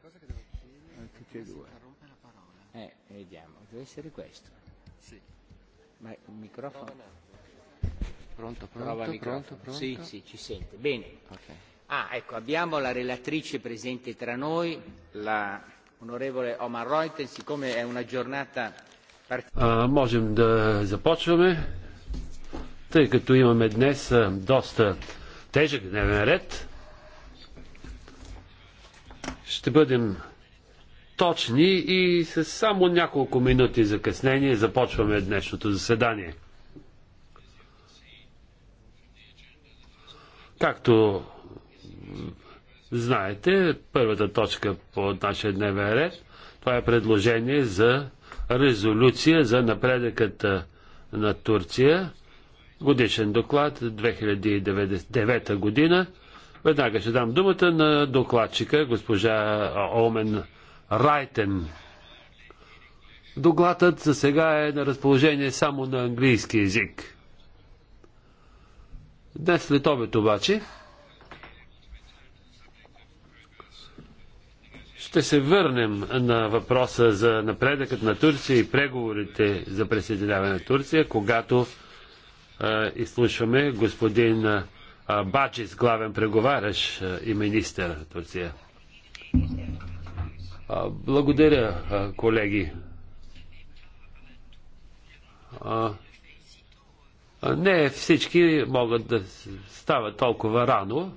cosa che devo chiedere è che si interrompe la parola. Eh, vediamo, deve essere questo. Sì. Ma il microfono... Pronto, pronto, Prova pronto, pronto? pronto Sì, sì, ci sente. Bene. ok Ah, ecco, abbiamo la relatrice presente tra noi, la onorevole Omar Reuten, siccome è una giornata particolare. uh, tъй като имаме днес доста тежък дневен ред ще бъдем точни и с само няколко минути закъснение започваме днешното заседание. Както знаете, първата точка по нашия дневен ред, това е предложение за резолюция за напредъката на Турция, годишен доклад 2009 година. Веднага ще дам думата на докладчика, госпожа Омен Райтен. Докладът за сега е на разположение само на английски язик. Днес след обед обаче ще се върнем на въпроса за напредъкът на Турция и преговорите за присъединяване на Турция, когато е, изслушваме господин Баджис, главен преговарящ и министър Турция. Благодаря, колеги. Не всички могат да стават толкова рано,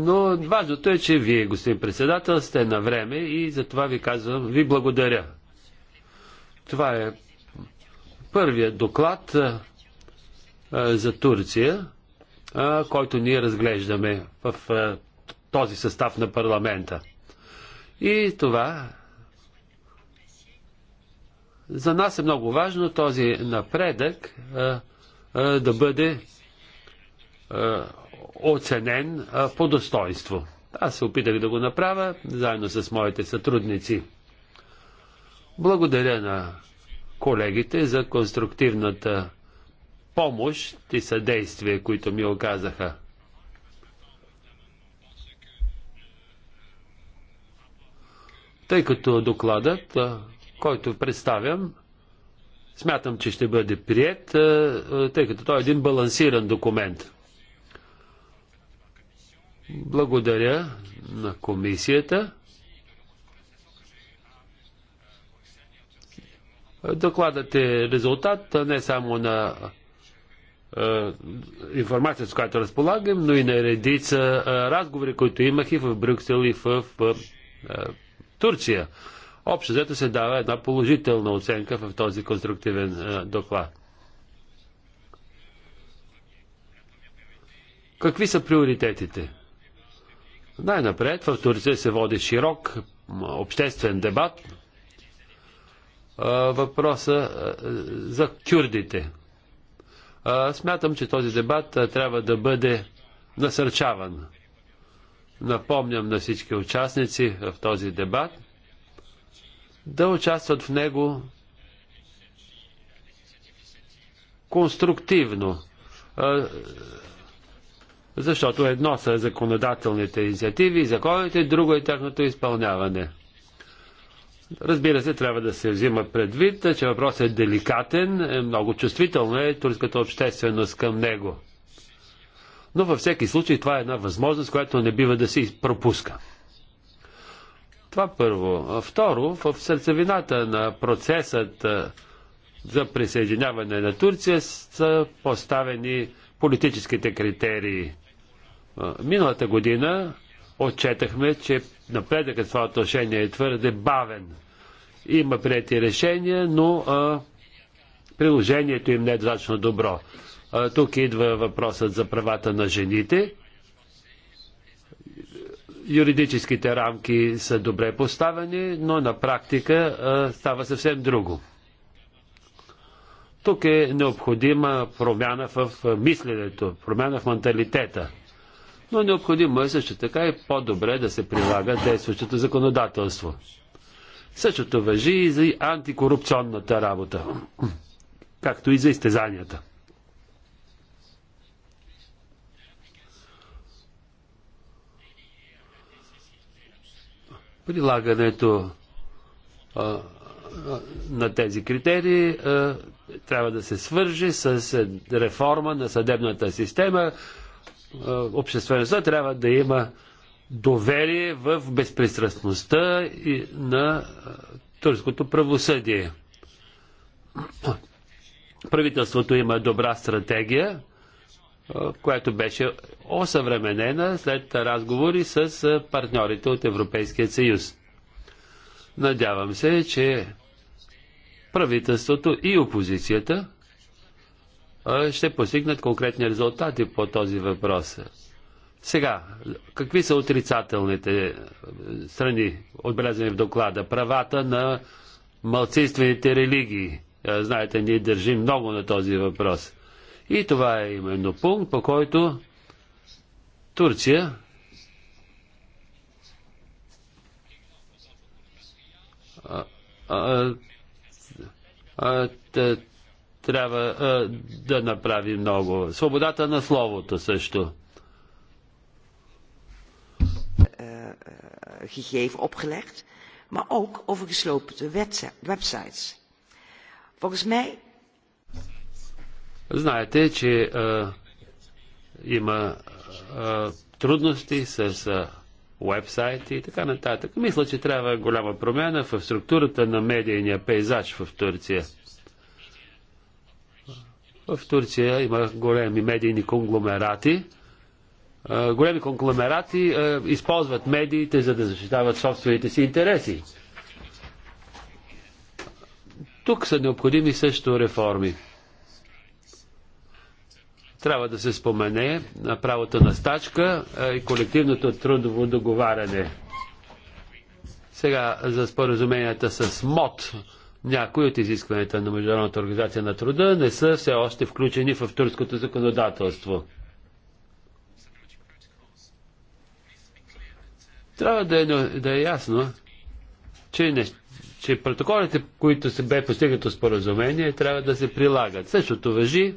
но важното е, че вие, господин председател, сте на време и за това ви казвам, ви благодаря. Това е първият доклад за Турция който ние разглеждаме в този състав на парламента. И това за нас е много важно този напредък да бъде оценен по достоинство. Аз се опитах да го направя заедно с моите сътрудници. Благодаря на колегите за конструктивната помощ и съдействие, които ми оказаха. Тъй като докладът, който представям, смятам, че ще бъде прият, тъй като той е един балансиран документ. Благодаря на комисията. Докладът е резултат не само на е, информацията, с която разполагам, но и на редица е, разговори, които имах и в Брюксел, и в е, Турция. Общо взето се дава една положителна оценка в този конструктивен доклад. Какви са приоритетите? Най-напред в Турция се води широк обществен дебат въпроса за кюрдите – Смятам, че този дебат трябва да бъде насърчаван. Напомням на всички участници в този дебат да участват в него конструктивно. Защото едно са законодателните инициативи и законите, друго е тяхното изпълняване. Разбира се, трябва да се взима предвид, че въпросът е деликатен, е много чувствително е турската общественост към него. Но във всеки случай това е една възможност, която не бива да се пропуска. Това първо. Второ, в сърцевината на процесът за присъединяване на Турция са поставени политическите критерии. Миналата година отчетахме, че напредъкът в това отношение е твърде бавен. Има прияти решения, но а, приложението им не е достатъчно добро. А, тук идва въпросът за правата на жените. Юридическите рамки са добре поставени, но на практика а, става съвсем друго. Тук е необходима промяна в мисленето, промяна в менталитета – но е необходимо е също така и по-добре да се прилага действащото законодателство. Същото въжи и за антикорупционната работа, както и за изтезанията. Прилагането а, на тези критерии а, трябва да се свържи с е, реформа на съдебната система, обществеността трябва да има доверие в безпристрастността на турското правосъдие. Правителството има добра стратегия, която беше осъвременена след разговори с партньорите от Европейския съюз. Надявам се, че правителството и опозицията ще постигнат конкретни резултати по този въпрос. Сега, какви са отрицателните е, страни, отбелязани в доклада? Правата на малцинствените религии. Е, знаете, ние държим много на този въпрос. И това е именно пункт, по който Турция а, а, а, трябва а, е, да направи много. Свободата на словото също. Gegeven opgelegd, maar ook over gesloopte websites. Volgens mij. Знаете, че а, е, има а, е, трудности с а, вебсайти и така нататък. Мисля, че трябва голяма промяна в структурата на медийния пейзаж в Турция. В Турция има големи медийни конгломерати. Големи конгломерати използват медиите, за да защитават собствените си интереси. Тук са необходими също реформи. Трябва да се спомене на правото на стачка и колективното трудово договаряне. Сега за споразуменията с МОД някои от изискванията на Международната организация на труда не са все още включени в турското законодателство. Трябва да е, да е ясно, че, не, че протоколите, които се бе постигнато споразумение, трябва да се прилагат. Същото въжи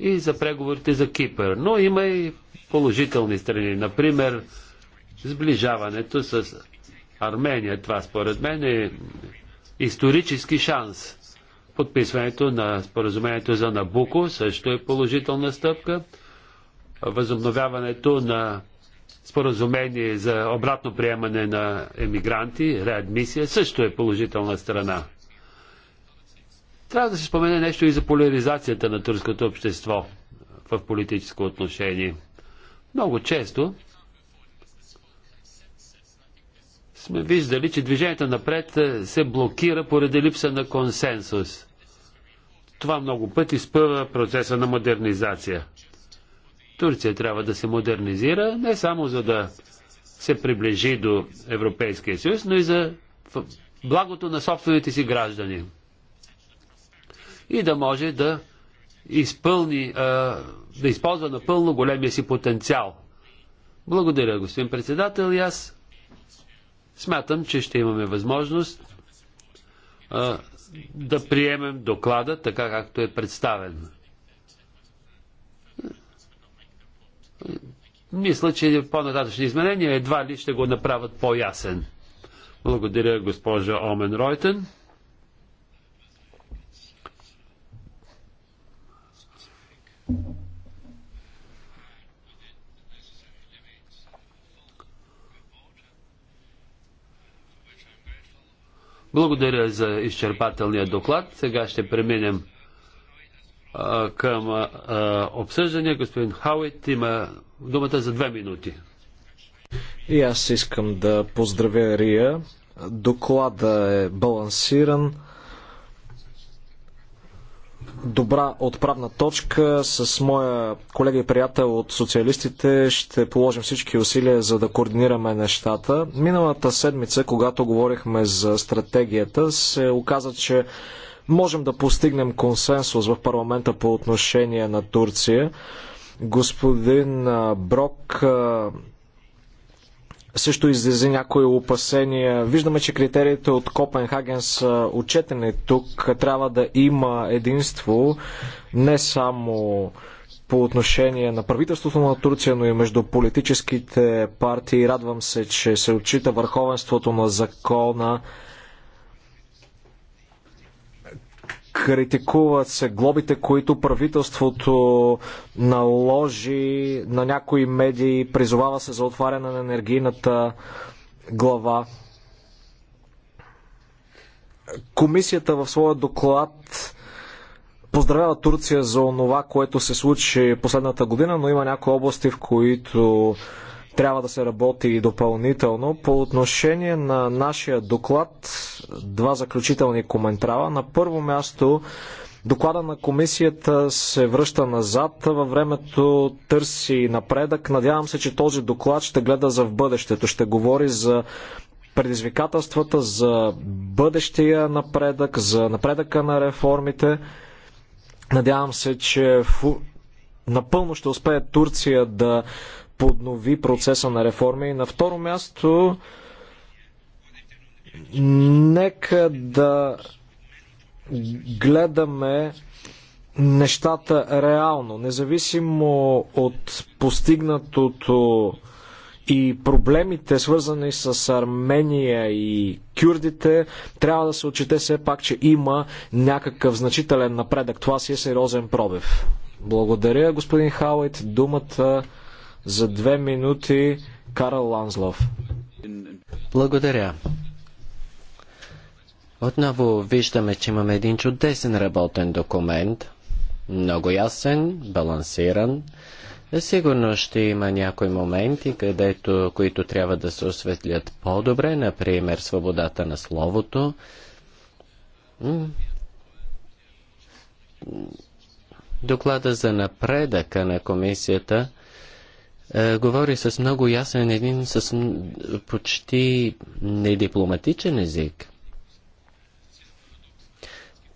и за преговорите за Кипър. Но има и положителни страни. Например, сближаването с Армения. Това според мен е исторически шанс. Подписването на споразумението за Набуко също е положителна стъпка. Възобновяването на споразумение за обратно приемане на емигранти, реадмисия, също е положителна страна. Трябва да се спомене нещо и за поляризацията на турското общество в политическо отношение. Много често сме виждали, че движението напред е, се блокира поради липса на консенсус. Това много пъти спъва процеса на модернизация. Турция трябва да се модернизира не само за да се приближи до Европейския съюз, но и за благото на собствените си граждани. И да може да изпълни, е, да използва напълно големия си потенциал. Благодаря, господин председател, и аз Смятам, че ще имаме възможност а, да приемем доклада така, както е представен. Мисля, че по-нататъчни изменения едва ли ще го направят по-ясен. Благодаря, госпожа Омен Ройтен. Thank you. Благодаря за изчерпателния доклад. Сега ще преминем а, към а, обсъждане. Господин Хауит има думата за две минути. И аз искам да поздравя Рия. Доклада е балансиран добра отправна точка. С моя колега и приятел от социалистите ще положим всички усилия за да координираме нещата. Миналата седмица, когато говорихме за стратегията, се оказа, че можем да постигнем консенсус в парламента по отношение на Турция. Господин Брок също излезе някои опасения. Виждаме, че критериите от Копенхаген са отчетени тук. Трябва да има единство не само по отношение на правителството на Турция, но и между политическите партии. Радвам се, че се отчита върховенството на закона Критикуват се глобите, които правителството наложи на някои медии, призовава се за отваряне на енергийната глава. Комисията в своя доклад поздравява Турция за онова, което се случи последната година, но има някои области, в които трябва да се работи и допълнително. По отношение на нашия доклад, два заключителни коментара. На първо място, доклада на комисията се връща назад във времето, търси напредък. Надявам се, че този доклад ще гледа за в бъдещето, ще говори за предизвикателствата, за бъдещия напредък, за напредъка на реформите. Надявам се, че напълно ще успее Турция да поднови процеса на реформи. И на второ място, нека да гледаме нещата реално, независимо от постигнатото и проблемите, свързани с Армения и кюрдите, трябва да се отчете все пак, че има някакъв значителен напредък. Това си е сериозен пробив. Благодаря, господин Хауит. Думата за две минути Карл Ланзлов. Благодаря. Отново виждаме, че имаме един чудесен работен документ. Много ясен, балансиран. Сигурно ще има някои моменти, където, които трябва да се осветлят по-добре, например свободата на словото. Доклада за напредъка на комисията е, говори с много ясен, един с почти недипломатичен език.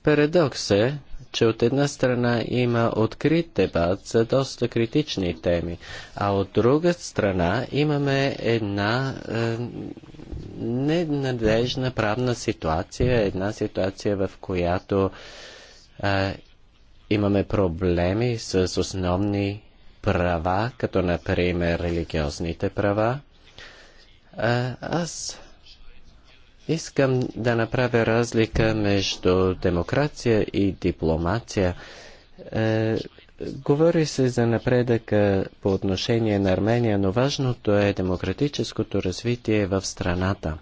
Парадокс е, че от една страна има открит дебат за доста критични теми, а от друга страна имаме една е, ненадежна правна ситуация, една ситуация в която е, имаме проблеми с основни права, като например религиозните права. Аз искам да направя разлика между демокрация и дипломация. Е, говори се за напредъка по отношение на Армения, но важното е демократическото развитие в страната.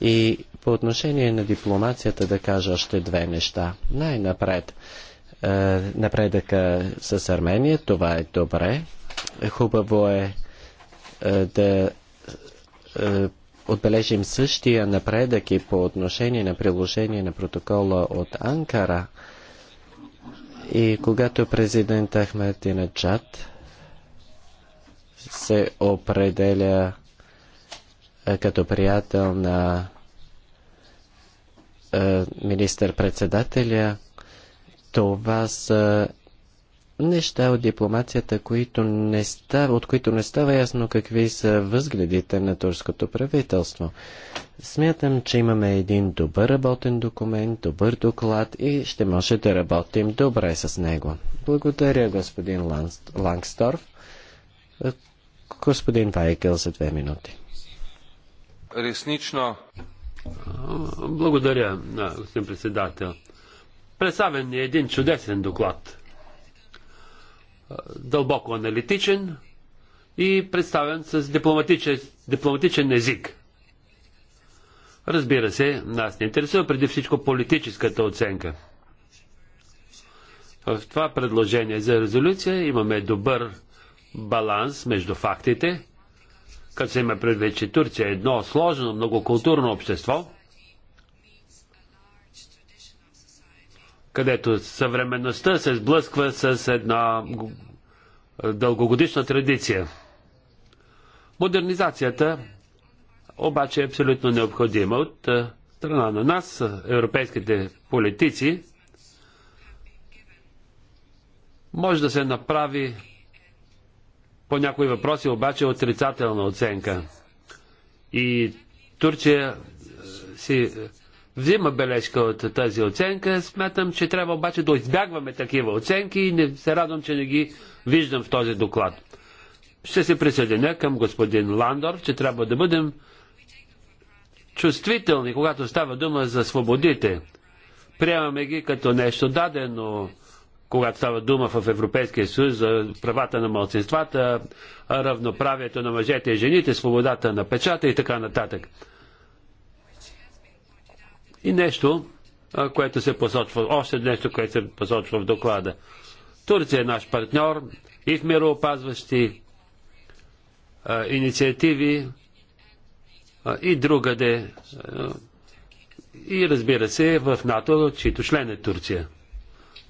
И по отношение на дипломацията да кажа още две неща. Най-напред. Е, е, напредъка с Армения. Това е добре. Хубаво е, е да е, отбележим същия напредък и по отношение на приложение на протокола от Анкара. И когато президент Ахмедина Чад се определя като приятел на министър-председателя, това са неща от дипломацията, които не става, от които не става ясно какви са възгледите на турското правителство. Смятам, че имаме един добър работен документ, добър доклад и ще може да работим добре с него. Благодаря, господин Ланс, Лангсторф. Господин Вайкел за две минути. Реснично. Благодаря, господин председател. Представен ни е един чудесен доклад. Дълбоко аналитичен и представен с дипломатичен, дипломатичен език. Разбира се, нас не интересува преди всичко политическата оценка. В това предложение за резолюция имаме добър баланс между фактите, като се има предвид, че Турция е едно сложно многокултурно общество – където съвременността се сблъсква с една дългогодишна традиция. Модернизацията обаче е абсолютно необходима от е, страна на нас, европейските политици. Може да се направи по някои въпроси обаче е отрицателна оценка. И Турция си е, взима бележка от тази оценка. Смятам, че трябва обаче да избягваме такива оценки и не се радвам, че не ги виждам в този доклад. Ще се присъединя към господин Ландор, че трябва да бъдем чувствителни, когато става дума за свободите. Приемаме ги като нещо дадено, когато става дума в Европейския съюз за правата на малцинствата, равноправието на мъжете и жените, свободата на печата и така нататък. И нещо, което се посочва, още нещо, което се посочва в доклада. Турция е наш партньор и в мироопазващи а, инициативи а, и другаде. А, и разбира се, в НАТО, чието член е Турция.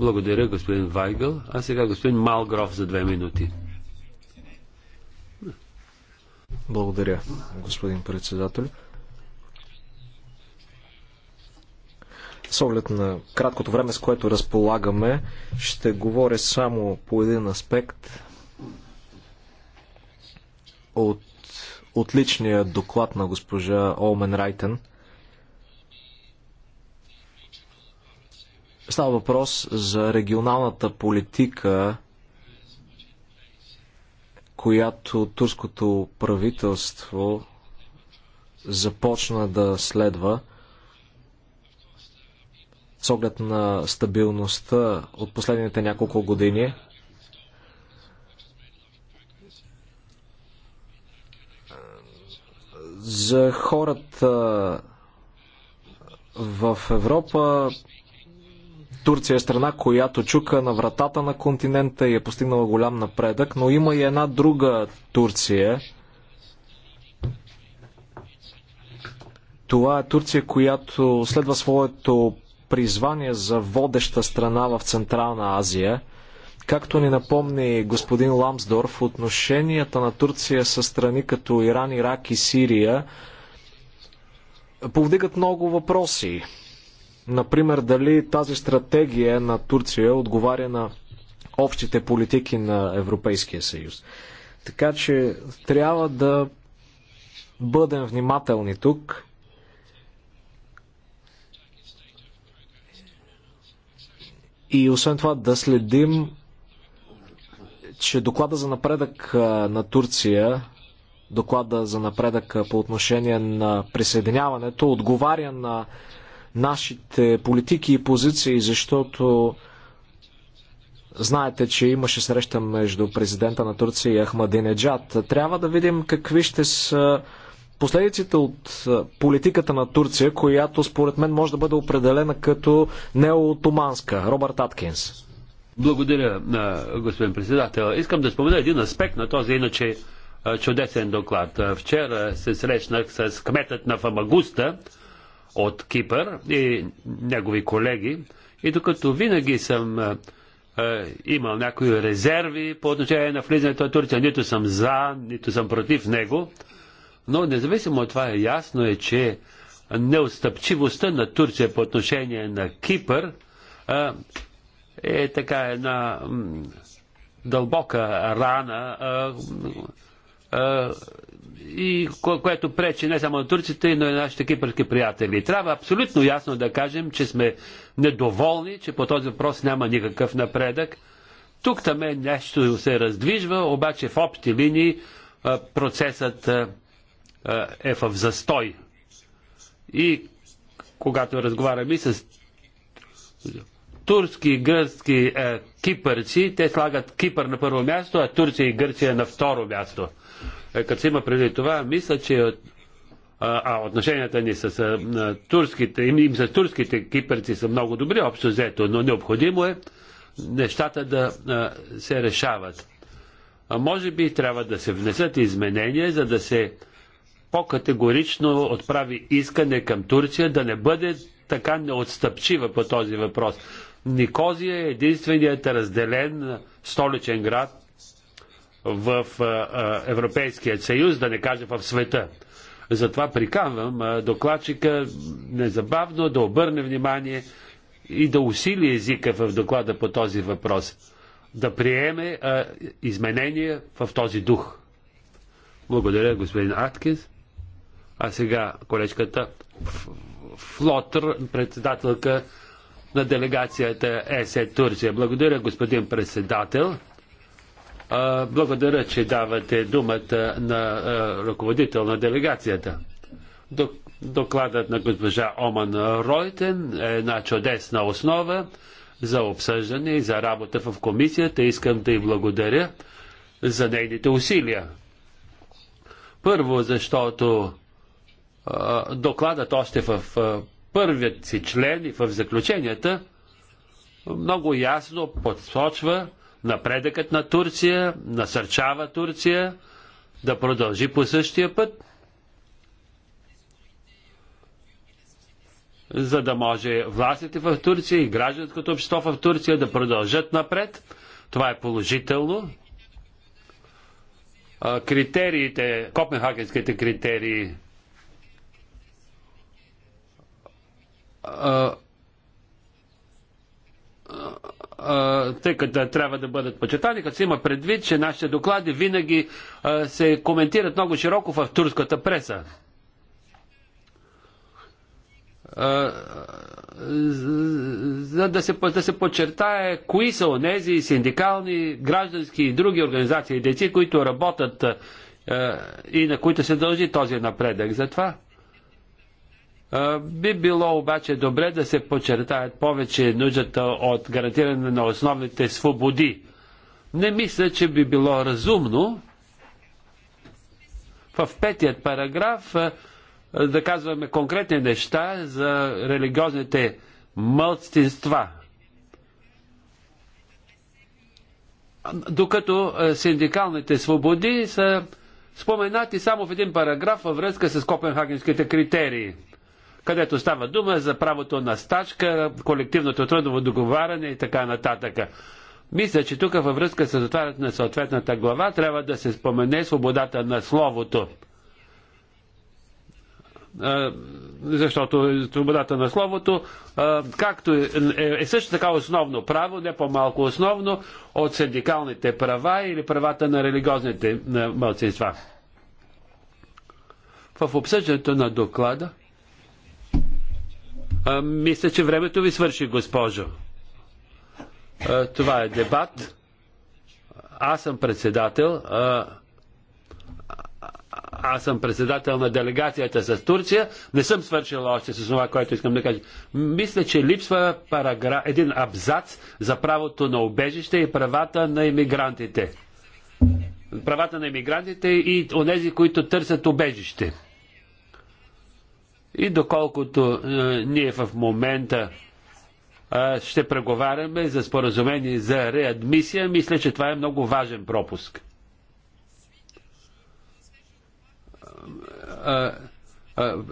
Благодаря, господин Вайгъл. А сега господин Малгров за две минути. Благодаря, господин председател. С оглед на краткото време, с което разполагаме, ще говоря само по един аспект от отличния доклад на госпожа Олмен Райтен. Става въпрос за регионалната политика, която турското правителство започна да следва – с оглед на стабилността от последните няколко години. За хората в Европа Турция е страна, която чука на вратата на континента и е постигнала голям напредък, но има и една друга Турция. Това е Турция, която следва своето призвание за водеща страна в Централна Азия. Както ни напомни господин Ламсдорф, отношенията на Турция с страни като Иран, Ирак и Сирия повдигат много въпроси. Например, дали тази стратегия на Турция отговаря на общите политики на Европейския съюз. Така че трябва да бъдем внимателни тук. и освен това да следим, че доклада за напредък на Турция, доклада за напредък по отношение на присъединяването, отговаря на нашите политики и позиции, защото Знаете, че имаше среща между президента на Турция и Ахмадинеджад. Трябва да видим какви ще са последиците от политиката на Турция, която според мен може да бъде определена като неотоманска, Робърт Аткинс. Благодаря, господин председател. Искам да спомена един аспект на този иначе чудесен доклад. Вчера се срещнах с кметът на Фамагуста от Кипър и негови колеги. И докато винаги съм имал някои резерви по отношение на влизането на Турция, нито съм за, нито съм против него, но независимо от това е ясно е, че неостъпчивостта на Турция по отношение на Кипър е така една дълбока рана и което пречи не само на турците, но и на нашите кипърски приятели. Трябва абсолютно ясно да кажем, че сме недоволни, че по този въпрос няма никакъв напредък. Тук там нещо се раздвижва, обаче в общи линии процесът е в застой. И когато разговаряме с турски, гръцки, е, кипърци, те слагат Кипър на първо място, а Турция и Гърция на второ място. Е, като се има преди това, мисля, че от, а, а отношенията ни с а, на турските, им, им с турските кипърци са много добри, общо взето, но необходимо е нещата да а, се решават. А може би трябва да се внесат изменения, за да се по-категорично отправи искане към Турция да не бъде така неотстъпчива по този въпрос. Никозия е единственият разделен столичен град в Европейския съюз, да не кажа в света. Затова приканвам докладчика незабавно да обърне внимание и да усили езика в доклада по този въпрос. Да приеме изменения в този дух. Благодаря, господин Аткинс. А сега колечката Флотър, председателка на делегацията ЕСЕ Турция. Благодаря, господин председател. Благодаря, че давате думата на ръководител на делегацията. Докладът на госпожа Оман Ройтен е една чудесна основа за обсъждане и за работа в комисията. Искам да й благодаря за нейните усилия. Първо, защото докладът още в първият си член и в заключенията много ясно подсочва напредъкът на Турция, насърчава Турция да продължи по същия път, за да може властите в Турция и гражданското общество в Турция да продължат напред. Това е положително. Критериите, копенхагенските критерии тъй като трябва да бъдат почетани, като се има предвид, че нашите доклади винаги се коментират много широко в турската преса. За да се, да се подчертае кои са онези синдикални, граждански и други организации и деци, които работят и на които се дължи този напредък. Затова би било обаче добре да се подчертаят повече нуждата от гарантиране на основните свободи. Не мисля, че би било разумно в петият параграф да казваме конкретни неща за религиозните мълцинства. Докато синдикалните свободи са споменати само в един параграф във връзка с копенхагенските критерии – където става дума за правото на стачка, колективното трудово договаряне и така нататък. Мисля, че тук във връзка с отварянето на съответната глава трябва да се спомене свободата на словото. Защото свободата на словото, както е, е, е, също така основно право, не по-малко основно от синдикалните права или правата на религиозните мълцинства. В обсъждането на доклада а, мисля, че времето ви свърши, госпожо. А, това е дебат. Аз съм председател. А, аз съм председател на делегацията с Турция. Не съм свършил още с това, което искам да кажа. Мисля, че липсва параграф, един абзац за правото на обежище и правата на иммигрантите. Правата на иммигрантите и онези, които търсят обежище. И доколкото е, ние в момента е, ще преговаряме за споразумение за реадмисия, мисля, че това е много важен пропуск. Е,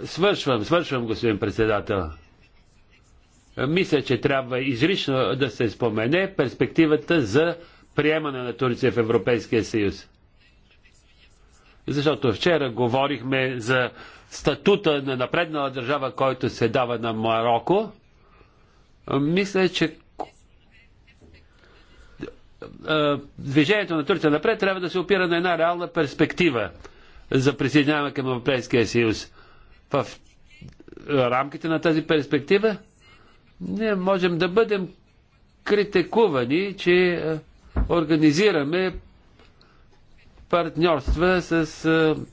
свършвам, свършвам, господин председател. Мисля, че трябва изрично да се спомене перспективата за приемане на Турция в Европейския съюз. Защото вчера говорихме за статута на напреднала държава, който се дава на Марокко, мисля, че движението на Турция напред трябва да се опира на една реална перспектива за присъединяване към Европейския съюз. В рамките на тази перспектива ние можем да бъдем критикувани, че организираме партньорства с,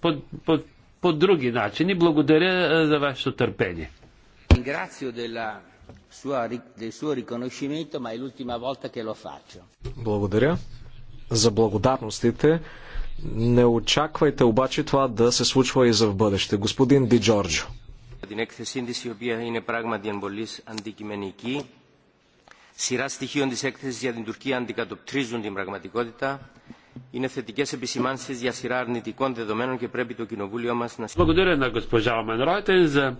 под, под по други начини. Благодаря е, за вашето търпение. Благодаря за благодарностите. Не очаквайте обаче това да се случва и за в бъдеще. Господин Ди Джорджо. Την έκθεσή της, η οποία είναι πράγματι εμβολής αντικειμενική, σειρά στοιχείων για την Τουρκία αντικατοπτρίζουν την πραγματικότητα, είναι θετικές επισημάνσεις για σειρά αρνητικών δεδομένων και πρέπει το Κοινοβούλιο μας να... Благодаря на госпожа Омен Ройтен за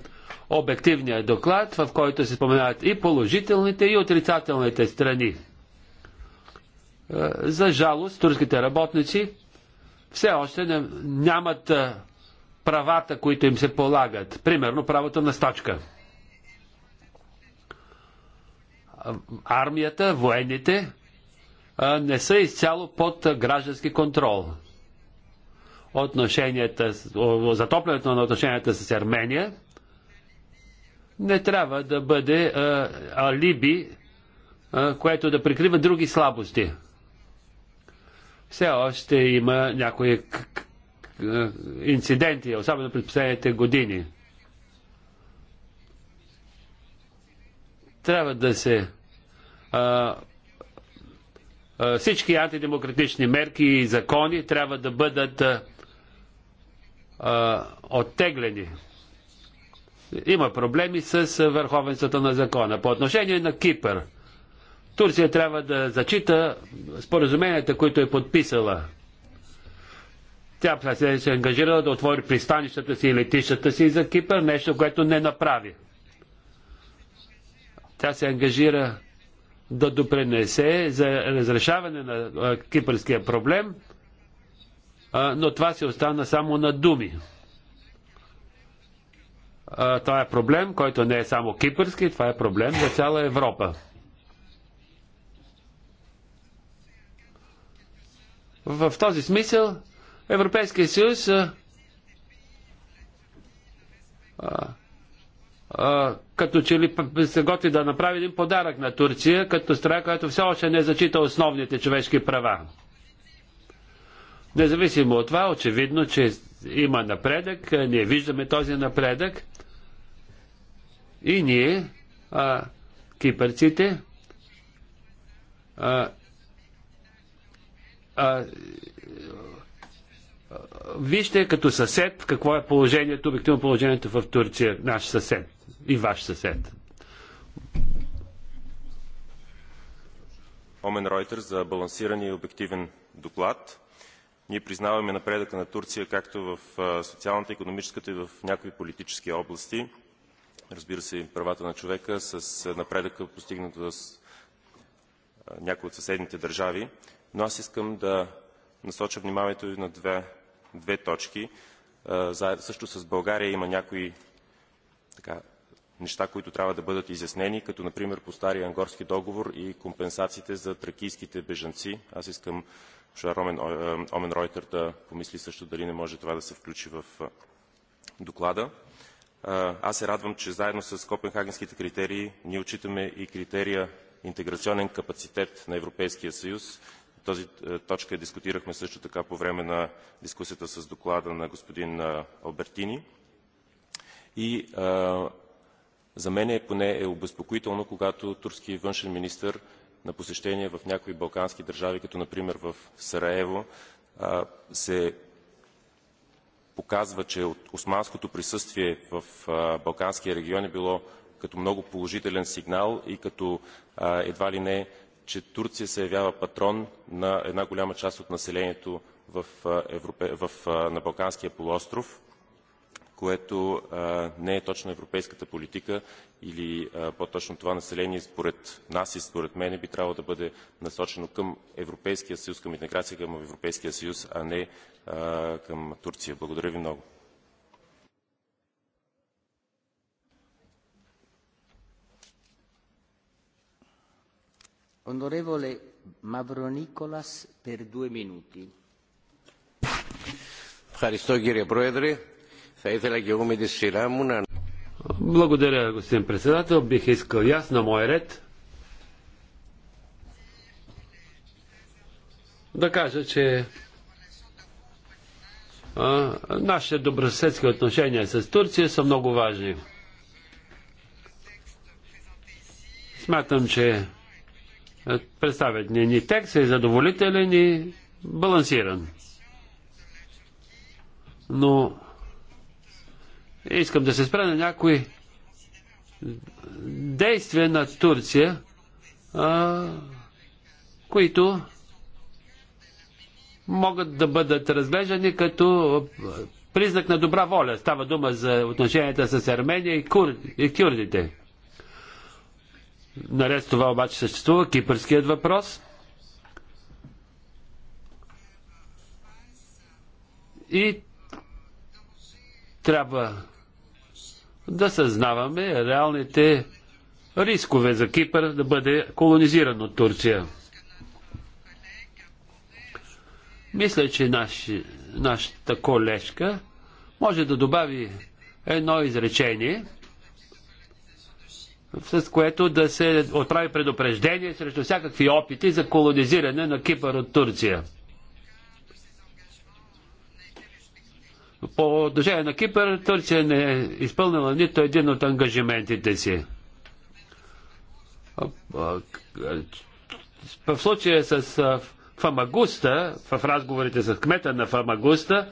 обективния доклад, в който се споменават и положителните, и отрицателните страни. Е, за жалост, турските работници все още не, нямат е, правата, които им се полагат. Примерно правото на стачка. Е, армията, военните, не са изцяло под граждански контрол. Отношенията, затоплянето на отношенията с Армения не трябва да бъде а, алиби, а, което да прикрива други слабости. Все още има някои инциденти, особено през последните години. Трябва да се а, всички антидемократични мерки и закони трябва да бъдат оттеглени. Има проблеми с върховенството на закона. По отношение на Кипър, Турция трябва да зачита споразуменията, които е подписала. Тя се е ангажирала да отвори пристанищата си и летищата си за Кипър, нещо, което не направи. Тя се ангажира да допренесе за разрешаване на кипърския проблем, но това се остана само на думи. Това е проблем, който не е само кипърски, това е проблем за цяла Европа. В този смисъл Европейския съюз а, а, като че ли се готви да направи един подарък на Турция, като страна, която все още не зачита основните човешки права. Независимо от това, очевидно, че има напредък, ние виждаме този напредък и ние, а, кипърците, а, а, вижте като съсед какво е положението, обективно положението в Турция, наш съсед и ваш съсед. Омен Ройтер за балансиран и обективен доклад. Ние признаваме напредъка на Турция както в социалната, економическата и в някои политически области. Разбира се, правата на човека с напредъка постигнат с някои от съседните държави. Но аз искам да насоча вниманието ви на две, две точки. също с България има някои така, неща, които трябва да бъдат изяснени, като например по стария ангорски договор и компенсациите за тракийските бежанци. Аз искам Шар Омен, е, Омен Ройтер да помисли също дали не може това да се включи в доклада. Аз се радвам, че заедно с копенхагенските критерии ние отчитаме и критерия интеграционен капацитет на Европейския съюз. Този точка дискутирахме също така по време на дискусията с доклада на господин Албертини. И а, за мен е, поне е обезпокоително когато турски външен министър на посещение в някои балкански държави като например в сараево се показва че османското присъствие в балканския регион е било като много положителен сигнал и като едва ли не че турция се явява патрон на една голяма част от населението на балканския полуостров което не е точно европейската политика или по-точно това население според нас и според мен би трябвало да бъде насочено към Европейския съюз, към интеграция към Европейския съюз, а не към Турция. Благодаря ви много. Onorevole Mavronicolas per due minuti. Ευχαριστώ κύριε Πρόεδρε благодаря, господин председател. Бих искал ясно на мой ред да кажа, че а, нашите добросъседски отношения с Турция са много важни. Смятам, че представят ни, ни текст е задоволителен и балансиран. Но Искам да се спра на някои действия на Турция, а, които могат да бъдат разглеждани като признак на добра воля. Става дума за отношенията с Армения и, кур... и кюрдите. Наред с това обаче съществува кипърският въпрос. И трябва да съзнаваме реалните рискове за Кипър да бъде колонизиран от Турция. Мисля, че наш, нашата колежка може да добави едно изречение, с което да се отправи предупреждение срещу всякакви опити за колонизиране на Кипър от Турция. По отношение на Кипър, Турция не е изпълнила нито един от ангажиментите си. В случая с Фамагуста, в разговорите с кмета на Фамагуста,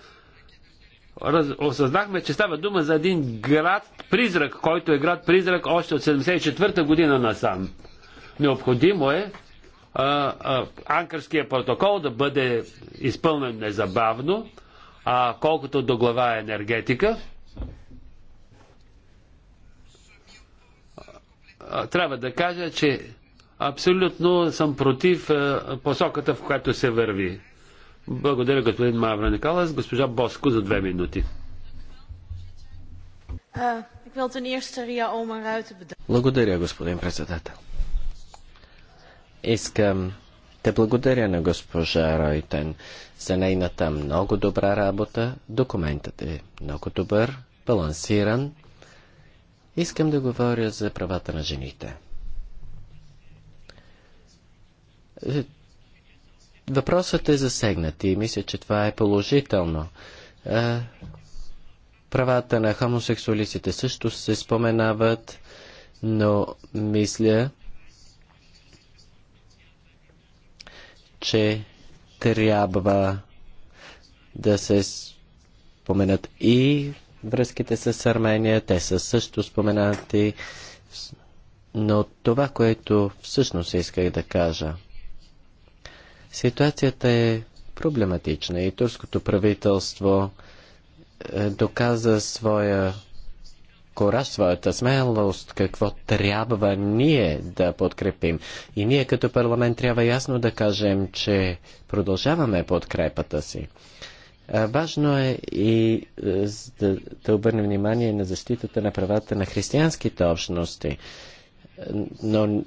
осъзнахме, че става дума за един град призрак, който е град призрак още от 74-та година насам. Необходимо е а, а, анкърския протокол да бъде изпълнен незабавно, а колкото до глава енергетика, трябва да кажа, че абсолютно съм против посоката, в която се върви. Благодаря господин Мавра Николас, Госпожа Боско за две минути. Благодаря, господин председател. Искам те благодаря на госпожа Ройтен за нейната много добра работа. Документът е много добър, балансиран. Искам да говоря за правата на жените. Въпросът е засегнат и мисля, че това е положително. Е, правата на хомосексуалистите също се споменават, но мисля, че трябва да се споменат и връзките с Армения. Те са също споменати. Но това, което всъщност исках да кажа, ситуацията е проблематична и турското правителство е, доказа своя кораж, своята смелост, какво трябва ние да подкрепим. И ние като парламент трябва ясно да кажем, че продължаваме подкрепата си. Важно е и е, да, да обърнем внимание на защитата на правата на християнските общности. Но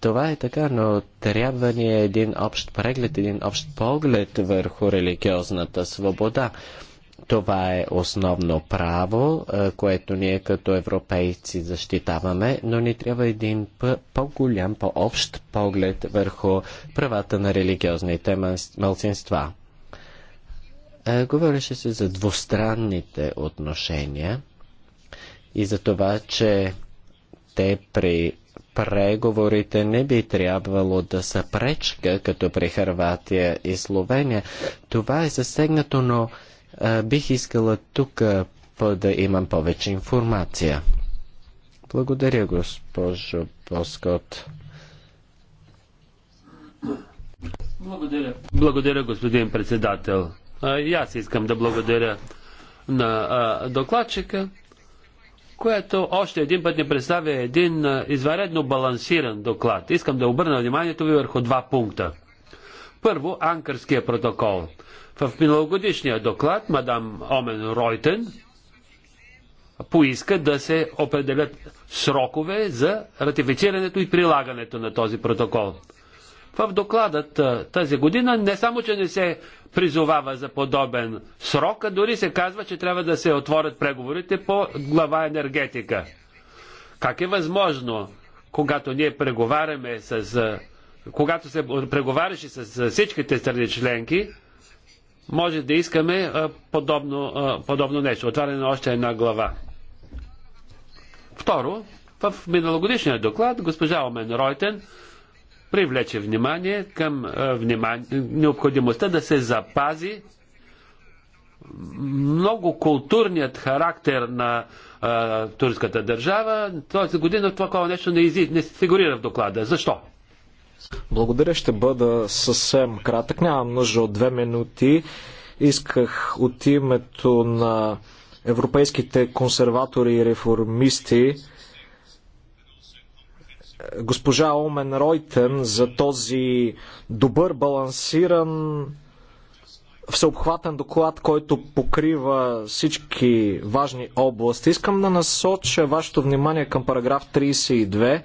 това е така, но трябва ни е един общ преглед, един общ поглед върху религиозната свобода. Това е основно право, е, което ние като европейци защитаваме, но ни трябва един по-голям, по-общ поглед върху правата на религиозните мълцинства. Е, говореше се за двустранните отношения и за това, че те при преговорите не би трябвало да са пречка, като при Харватия и Словения. Това е засегнато, но Бих искала тук да имам повече информация. Благодаря, госпожо Поскот. Благодаря. Благодаря, господин председател. А, и аз искам да благодаря на а, докладчика, което още един път ни представя един а, изваредно балансиран доклад. Искам да обърна вниманието ви върху два пункта. Първо, анкърския протокол – в миналогодишния доклад мадам Омен Ройтен поиска да се определят срокове за ратифицирането и прилагането на този протокол. В докладът тази година не само, че не се призовава за подобен срок, а дори се казва, че трябва да се отворят преговорите по глава енергетика. Как е възможно, когато ние преговаряме с. Когато се преговаряше с всичките страни членки, може да искаме подобно, подобно нещо. Отваряне на още една глава. Второ, в миналогодишния доклад госпожа Омен Ройтен привлече внимание към внимание, необходимостта да се запази много културният характер на а, турската държава. Този година това нещо не, изи, не фигурира в доклада. Защо? Благодаря, ще бъда съвсем кратък. Нямам нужда от две минути. Исках от името на европейските консерватори и реформисти госпожа Омен Ройтен за този добър, балансиран, всеобхватен доклад, който покрива всички важни области. Искам да насоча вашето внимание към параграф 32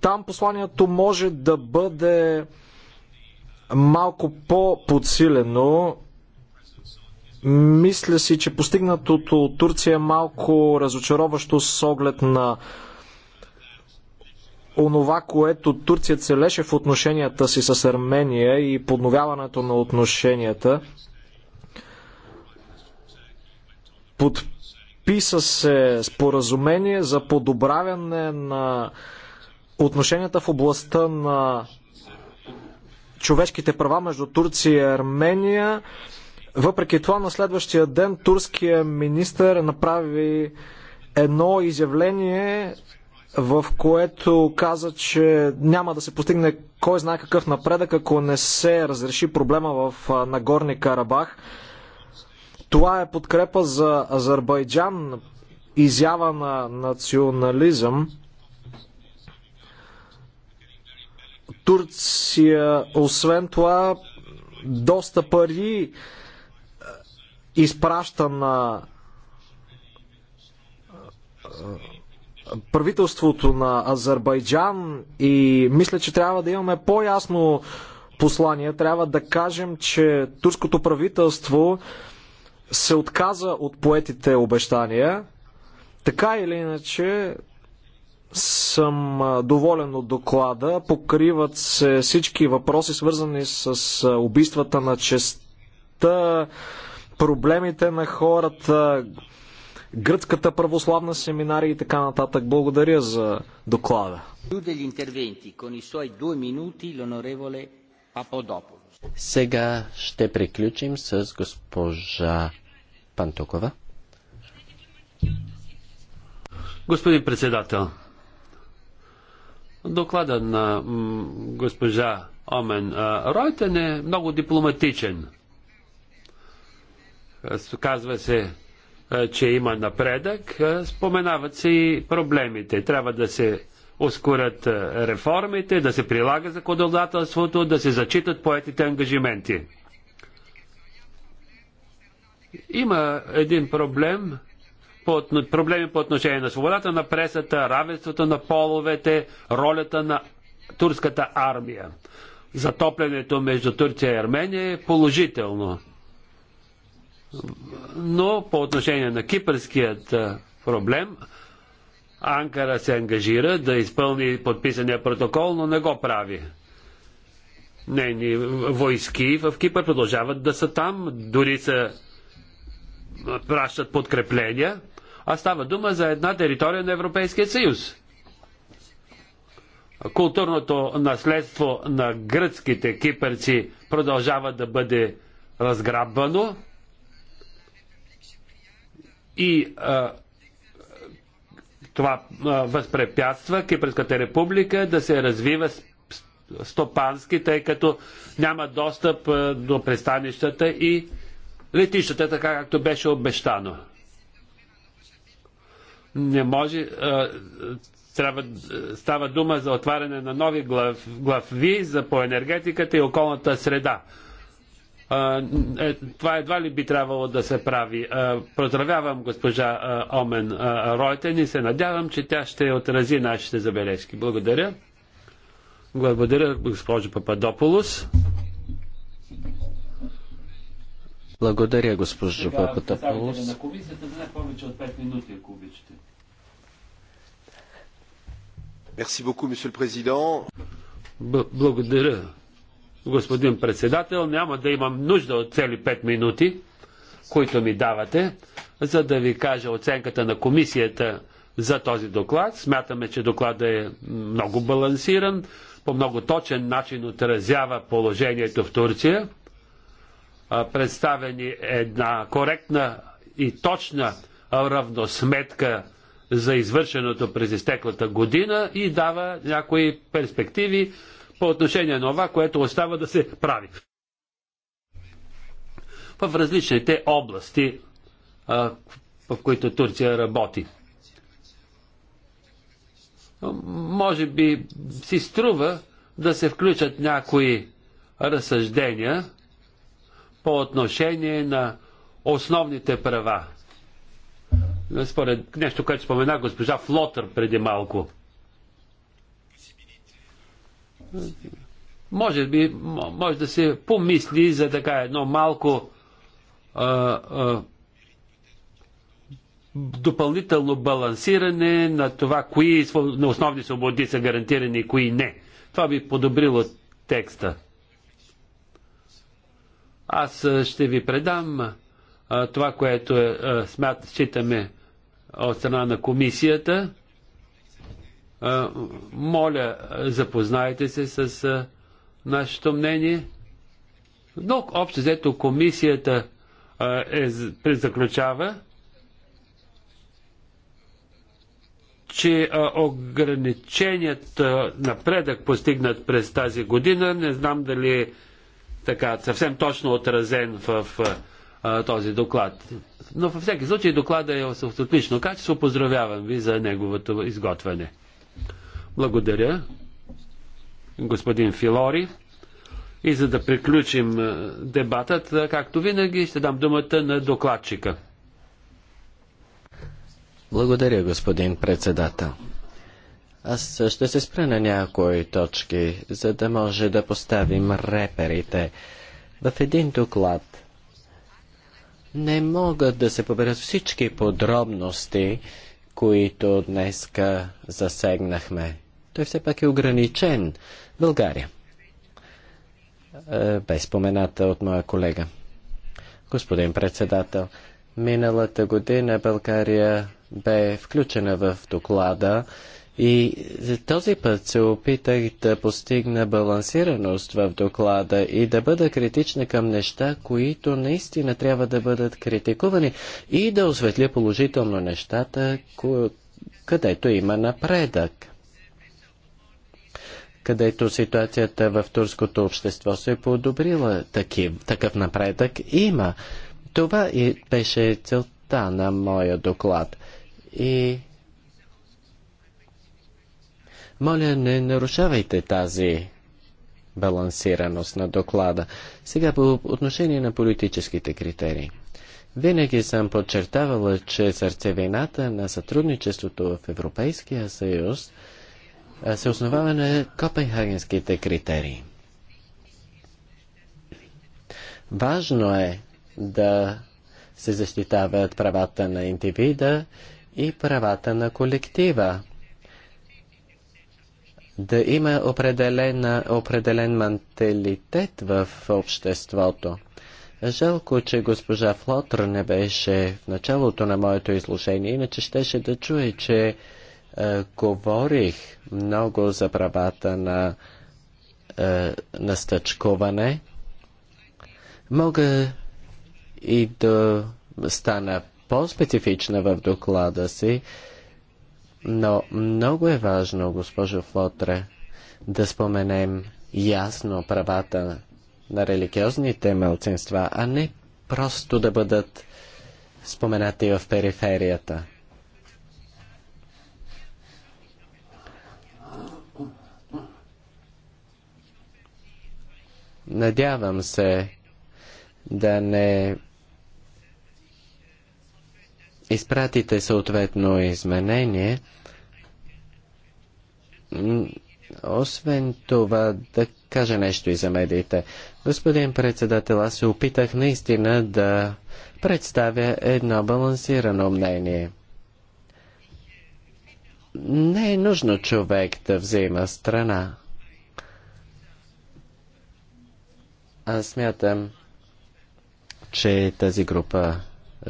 Там посланието може да бъде малко по-подсилено. Мисля си, че постигнатото от Турция е малко разочароващо с оглед на онова, което Турция целеше в отношенията си с Армения и подновяването на отношенията. Подписа се споразумение за подобравяне на отношенията в областта на човешките права между Турция и Армения. Въпреки това, на следващия ден турския министр направи едно изявление, в което каза, че няма да се постигне кой знае какъв напредък, ако не се разреши проблема в Нагорни Карабах. Това е подкрепа за Азербайджан, изява на национализъм. Турция, освен това, доста пари е, изпраща на е, правителството на Азербайджан и мисля, че трябва да имаме по-ясно послание. Трябва да кажем, че турското правителство се отказа от поетите обещания. Така или иначе, съм доволен от доклада. Покриват се всички въпроси, свързани с убийствата на честа, проблемите на хората, гръцката православна семинария и така нататък. Благодаря за доклада. Сега ще приключим с госпожа Пантукова. Господин председател, Доклада на госпожа Омен Ройтен е много дипломатичен. Казва се, че има напредък, споменават се и проблемите. Трябва да се ускорят реформите, да се прилага законодателството, да се зачитат поетите ангажименти. Има един проблем по, проблеми по отношение на свободата на пресата, равенството на половете, ролята на турската армия. Затоплянето между Турция и Армения е положително. Но по отношение на кипърският проблем, Анкара се ангажира да изпълни подписания протокол, но не го прави. Нейни войски в Кипър продължават да са там, дори са пращат подкрепления а става дума за една територия на Европейския съюз. Културното наследство на гръцките кипърци продължава да бъде разграбвано и а, това а, възпрепятства Кипърската република да се развива стопански, тъй като няма достъп а, до пристанищата и летищата, така както беше обещано. Не може. Трябва, става дума за отваряне на нови глав, главви за по енергетиката и околната среда. Е, това едва ли би трябвало да се прави. поздравявам госпожа Омен Ройтен и се надявам, че тя ще отрази нашите забележки. Благодаря. Благодаря, госпожо Пападополус. Благодаря, госпожо Пападополос. Сега, На комисията не повече от 5 минути, ако обичате. Благодаря, господин председател. Няма да имам нужда от цели 5 минути, които ми давате, за да ви кажа оценката на комисията за този доклад. Смятаме, че докладът е много балансиран, по много точен начин отразява положението в Турция. Представени една коректна и точна равносметка за извършеното през изтеклата година и дава някои перспективи по отношение на това, което остава да се прави. В различните области, в които Турция работи. Може би си струва да се включат някои разсъждения по отношение на основните права според нещо, което спомена госпожа Флотър преди малко. Може би, може да се помисли за така едно малко а, а, допълнително балансиране на това, кои на основни свободи са гарантирани и кои не. Това би подобрило текста. Аз ще ви предам а, това, което е, смят, считаме от страна на комисията. Моля, запознайте се с нашето мнение. Но общо взето комисията е, заключава, че ограниченият напредък, постигнат през тази година, не знам дали е така съвсем точно отразен в а, този доклад но във всеки случай доклада е с отлично качество. Поздравявам ви за неговото изготвяне. Благодаря, господин Филори. И за да приключим дебатът, както винаги, ще дам думата на докладчика. Благодаря, господин председател. Аз ще се спра на някои точки, за да може да поставим реперите. В един доклад не могат да се поберат всички подробности, които днес засегнахме. Той все пак е ограничен. България. Е, бе спомената от моя колега. Господин председател, миналата година България бе включена в доклада и за този път се опитах да постигна балансираност в доклада и да бъда критична към неща, които наистина трябва да бъдат критикувани и да осветля положително нещата, където има напредък където ситуацията в турското общество се е подобрила. Такив, такъв напредък има. Това и беше целта на моя доклад. И моля, не нарушавайте тази балансираност на доклада. Сега по отношение на политическите критерии. Винаги съм подчертавала, че сърцевината на сътрудничеството в Европейския съюз се основава на копенхагенските критерии. Важно е да се защитават правата на индивида и правата на колектива да има определена, определен менталитет в обществото. Жалко, че госпожа Флотър не беше в началото на моето изложение, иначе щеше да чуе, че е, говорих много за правата на, е, на стъчкуване. Мога и да стана по-специфична в доклада си. Е, но много е важно, госпожо Флотре, да споменем ясно правата на религиозните мълцинства, а не просто да бъдат споменати в периферията. Надявам се да не изпратите съответно изменение. Освен това, да кажа нещо и за медиите. Господин председател, аз се опитах наистина да представя едно балансирано мнение. Не е нужно човек да взема страна. Аз смятам, че тази група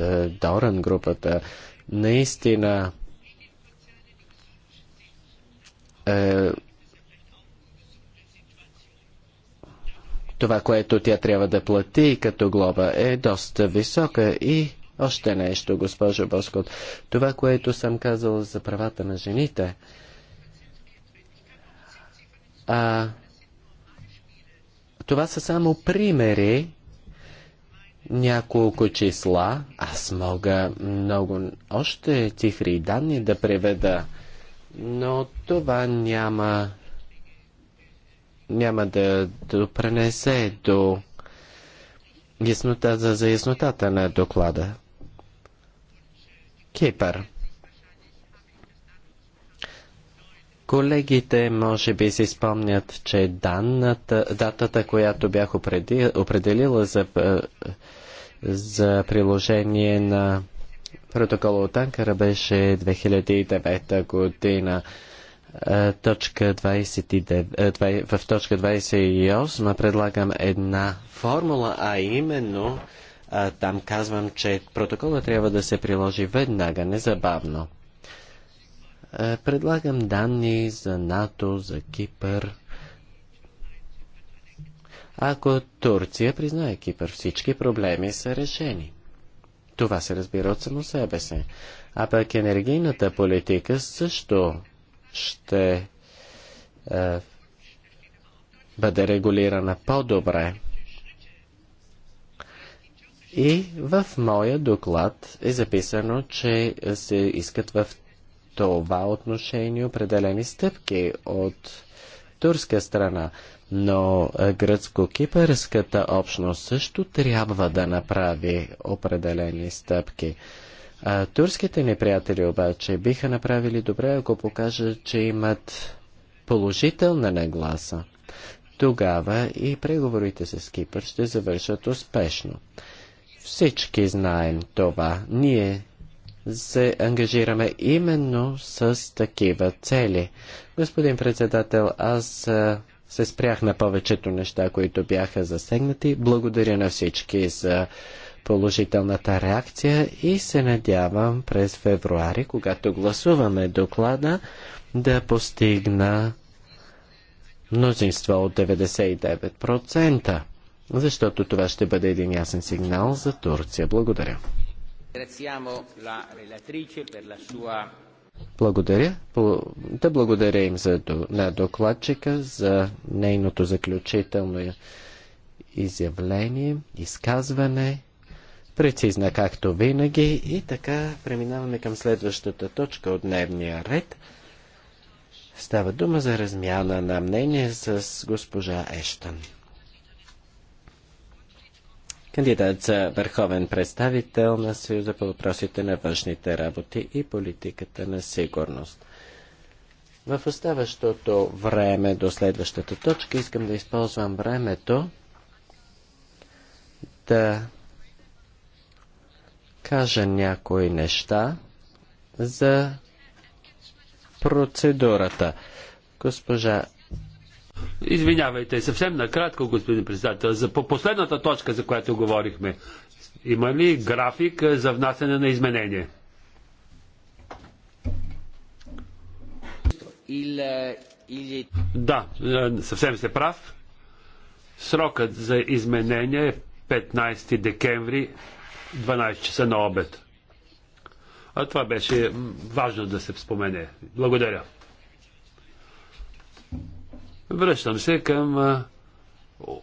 е, Доран групата, наистина е, това, което тя трябва да плати като глоба е доста висока и още нещо, госпожо Боскот. Това, което съм казал за правата на жените, а, това са само примери, няколко числа. Аз мога много още цифри и данни да преведа, но това няма, няма да допренесе до яснота, за, за яснотата на доклада. Кипър. Колегите може би си спомнят, че данната, датата, която бях определила за е, за приложение на протокола от Анкара беше 2009 година. Е, точка 29, е, в точка 28 предлагам една формула, а именно е, там казвам, че протокола трябва да се приложи веднага, незабавно. Предлагам данни за НАТО, за Кипър, ако Турция признае Кипър, всички проблеми са решени. Това се разбира от само себе си. А пък енергийната политика също ще е, бъде регулирана по-добре. И в моя доклад е записано, че се искат в това отношение определени стъпки от турска страна но е, гръцко-кипърската общност също трябва да направи определени стъпки. А, е, турските ни приятели обаче биха направили добре, ако покажат, че имат положителна нагласа. Тогава и преговорите с Кипър ще завършат успешно. Всички знаем това. Ние се ангажираме именно с такива цели. Господин председател, аз е, се спрях на повечето неща, които бяха засегнати. Благодаря на всички за положителната реакция и се надявам през февруари, когато гласуваме доклада, да постигна мнозинство от 99%, защото това ще бъде един ясен сигнал за Турция. Благодаря. Благодаря. Да благодаря им за, на докладчика за нейното заключително изявление, изказване, прецизна както винаги. И така преминаваме към следващата точка от дневния ред. Става дума за размяна на мнение с госпожа Ештън кандидат за върховен представител на Съюза по въпросите на външните работи и политиката на сигурност. В оставащото време до следващата точка искам да използвам времето да кажа някои неща за процедурата. Госпожа Извинявайте, съвсем накратко, господин председател, за по последната точка, за която говорихме. Има ли график е, за внасяне на изменение? Да, е, съвсем сте прав. Срокът за изменение е 15 декември, 12 часа на обед. А това беше важно да се спомене. Благодаря. Връщам се към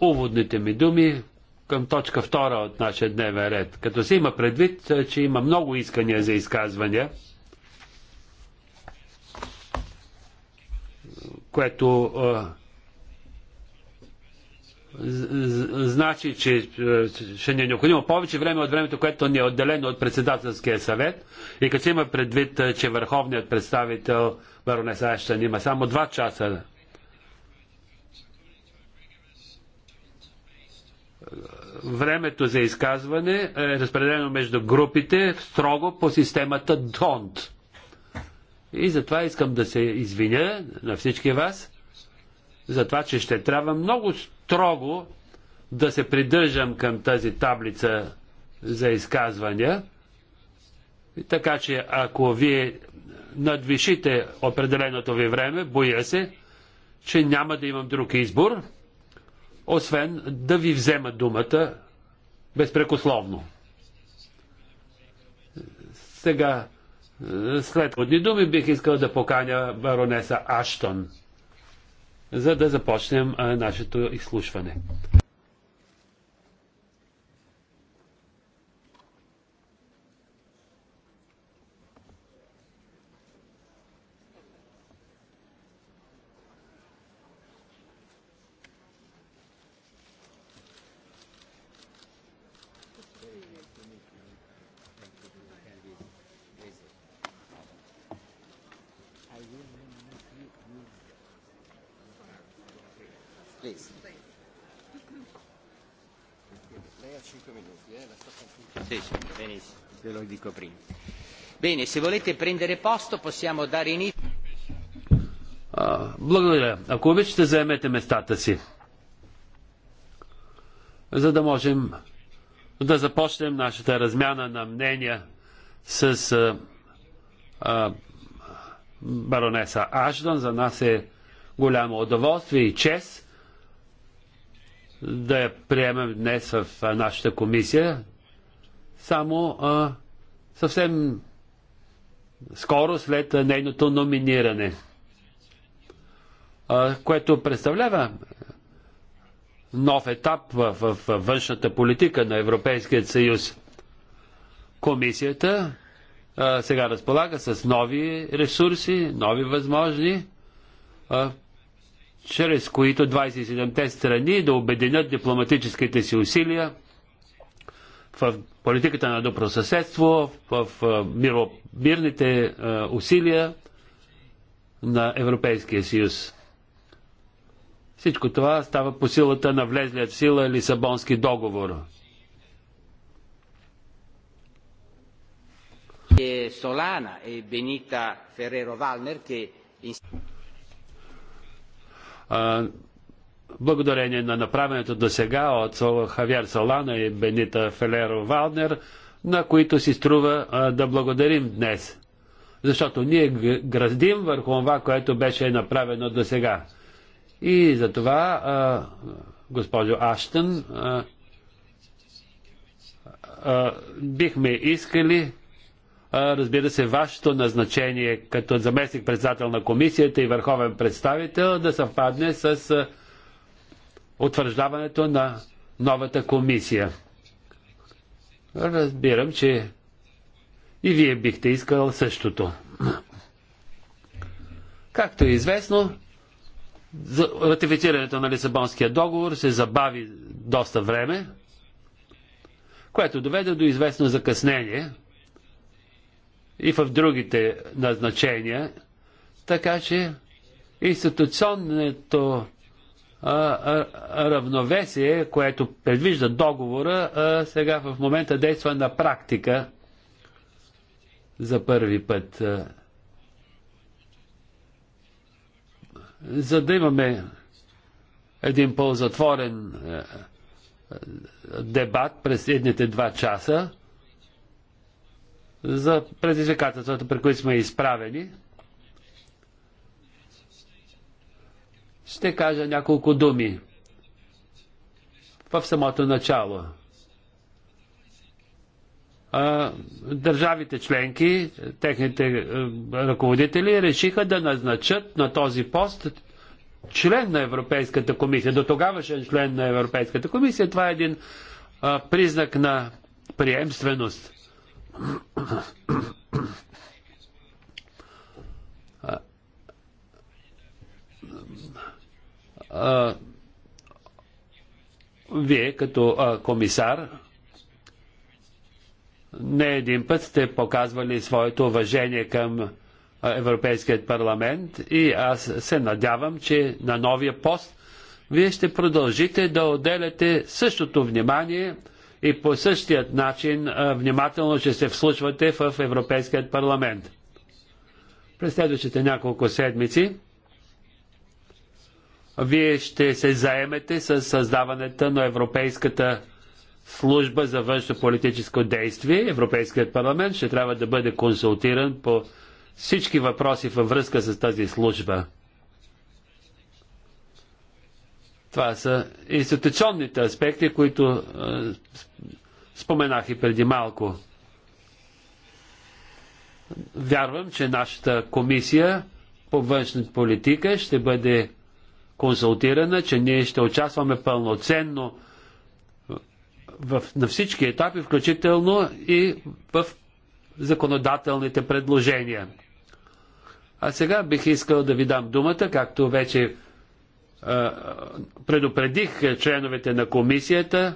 уводните ми думи, към точка втора от нашия дневен ред. Като се има предвид, че има много искания за изказвания, което значи, че ще ни е необходимо повече време от времето, което ни е отделено от председателския съвет. И като се има предвид, че върховният представител Баронеса Аштан има само два часа времето за изказване е разпределено между групите строго по системата ДОНТ. И затова искам да се извиня на всички вас, за това, че ще трябва много строго да се придържам към тази таблица за изказвания. Така че ако вие надвишите определеното ви време, боя се, че няма да имам друг избор освен да ви взема думата безпрекословно. Сега, след годни думи, бих искал да поканя баронеса Аштон, за да започнем нашето изслушване. Благодаря. Ако обичате, заемете местата си, за да можем да започнем нашата размяна на мнения с а, а, баронеса Аждан. За нас е голямо удоволствие и чест да я приемем днес в нашата комисия само а, съвсем скоро след нейното номиниране, а, което представлява нов етап в, в, в външната политика на Европейския съюз. Комисията а, сега разполага с нови ресурси, нови възможни, а, чрез които 27-те страни да обединят дипломатическите си усилия в политиката на добросъседство, в миро, мирните усилия на Европейския съюз. Всичко това става по силата на влезлият в сила Лисабонски договор. Е, Солана и Бенита Ferrero Валнер, благодарение на направенето до сега от Хавяр Солана и Бенита Фелеро Валнер, на които си струва да благодарим днес. Защото ние градим върху това, което беше направено до сега. И затова, това, госпожо Аштън, бихме искали, разбира се, вашето назначение като заместник председател на комисията и върховен представител да съвпадне с. А, утвърждаването на новата комисия. Разбирам, че и вие бихте искал същото. Както е известно, ратифицирането на Лисабонския договор се забави доста време, което доведе до известно закъснение и в другите назначения, така че институционното равновесие, което предвижда договора, сега в момента действа на практика за първи път. За да имаме един ползатворен дебат през едните два часа за предизвикателствата, при които сме изправени – Ще кажа няколко думи в самото начало. Държавите членки, техните е, ръководители решиха да назначат на този пост член на Европейската комисия, до тогавашен е член на Европейската комисия. Това е един признак на приемственост. а, вие като а, комисар не един път сте показвали своето уважение към Европейският парламент и аз се надявам, че на новия пост вие ще продължите да отделяте същото внимание и по същият начин внимателно ще се вслушвате в Европейският парламент. През следващите няколко седмици вие ще се заемете с създаването на Европейската служба за външно-политическо действие. Европейският парламент ще трябва да бъде консултиран по всички въпроси във връзка с тази служба. Това са институционните аспекти, които споменах и преди малко. Вярвам, че нашата комисия по външна политика ще бъде консултирана, че ние ще участваме пълноценно в, на всички етапи, включително и в законодателните предложения. А сега бих искал да ви дам думата, както вече а, е, предупредих членовете на комисията.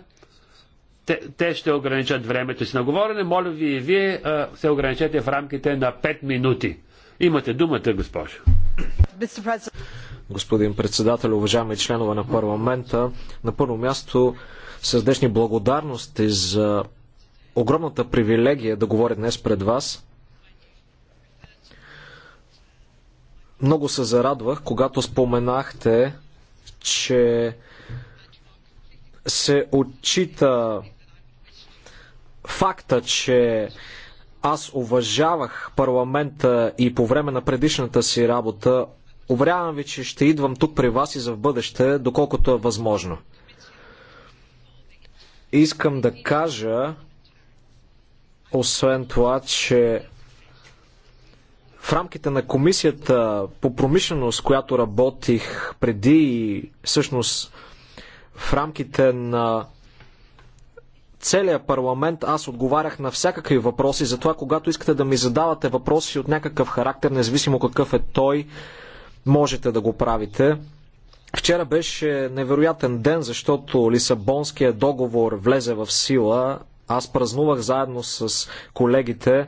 Те, те ще ограничат времето си на говорене. Моля ви и вие а, е, се ограничете в рамките на 5 минути. Имате думата, госпожо. Господин председател, уважаеми членове на парламента, на първо място сърдечни благодарности за огромната привилегия да говоря днес пред вас. Много се зарадвах, когато споменахте, че се отчита факта, че аз уважавах парламента и по време на предишната си работа. Уверявам ви, че ще идвам тук при вас и за в бъдеще, доколкото е възможно. Искам да кажа, освен това, че в рамките на комисията по промишленост, която работих преди и всъщност в рамките на Целият парламент аз отговарях на всякакви въпроси, затова когато искате да ми задавате въпроси от някакъв характер, независимо какъв е той, можете да го правите. Вчера беше невероятен ден, защото Лисабонския договор влезе в сила. Аз празнувах заедно с колегите.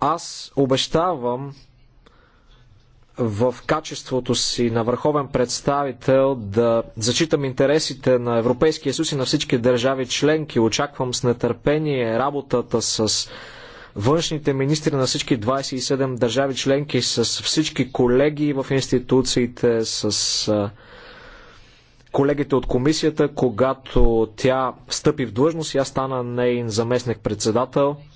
Аз обещавам в качеството си на върховен представител да зачитам интересите на Европейския съюз и на всички държави членки. Очаквам с нетърпение работата с външните министри на всички 27 държави членки, с всички колеги в институциите, с колегите от комисията, когато тя стъпи в длъжност и аз стана нейн заместник председател –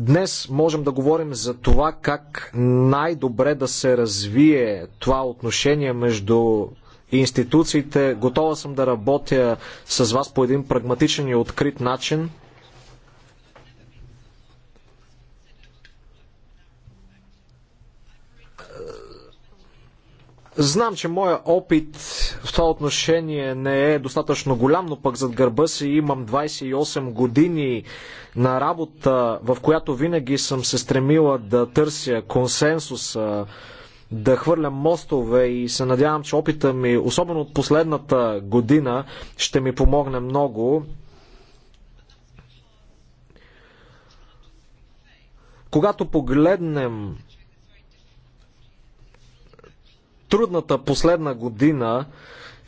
Днес можем да говорим за това как най-добре да се развие това отношение между институциите. Готова съм да работя с вас по един прагматичен и открит начин. Знам, че моя опит в това отношение не е достатъчно голям, но пък зад гърба си имам 28 години на работа, в която винаги съм се стремила да търся консенсус, да хвърлям мостове и се надявам, че опита ми, особено от последната година, ще ми помогне много. Когато погледнем трудната последна година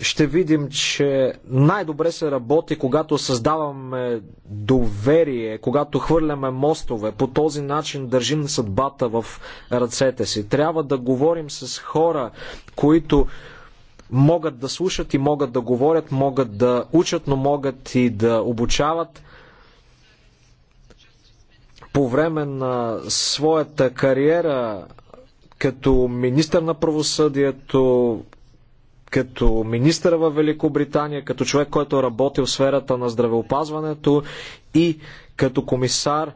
ще видим, че най-добре се работи, когато създаваме доверие, когато хвърляме мостове. По този начин държим съдбата в ръцете си. Трябва да говорим с хора, които могат да слушат и могат да говорят, могат да учат, но могат и да обучават. По време на своята кариера като министър на правосъдието, като министър във Великобритания, като човек, който е работи в сферата на здравеопазването и като комисар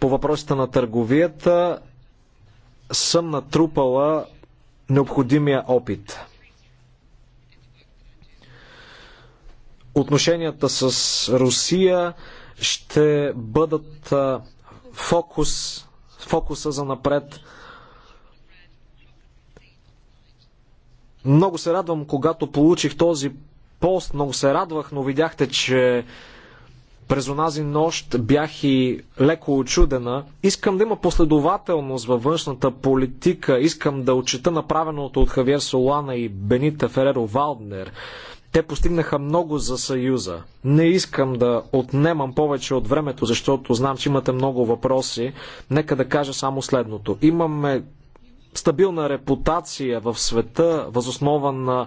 по въпросите на търговията, съм натрупала необходимия опит. Отношенията с Русия ще бъдат фокус, фокуса за напред Много се радвам, когато получих този пост, много се радвах, но видяхте, че през онази нощ бях и леко очудена. Искам да има последователност във външната политика. Искам да отчита направеното от Хавиер Солана и Бенита Фереро Валднер. Те постигнаха много за Съюза. Не искам да отнемам повече от времето, защото знам, че имате много въпроси. Нека да кажа само следното. Имаме стабилна репутация в света, възоснова на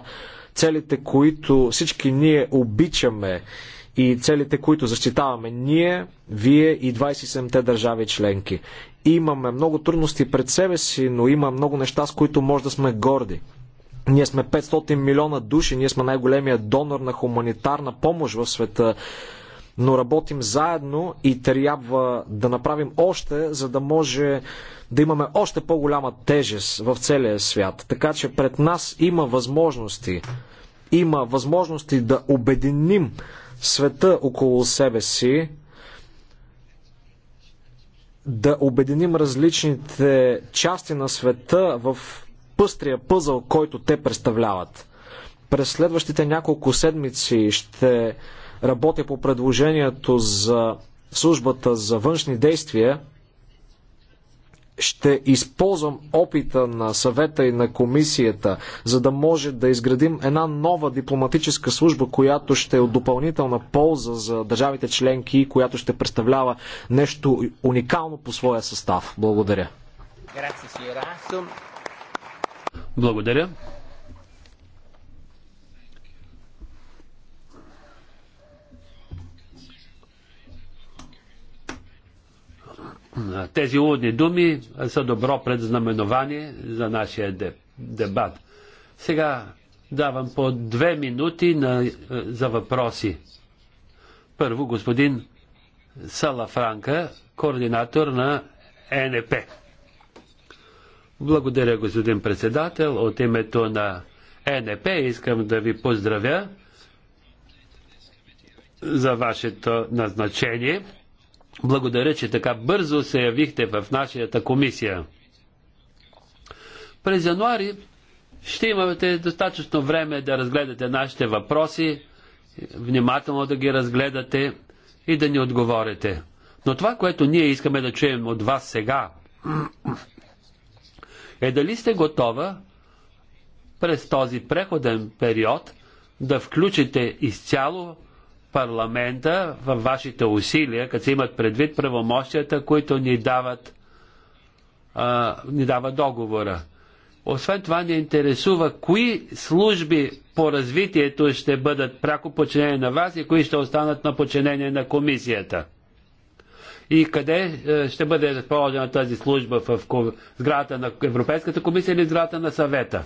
целите, които всички ние обичаме и целите, които защитаваме ние, вие и 27-те държави членки. Имаме много трудности пред себе си, но има много неща, с които може да сме горди. Ние сме 500 милиона души, ние сме най-големия донор на хуманитарна помощ в света но работим заедно и трябва да направим още, за да може да имаме още по-голяма тежест в целия свят. Така че пред нас има възможности. Има възможности да обединим света около себе си, да обединим различните части на света в пъстрия пъзъл, който те представляват. През следващите няколко седмици ще работя по предложението за службата за външни действия, ще използвам опита на съвета и на комисията, за да може да изградим една нова дипломатическа служба, която ще е от допълнителна полза за държавите членки и която ще представлява нещо уникално по своя състав. Благодаря. Благодаря. Тези уводни думи са добро предзнаменование за нашия дебат. Сега давам по две минути на, е, за въпроси. Първо господин Сала Франка, координатор на ЕНП. Благодаря, господин председател. От името на ЕНП искам да ви поздравя за вашето назначение. Благодаря, че така бързо се явихте в нашата комисия. През януари ще имате достатъчно време да разгледате нашите въпроси, внимателно да ги разгледате и да ни отговорите. Но това, което ние искаме да чуем от вас сега, е дали сте готова през този преходен период да включите изцяло парламента във вашите усилия, като се имат предвид правомощията, които ни дават а, ни дава договора. Освен това ни интересува кои служби по развитието ще бъдат пряко подчинени на вас и кои ще останат на подчинение на комисията. И къде е, ще бъде разположена тази служба в сградата на Европейската комисия или сградата на съвета?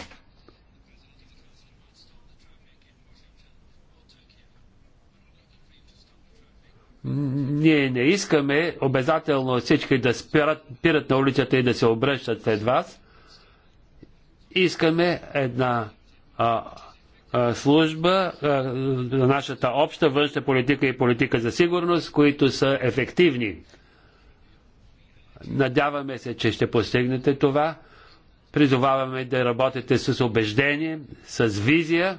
Ние не искаме обязателно всички да спират, пират на улицата и да се обръщат след вас. Искаме една а, а, служба на нашата обща външна политика и политика за сигурност, които са ефективни. Надяваме се, че ще постигнете това. Призоваваме да работите с убеждение, с визия.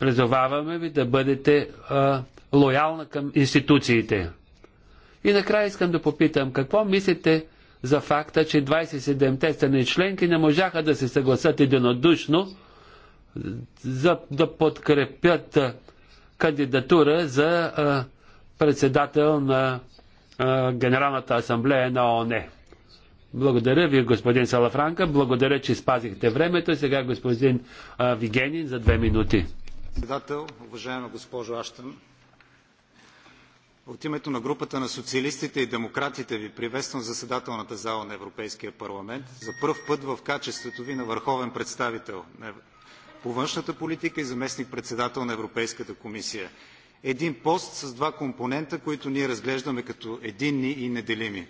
Призоваваме ви да бъдете а, лоялна към институциите. И накрая искам да попитам, какво мислите за факта, че 27-те страни членки не можаха да се съгласат единодушно за да подкрепят кандидатура за а, председател на а, Генералната асамблея на ОНЕ. Благодаря ви, господин Салафранка. Благодаря, че спазихте времето. Сега господин а, Вигенин за две минути. Председател, уважаема госпожо Аштън, от името на групата на социалистите и демократите ви приветствам заседателната зала на Европейския парламент за първ път в качеството ви на върховен представител по външната политика и заместник-председател на Европейската комисия. Един пост с два компонента, които ние разглеждаме като единни и неделими.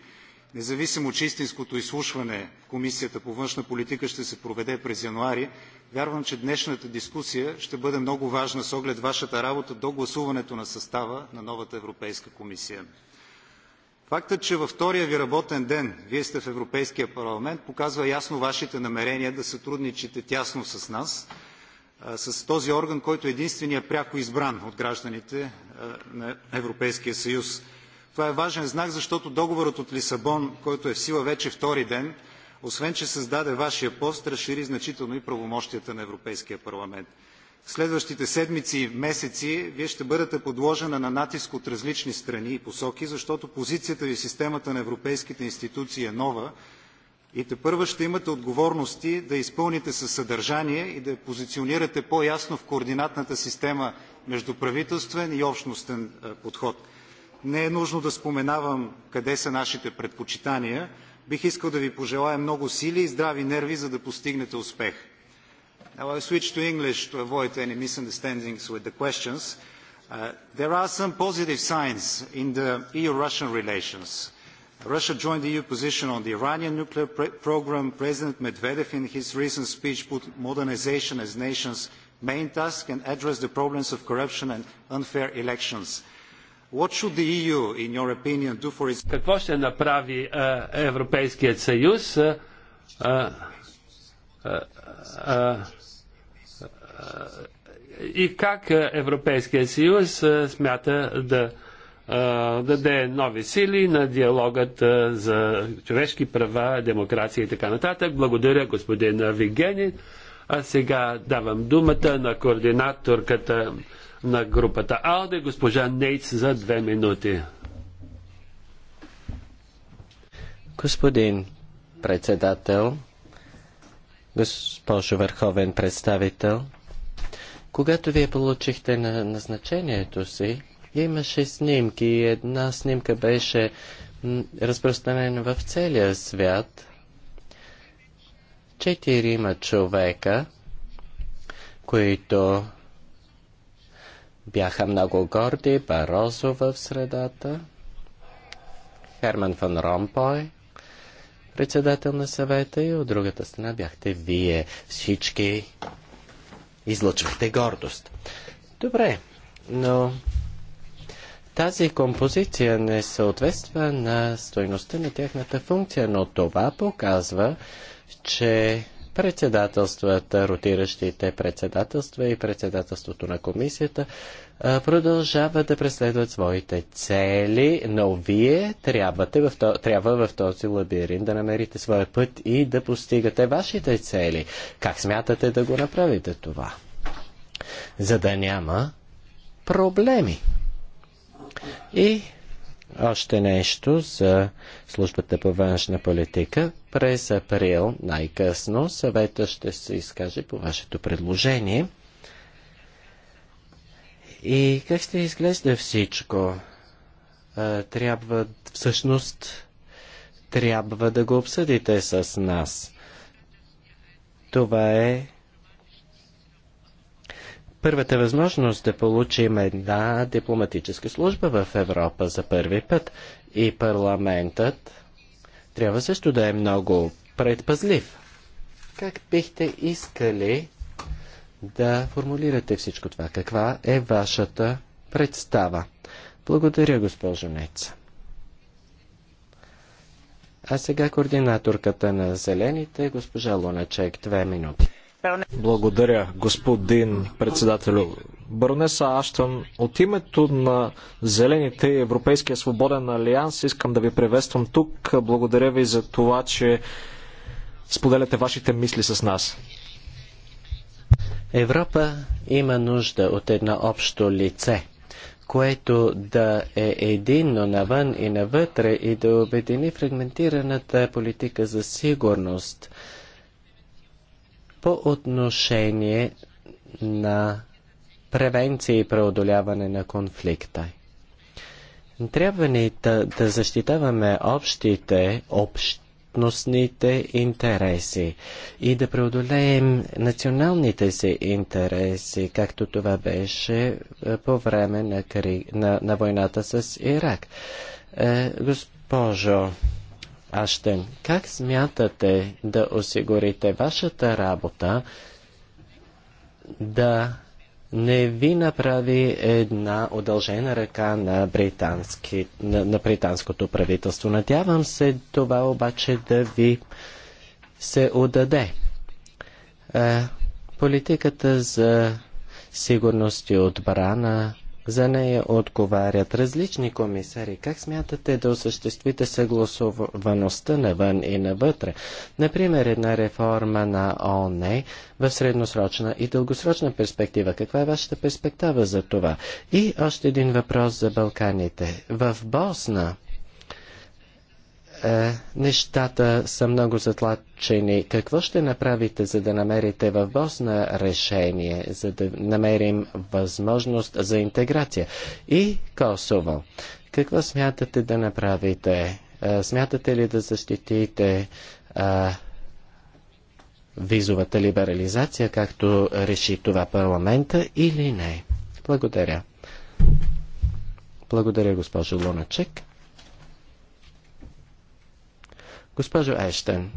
Независимо, от истинското изслушване Комисията по външна политика ще се проведе през януари, Вярвам, че днешната дискусия ще бъде много важна с оглед вашата работа до гласуването на състава на новата Европейска комисия. Фактът, че във втория ви работен ден вие сте в Европейския парламент, показва ясно вашите намерения да сътрудничите тясно с нас, с този орган, който е единствения пряко избран от гражданите на Европейския съюз. Това е важен знак, защото договорът от Лисабон, който е в сила вече втори ден, освен че създаде вашия пост, разшири значително и правомощията на Европейския парламент. В следващите седмици и месеци вие ще бъдете подложена на натиск от различни страни и посоки, защото позицията ви в системата на европейските институции е нова и първа ще имате отговорности да изпълните със съдържание и да я позиционирате по-ясно в координатната система между правителствен и общностен подход. Не е нужно да споменавам къде са нашите предпочитания – Бих искал да ви пожелая много сили и здрави нерви, за да постигнете успех. Now I'll switch to English to avoid any misunderstandings with the questions. Uh, there are some positive signs in the EU-Russian relations. Russia joined the EU position on the Iranian nuclear programme. President Medvedev, in his recent speech, put modernisation as nation's main task and addressed the problems of corruption and unfair elections. E Какво ще направи Европейският съюз и как Европейският съюз смята да даде нови сили на диалогът за човешки права, демокрация и така нататък. Благодаря господин Вигенин. А сега давам думата на координаторката на групата Алде, госпожа Нейц за две минути. Господин председател, госпожо върховен представител, когато вие получихте на назначението си, имаше снимки и една снимка беше разпространена в целия свят. Четирима човека, които бяха много горди, Барозо в средата, Херман фан Ромпой, председател на съвета и от другата страна бяхте вие. Всички излъчвахте гордост. Добре, но тази композиция не съответства на стойността на тяхната функция, но това показва, че председателствата, ротиращите председателства и председателството на комисията продължават да преследват своите цели, но вие трябвате в то, трябва в този лабиринт да намерите своя път и да постигате вашите цели. Как смятате да го направите това? За да няма проблеми. И още нещо за службата по външна политика. През април най-късно съвета ще се изкаже по вашето предложение. И как ще изглежда всичко? Трябва, всъщност, трябва да го обсъдите с нас. Това е първата възможност да получим една дипломатическа служба в Европа за първи път и парламентът трябва също да е много предпазлив. Как бихте искали да формулирате всичко това? Каква е вашата представа? Благодаря, госпожо Неца. А сега координаторката на Зелените, госпожа Луначек, две минути. Благодаря, господин председател. Баронеса Аштън, от името на Зелените и Европейския свободен алианс искам да ви приветствам тук. Благодаря ви за това, че споделяте вашите мисли с нас. Европа има нужда от едно общо лице, което да е единно навън и навътре и да обедини фрагментираната политика за сигурност по отношение на превенция и преодоляване на конфликта. Трябва ни да, да защитаваме общите, общностните интереси и да преодолеем националните си интереси, както това беше е, по време на, кри... на, на войната с Ирак. Е, госпожо Аштен, как смятате да осигурите вашата работа да не ви направи една удължена ръка на, британски, на, на британското правителство. Надявам се това обаче да ви се отдаде. Е, политиката за сигурност и отбрана за нея отговарят различни комисари. Как смятате да осъществите съгласуваността навън и навътре? Например, една реформа на ООН в средносрочна и дългосрочна перспектива. Каква е вашата перспектива за това? И още един въпрос за Балканите. В Босна е, нещата са много затлачени. Какво ще направите, за да намерите в Босна решение, за да намерим възможност за интеграция? И Косово. Какво смятате да направите? Е, смятате ли да защитите е, визовата либерализация, както реши това парламента или не? Благодаря. Благодаря, госпожо Луначек. Госпожо Ештен,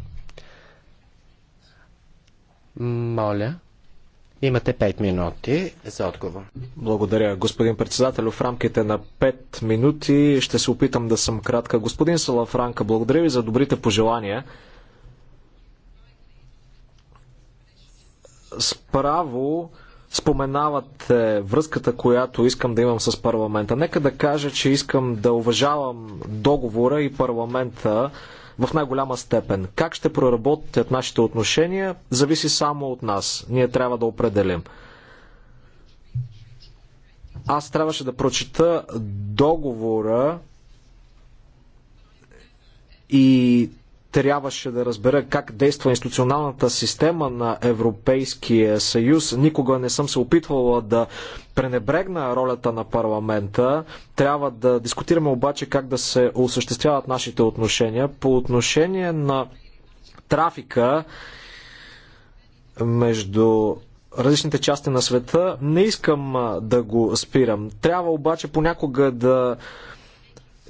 моля, имате 5 минути за отговор. Благодаря, господин председател. В рамките на 5 минути ще се опитам да съм кратка. Господин Салафранка, благодаря ви за добрите пожелания. Справо споменавате връзката, която искам да имам с парламента. Нека да кажа, че искам да уважавам договора и парламента в най-голяма степен. Как ще проработят нашите отношения, зависи само от нас. Ние трябва да определим. Аз трябваше да прочета договора и трябваше да разбера как действа институционалната система на Европейския съюз. Никога не съм се опитвала да пренебрегна ролята на парламента. Трябва да дискутираме обаче как да се осъществяват нашите отношения. По отношение на трафика между различните части на света, не искам да го спирам. Трябва обаче понякога да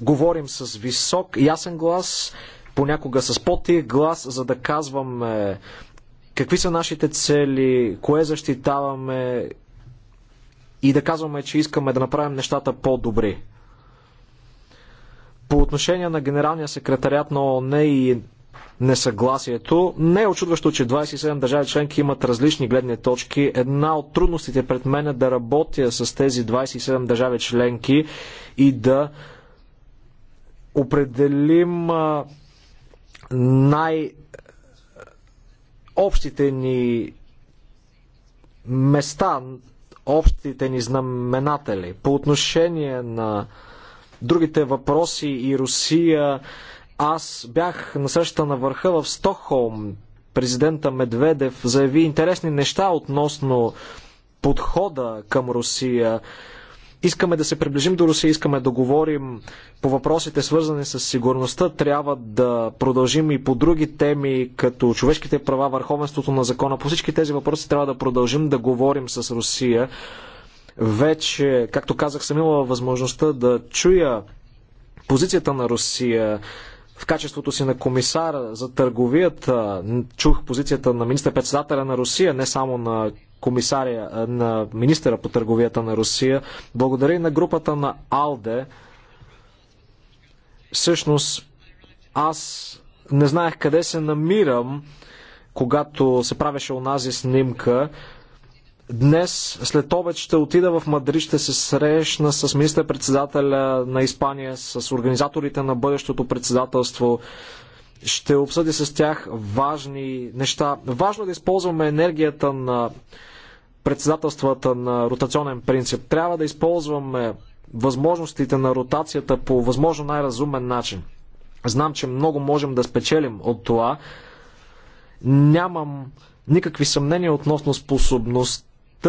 говорим с висок, ясен глас понякога с поти глас, за да казваме какви са нашите цели, кое защитаваме и да казваме, че искаме да направим нещата по-добри. По отношение на генералния секретарят на ООН и несъгласието. Не е очудващо, че 27 държави членки имат различни гледни точки. Една от трудностите пред мен е да работя с тези 27 държави членки и да определим най-общите ни места, общите ни знаменатели. По отношение на другите въпроси и Русия, аз бях на среща на върха в Стокхолм. Президента Медведев заяви интересни неща относно подхода към Русия искаме да се приближим до Русия, искаме да говорим по въпросите свързани с сигурността, трябва да продължим и по други теми, като човешките права, върховенството на закона. По всички тези въпроси трябва да продължим да говорим с Русия. Вече, както казах, съм имала възможността да чуя позицията на Русия в качеството си на комисар за търговията чух позицията на министър-председателя на Русия, не само на комисаря, на министъра по търговията на Русия. Благодаря и на групата на АЛДЕ. Всъщност, аз не знаех къде се намирам, когато се правеше онази снимка. Днес след обед ще отида в Мадрид, ще се срещна с министър-председателя на Испания, с организаторите на бъдещото председателство. Ще обсъди с тях важни неща. Важно е да използваме енергията на председателствата на ротационен принцип. Трябва да използваме възможностите на ротацията по възможно най-разумен начин. Знам, че много можем да спечелим от това. Нямам никакви съмнения относно способността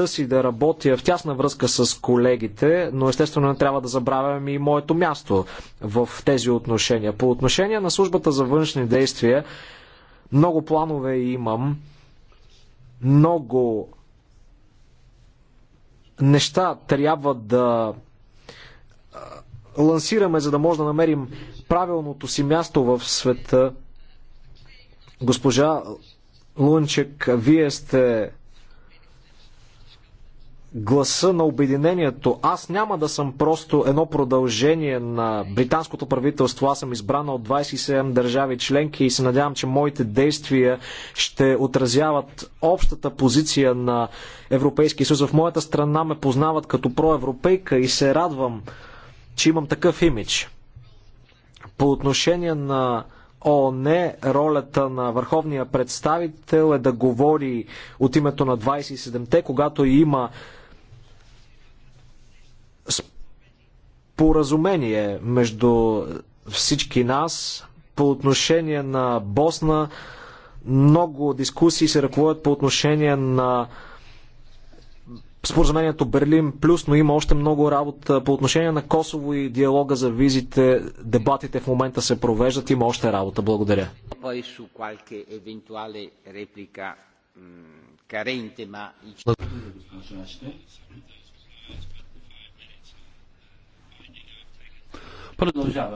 си да работя в тясна връзка с колегите, но естествено не трябва да забравям и моето място в тези отношения. По отношение на службата за външни действия, много планове имам, много неща трябва да лансираме, за да може да намерим правилното си място в света. Госпожа Лунчек, вие сте гласа на обединението. Аз няма да съм просто едно продължение на британското правителство. Аз съм избрана от 27 държави членки и се надявам, че моите действия ще отразяват общата позиция на Европейския съюз. В моята страна ме познават като проевропейка и се радвам, че имам такъв имидж. По отношение на ООН ролята на върховния представител е да говори от името на 27-те, когато има поразумение между всички нас по отношение на Босна. Много дискусии се ръководят по отношение на споразумението Берлин плюс, но има още много работа по отношение на Косово и диалога за визите. Дебатите в момента се провеждат, има още работа. Благодаря.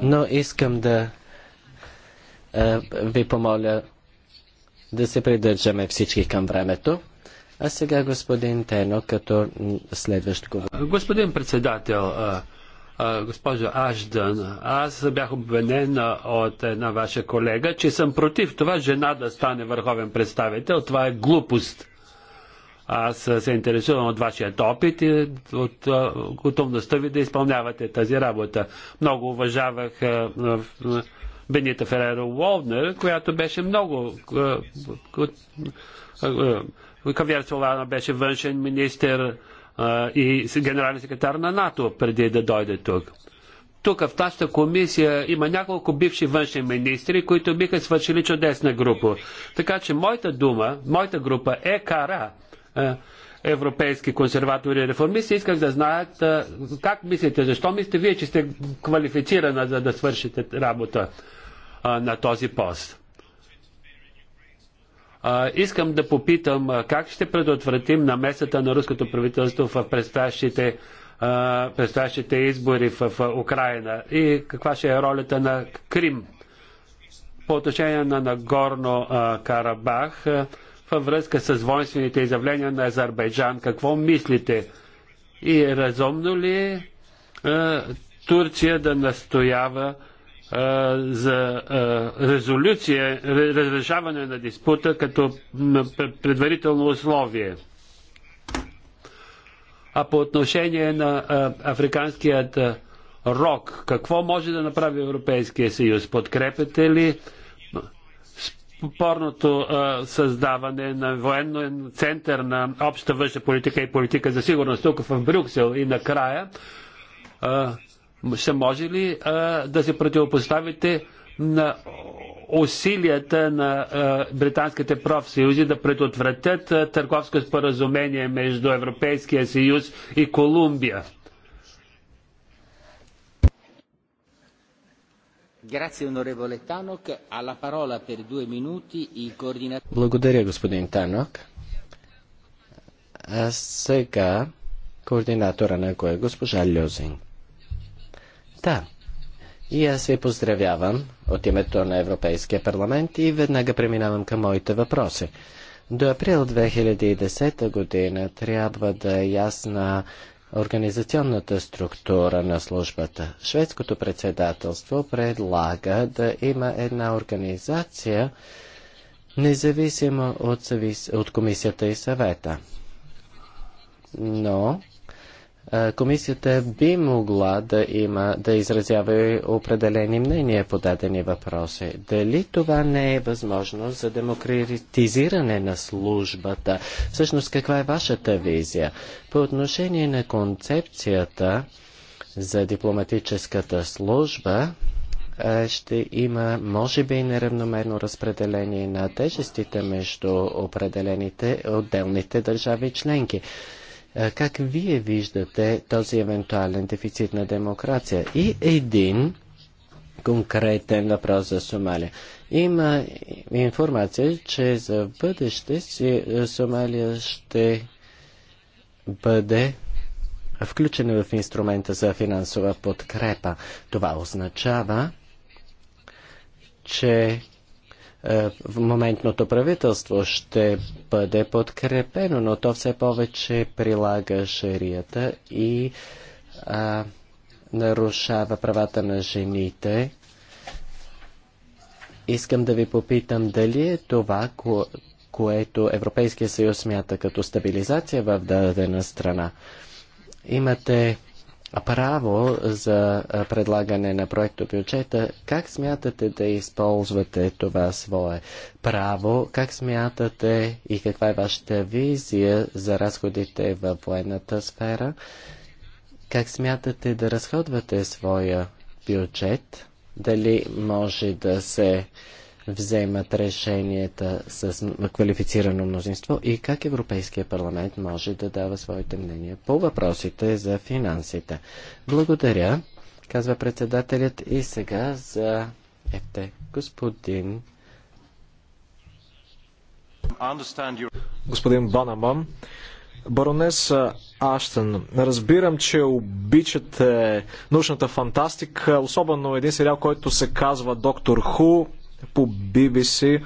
Но искам да ви помоля да се придържаме всички към времето. А сега господин Тено като следващ говорител. Господин председател, госпожо Аждан, аз бях обвинен от една ваша колега, че съм против това жена да стане върховен представител. Това е глупост. Аз се интересувам от вашият опит и от готовността ви да изпълнявате тази работа. Много уважавах Бенита Фереро Уолнер, която беше много... Кавиер Солана беше външен министр и генерален секретар на НАТО преди да дойде тук. Тук в тази комисия има няколко бивши външни министри, които биха свършили чудесна група. Така че моята дума, моята група е кара е, европейски консерватори и реформисти. Исках да знаят е, как мислите, защо мислите вие, че сте квалифицирана за да свършите работа е, на този пост. Искам да попитам как ще предотвратим намесата на руското правителство в предстоящите предстоящите избори в Украина и каква ще е ролята на Крим по отношение на Нагорно Карабах във връзка с воинствените изявления на Азербайджан. Какво мислите? И е разумно ли е, Турция да настоява а, за а, резолюция, разрешаване на диспута като предварително условие? А по отношение на а, африканският рок, какво може да направи Европейския съюз? Подкрепяте ли? порното създаване на военен център на обща външна политика и политика за сигурност тук в Брюксел и накрая ще може ли да се противопоставите на усилията на британските профсъюзи да предотвратят търговско споразумение между Европейския съюз и Колумбия? Благодаря, господин Танок. А сега координатора на кое е госпожа Льозин. Да. И аз ви поздравявам от името на Европейския парламент и веднага преминавам към моите въпроси. До април 2010 година трябва да е ясна организационната структура на службата. Шведското председателство предлага да има една организация, независимо от, от комисията и съвета. Но е, комисията би могла да има, да изразява определени мнения по дадени въпроси. Дали това не е възможно за демократизиране на службата? Всъщност, каква е вашата визия? По отношение на концепцията за дипломатическата служба, е, ще има, може би, неравномерно разпределение на тежестите между определените отделните държави членки. Е, как вие виждате този евентуален дефицит на демокрация? И един конкретен въпрос за Сомалия. Има информация, че за бъдеще си е, Сомалия ще бъде включена в инструмента за финансова подкрепа. Това означава, че е, в моментното правителство ще бъде подкрепено, но то все повече прилага шарията и а, нарушава правата на жените. Искам да ви попитам дали е това, ко което Европейския съюз смята като стабилизация в дадена страна. Имате право за предлагане на проекто бюджета, как смятате да използвате това свое право? Как смятате и каква е вашата визия за разходите в военната сфера? Как смятате да разходвате своя бюджет? Дали може да се вземат решенията с квалифицирано мнозинство и как Европейския парламент може да дава своите мнения по въпросите за финансите. Благодаря, казва председателят и сега за Ефте. Господин Господин Банамам, Баронес Аштън, разбирам, че обичате научната фантастика, особено един сериал, който се казва Доктор Ху по BBC.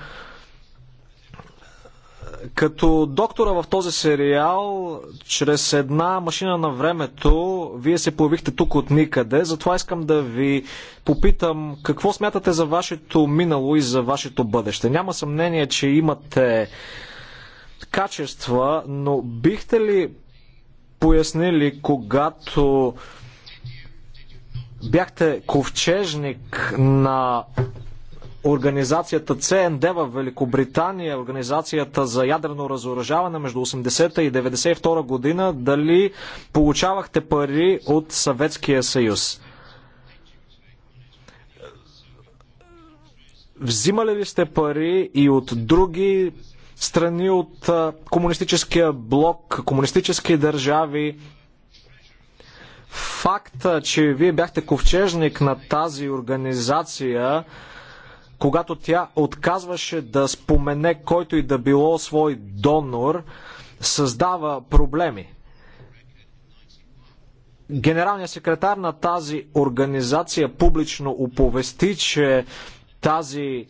Като доктора в този сериал, чрез една машина на времето, вие се появихте тук от никъде. Затова искам да ви попитам какво смятате за вашето минало и за вашето бъдеще. Няма съмнение, че имате качества, но бихте ли пояснили, когато бяхте ковчежник на организацията ЦНД в Великобритания, организацията за ядрено разоръжаване между 80-та и 92 година, дали получавахте пари от Съветския съюз? Взимали ли сте пари и от други страни от комунистическия блок, комунистически държави, факта, че вие бяхте ковчежник на тази организация, когато тя отказваше да спомене който и да било свой донор, създава проблеми. Генералният секретар на тази организация публично оповести, че тази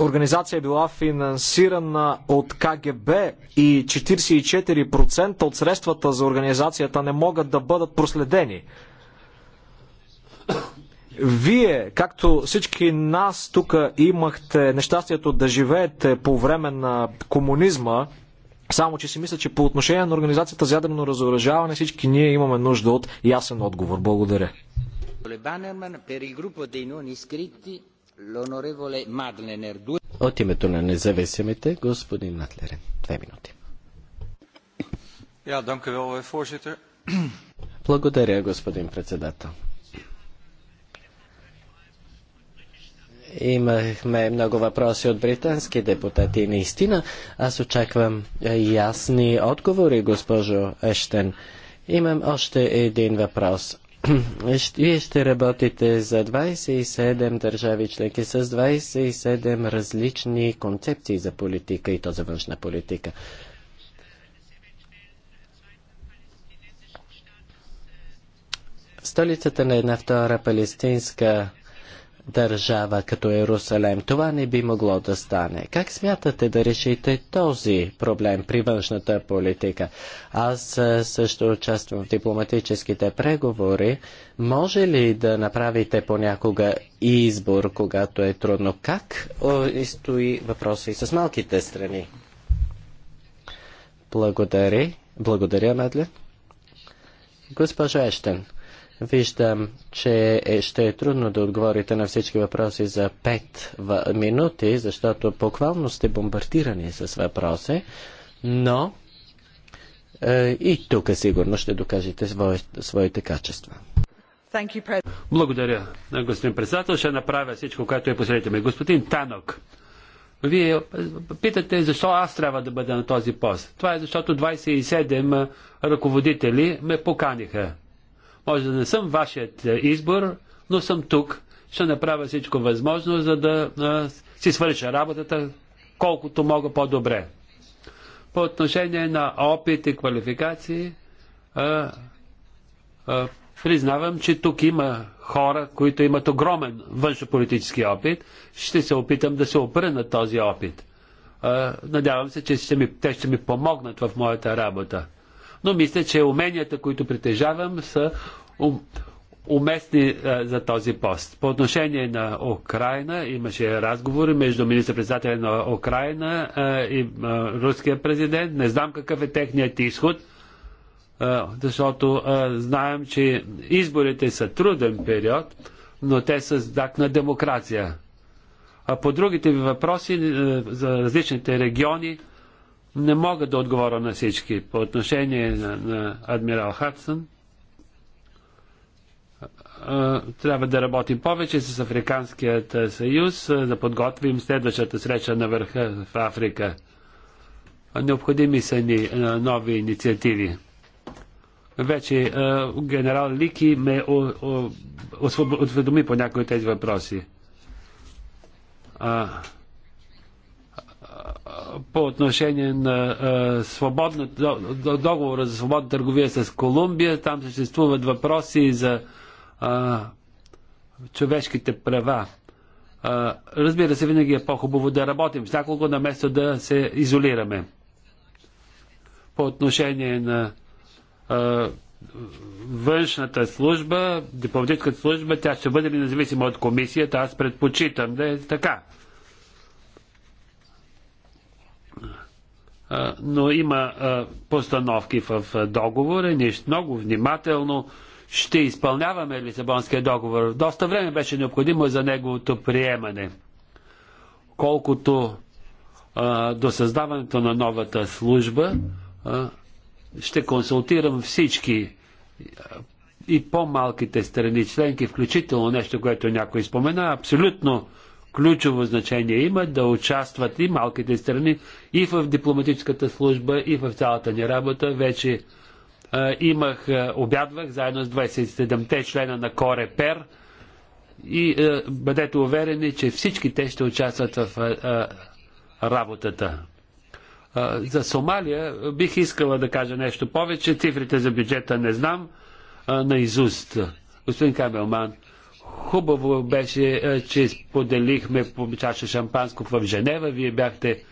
организация е била финансирана от КГБ и 44% от средствата за организацията не могат да бъдат проследени. Вие, както всички нас тук имахте нещастието да живеете по време на комунизма, само, че си мисля, че по отношение на Организацията за ядрено разоръжаване всички ние имаме нужда от ясен отговор. Благодаря. От името на независимите, господин Матлерен. Две минути. Благодаря, господин председател. Имахме много въпроси от британски депутати. Наистина, аз очаквам е, ясни отговори, госпожо Ещен. Имам още един въпрос. Вие ще работите за 27 държави членки с 27 различни концепции за политика и то за външна политика. Столицата на една втора палестинска държава като Иерусалем. Това не би могло да стане. Как смятате да решите този проблем при външната политика? Аз също участвам в дипломатическите преговори. Може ли да направите понякога избор, когато е трудно? Как стои въпроса и с малките страни? Благодаря. Благодаря, Медлен. Госпожо Ещен, Виждам, че е, ще е трудно да отговорите на всички въпроси за 5 минути, защото буквално сте бомбардирани с въпроси, но е, и тук сигурно ще докажете свое, своите качества. You, Благодаря, господин председател. Ще направя всичко, което е посредите ми. Господин Танок, вие питате защо аз трябва да бъда на този пост. Това е защото 27 ръководители ме поканиха може да не съм вашият е, избор, но съм тук. Ще направя всичко възможно, за да а, си свърша работата колкото мога по-добре. По отношение на опит и квалификации, а, а, признавам, че тук има хора, които имат огромен външополитически опит. Ще се опитам да се опра на този опит. Надявам се, че ще ми, те ще ми помогнат в моята работа но мисля, че уменията, които притежавам, са ум, уместни а, е, за този пост. По отношение на Украина имаше разговори между министър-председателя на Украина а, е, и а, е, руския президент. Не знам какъв е техният изход, а, защото а, знаем, че изборите са труден период, но те са знак на демокрация. А по другите ви въпроси за различните региони, не мога да отговоря на всички. По отношение на, на адмирал Хадсън, трябва да работим повече с Африканският съюз, да подготвим следващата среща на върха в Африка. Необходими са ни нови инициативи. Вече генерал Лики ме осведоми по някои от тези въпроси по отношение на свободна, договора за свободна търговия с Колумбия. Там съществуват въпроси за а, човешките права. А, разбира се, винаги е по-хубаво да работим с няколко, наместо да се изолираме. По отношение на а, външната служба, дипломатическата служба, тя ще бъде ли независима от комисията, аз предпочитам да е така. но има постановки в договора. Ние много внимателно ще изпълняваме Лисабонския договор. Доста време беше необходимо за неговото приемане. Колкото до създаването на новата служба, ще консултирам всички и по-малките страни членки, включително нещо, което някой спомена. Абсолютно ключово значение има да участват и малките страни и в дипломатическата служба, и в цялата ни работа. Вече а, имах, а, обядвах заедно с 27-те члена на Корепер и а, бъдете уверени, че всички те ще участват в а, а, работата. А, за Сомалия бих искала да кажа нещо повече. Цифрите за бюджета не знам а, на изуст. Господин Кабелман, Хубаво беше, е, че споделихме по чаша шампанско в Женева. Вие бяхте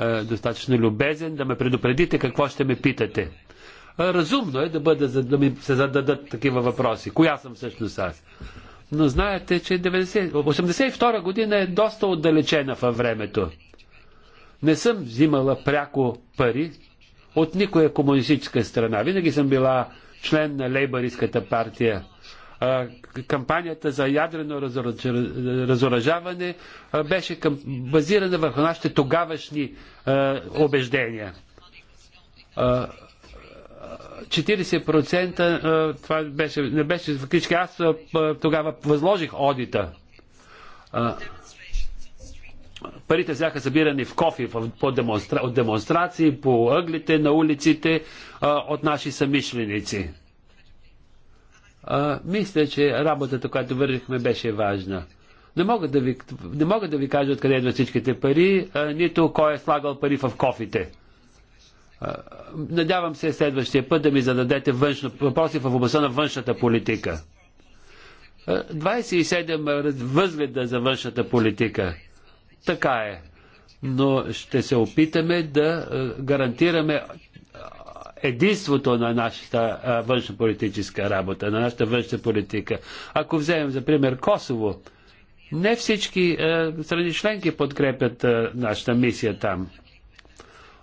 е, достатъчно любезен да ме предупредите какво ще ме питате. Е, разумно е да, бъде, да ми се зададат такива въпроси. Коя съм всъщност аз? Но знаете, че 90, 82 година е доста отдалечена във времето. Не съм взимала пряко пари от никоя комунистическа страна. Винаги съм била член на Лейбористската партия кампанията за ядрено разоръжаване беше базирана върху нашите тогавашни убеждения. 40% това беше, не беше фактически. Аз тогава възложих одита. Парите бяха събирани в кофи по демонстра... от демонстрации, по ъглите на улиците от наши самишленици мисля, че работата, която вършихме, беше важна. Не мога да ви, не мога да ви кажа откъде идват всичките пари, а, нито кой е слагал пари в кофите. А, надявам се следващия път да ми зададете външно, въпроси в областта на външната политика. 27 възгледа за външната политика. Така е. Но ще се опитаме да гарантираме единството на нашата външнополитическа работа, на нашата външна политика. Ако вземем за пример Косово, не всички страни членки подкрепят нашата мисия там.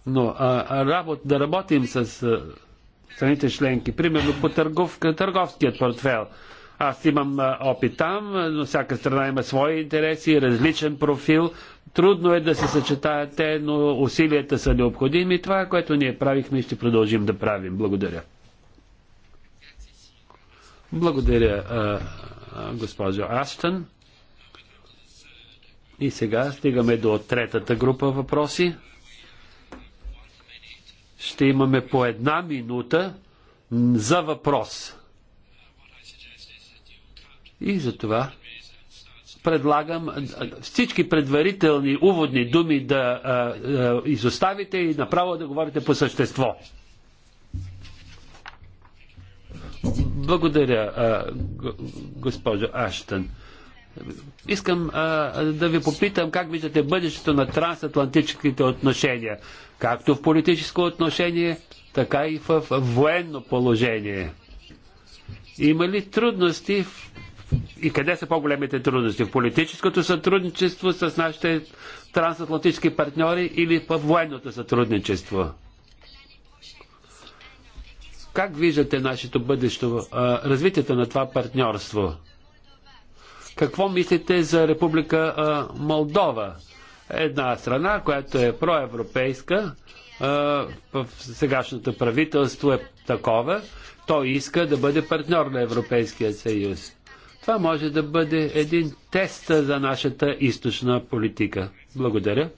Но а, работ, да работим с а, страните членки, примерно по търговка, търговският портфел. Аз имам а, опит там, но всяка страна има свои интереси, различен профил, Трудно е да се съчетаят те, но усилията са необходими. Това, което ние правихме, ще продължим да правим. Благодаря. Благодаря, госпожо Аштън. И сега стигаме до третата група въпроси. Ще имаме по една минута за въпрос. И за това предлагам всички предварителни уводни думи да изоставите и направо да говорите по същество. Благодаря, госпожо Аштън. Искам да ви попитам как виждате бъдещето на трансатлантическите отношения, както в политическо отношение, така и в военно положение. Има ли трудности в и къде са по-големите трудности? В политическото сътрудничество с нашите трансатлантически партньори или в военното сътрудничество? Как виждате нашето бъдещо, развитието на това партньорство? Какво мислите за Република Молдова? Една страна, която е проевропейска, в сегашното правителство е такова, той иска да бъде партньор на Европейския съюз. Това може да бъде един тест за нашата източна политика. Благодаря.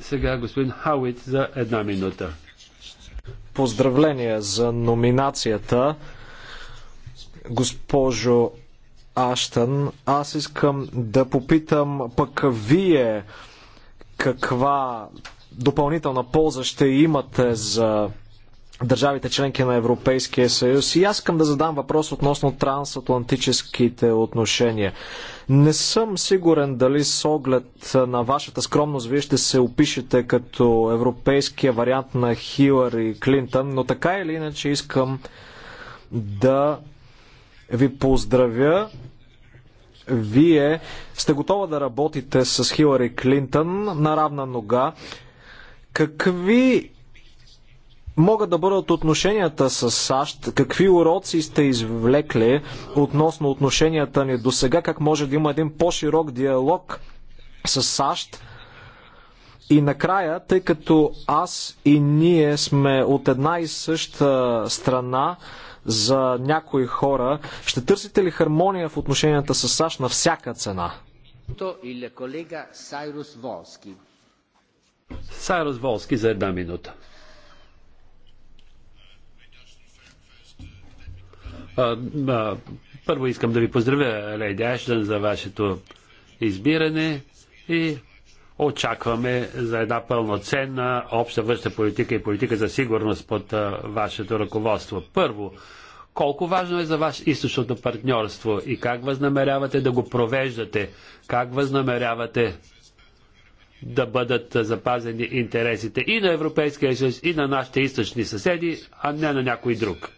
Сега господин Хауит за една минута. Поздравления за номинацията, госпожо Аштън. Аз искам да попитам пък вие каква допълнителна полза ще имате за държавите членки на Европейския съюз. И аз искам да задам въпрос относно трансатлантическите отношения. Не съм сигурен дали с оглед на вашата скромност вие ще се опишете като европейския вариант на Хилър и Клинтън, но така или иначе искам да ви поздравя. Вие сте готова да работите с Хилари Клинтън на равна нога. Какви могат да бъдат отношенията с САЩ? Какви уроци сте извлекли относно отношенията ни до сега? Как може да има един по-широк диалог с САЩ? И накрая, тъй като аз и ние сме от една и съща страна за някои хора, ще търсите ли хармония в отношенията с САЩ на всяка цена? Сайрус Волски за една минута. Първо искам да ви поздравя, Леди Ашдън, за вашето избиране и очакваме за една пълноценна обща външна политика и политика за сигурност под вашето ръководство. Първо, колко важно е за вас източното партньорство и как възнамерявате да го провеждате? Как възнамерявате да бъдат запазени интересите и на Европейския съюз, и на нашите източни съседи, а не на някой друг?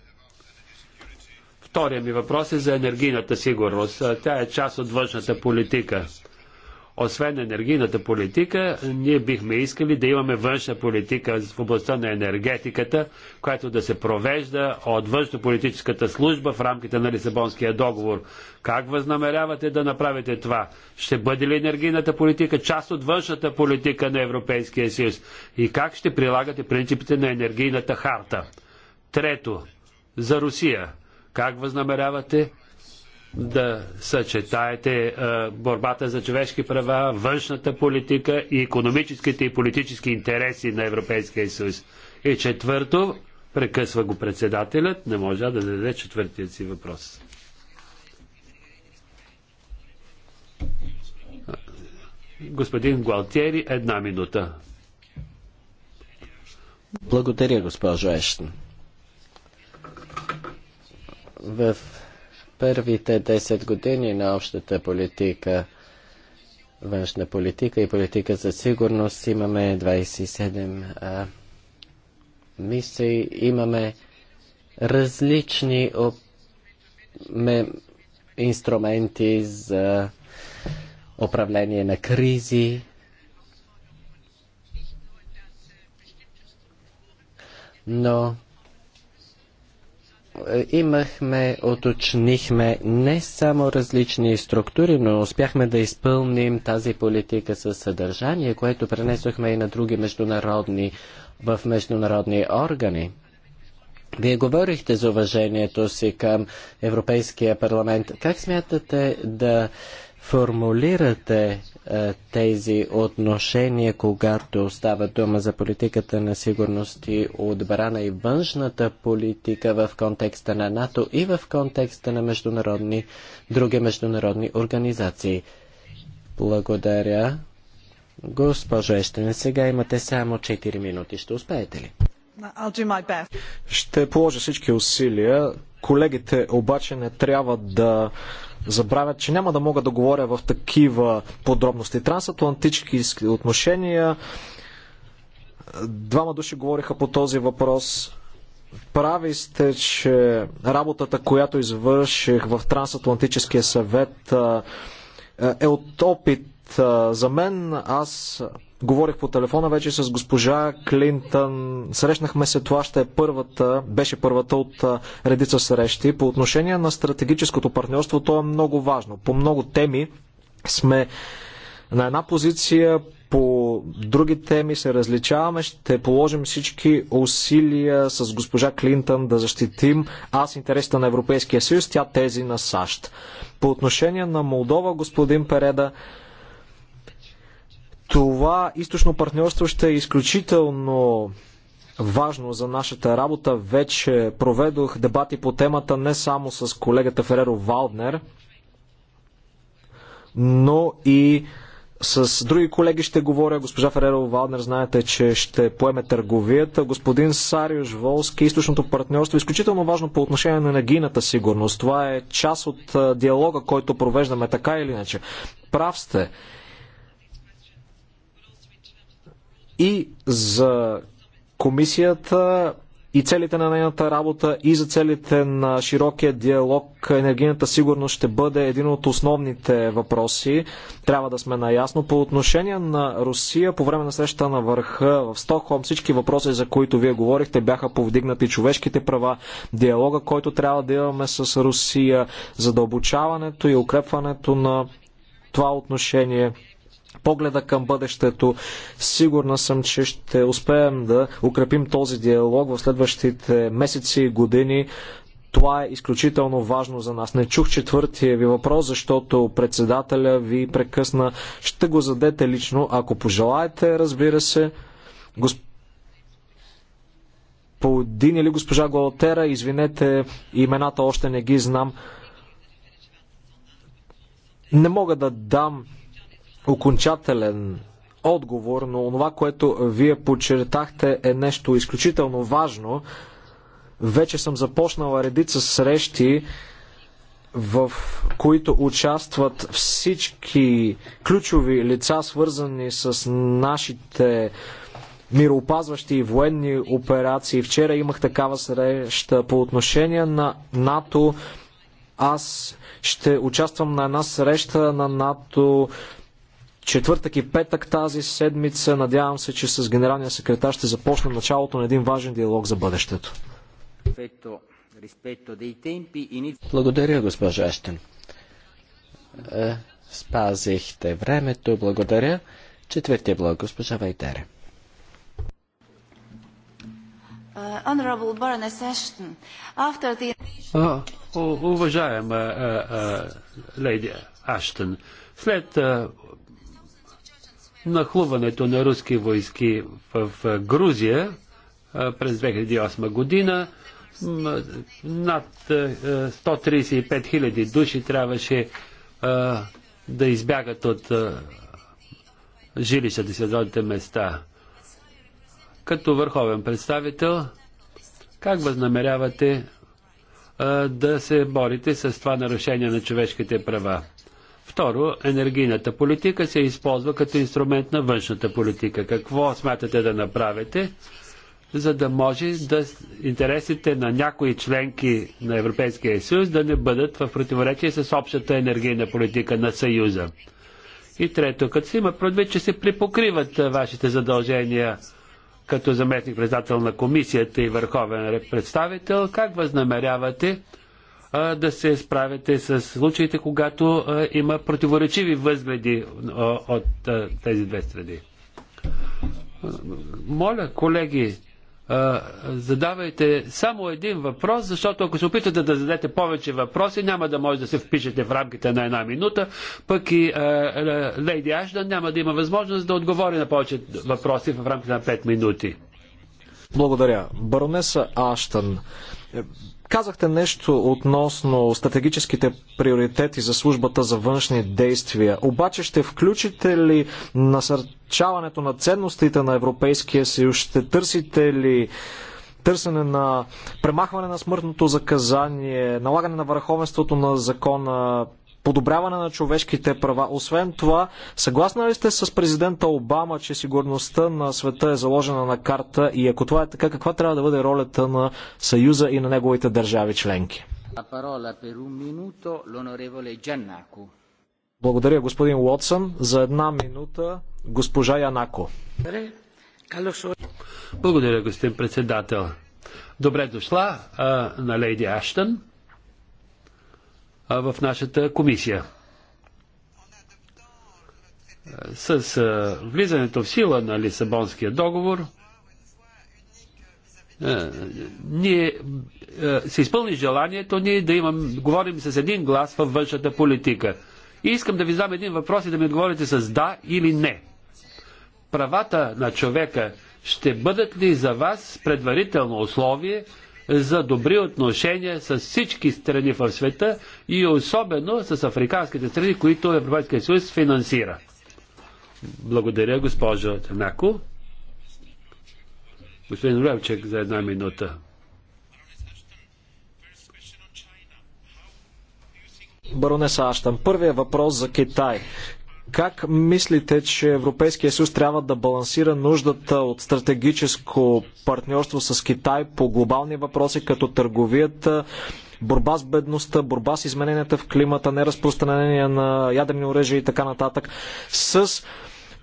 Втория ми въпрос е за енергийната сигурност. Тя е част от външната политика. Освен енергийната политика, ние бихме искали да имаме външна политика в областта на енергетиката, която да се провежда от външно-политическата служба в рамките на Лисабонския договор. Как възнамерявате да направите това? Ще бъде ли енергийната политика част от външната политика на Европейския съюз? И как ще прилагате принципите на енергийната харта? Трето, за Русия как възнамерявате да съчетаете е, борбата за човешки права, външната политика и економическите и политически интереси на Европейския съюз? И четвърто, прекъсва го председателят, не може да даде четвъртият си въпрос. Господин Гуалтери, една минута. Благодаря, госпожо Ештен в първите 10 години на общата политика, външна политика и политика за сигурност имаме 27 а, мисии, имаме различни оп... ме... инструменти за управление на кризи. Но е, имахме, оточнихме не само различни структури, но успяхме да изпълним тази политика със съдържание, което пренесохме и на други международни, в международни органи. Вие говорихте за уважението си към Европейския парламент. Как смятате да формулирате е, тези отношения, когато става дума за политиката на сигурност и отбрана и външната политика в контекста на НАТО и в контекста на международни, други международни организации. Благодаря. Госпожо Ещен, сега имате само 4 минути. Ще успеете ли? Ще положа всички усилия. Колегите обаче не трябва да забравят, че няма да мога да говоря в такива подробности. Трансатлантически отношения. Двама души говориха по този въпрос. Прави сте, че работата, която извърших в Трансатлантическия съвет е, е от опит е, за мен. Аз Говорих по телефона вече с госпожа Клинтън. Срещнахме се, това ще е първата, беше първата от редица срещи. По отношение на стратегическото партньорство, то е много важно. По много теми сме на една позиция, по други теми се различаваме. Ще положим всички усилия с госпожа Клинтън да защитим аз интересите на Европейския съюз, тя тези на САЩ. По отношение на Молдова, господин Переда, това източно партньорство ще е изключително важно за нашата работа. Вече проведох дебати по темата не само с колегата Фереро Валднер, но и с други колеги ще говоря. Госпожа Фереро Валднер, знаете, че ще поеме търговията. Господин Сариош Волски, източното партньорство, е изключително важно по отношение на енергийната сигурност. Това е част от диалога, който провеждаме така или иначе. Прав сте. и за комисията и целите на нейната работа и за целите на широкия диалог енергийната сигурност ще бъде един от основните въпроси. Трябва да сме наясно. По отношение на Русия, по време на среща на върха в Стокхолм, всички въпроси, за които вие говорихте, бяха повдигнати човешките права, диалога, който трябва да имаме с Русия, задълбочаването и укрепването на това отношение погледа към бъдещето. Сигурна съм, че ще успеем да укрепим този диалог в следващите месеци и години. Това е изключително важно за нас. Не чух четвъртия ви въпрос, защото председателя ви прекъсна. Ще го задете лично, ако пожелаете, разбира се. Господин или госпожа Голотера, извинете, имената още не ги знам. Не мога да дам окончателен отговор, но това, което вие подчертахте е нещо изключително важно. Вече съм започнала редица срещи, в които участват всички ключови лица, свързани с нашите мироопазващи и военни операции. Вчера имах такава среща по отношение на НАТО. Аз ще участвам на една среща на НАТО четвъртък и петък тази седмица. Надявам се, че с генералния секретар ще започнем началото на един важен диалог за бъдещето. Благодаря, госпожа Ещен. Спазихте времето. Благодаря. Четвъртия блок, госпожа Вайтере. уважаема е, е, леди Аштън, след е, нахлуването на руски войски в Грузия през 2008 година. Над 135 000 души трябваше да избягат от жилищата си, родните места. Като върховен представител, как възнамерявате да се борите с това нарушение на човешките права? Второ, енергийната политика се използва като инструмент на външната политика. Какво смятате да направите, за да може да интересите на някои членки на Европейския съюз да не бъдат в противоречие с общата енергийна политика на Съюза? И трето, като се има предвид, че се припокриват вашите задължения като заместник председател на комисията и върховен представител, как възнамерявате да се справяте с случаите, когато има противоречиви възгледи от тези две страни. Моля, колеги, задавайте само един въпрос, защото ако се опитате да зададете повече въпроси, няма да може да се впишете в рамките на една минута, пък и Лейди Ашдан няма да има възможност да отговори на повече въпроси в рамките на 5 минути. Благодаря. Баронеса Аштън, Казахте нещо относно стратегическите приоритети за службата за външни действия. Обаче ще включите ли насърчаването на ценностите на Европейския съюз? Ще търсите ли търсене на премахване на смъртното заказание, налагане на върховенството на закона, подобряване на човешките права. Освен това, съгласна ли сте с президента Обама, че сигурността на света е заложена на карта и ако това е така, каква трябва да бъде ролята на Съюза и на неговите държави членки? Благодаря, господин Уотсън. За една минута госпожа Янако. Благодаря, господин председател. Добре дошла а, на леди Аштън в нашата комисия. С влизането в сила на Лисабонския договор, ние се изпълни желанието ние да имам, говорим с един глас във външната политика. И искам да ви задам един въпрос и да ми отговорите с да или не. Правата на човека ще бъдат ли за вас предварително условие за добри отношения с всички страни в света и особено с африканските страни, които Европейския съюз финансира. Благодаря, госпожо Тенако. Господин Ревчек за една минута. Баронеса Аштан, първият въпрос за Китай. Как мислите, че Европейския съюз трябва да балансира нуждата от стратегическо партньорство с Китай по глобални въпроси, като търговията, борба с бедността, борба с измененията в климата, неразпространение на ядрени оръжия и така нататък, с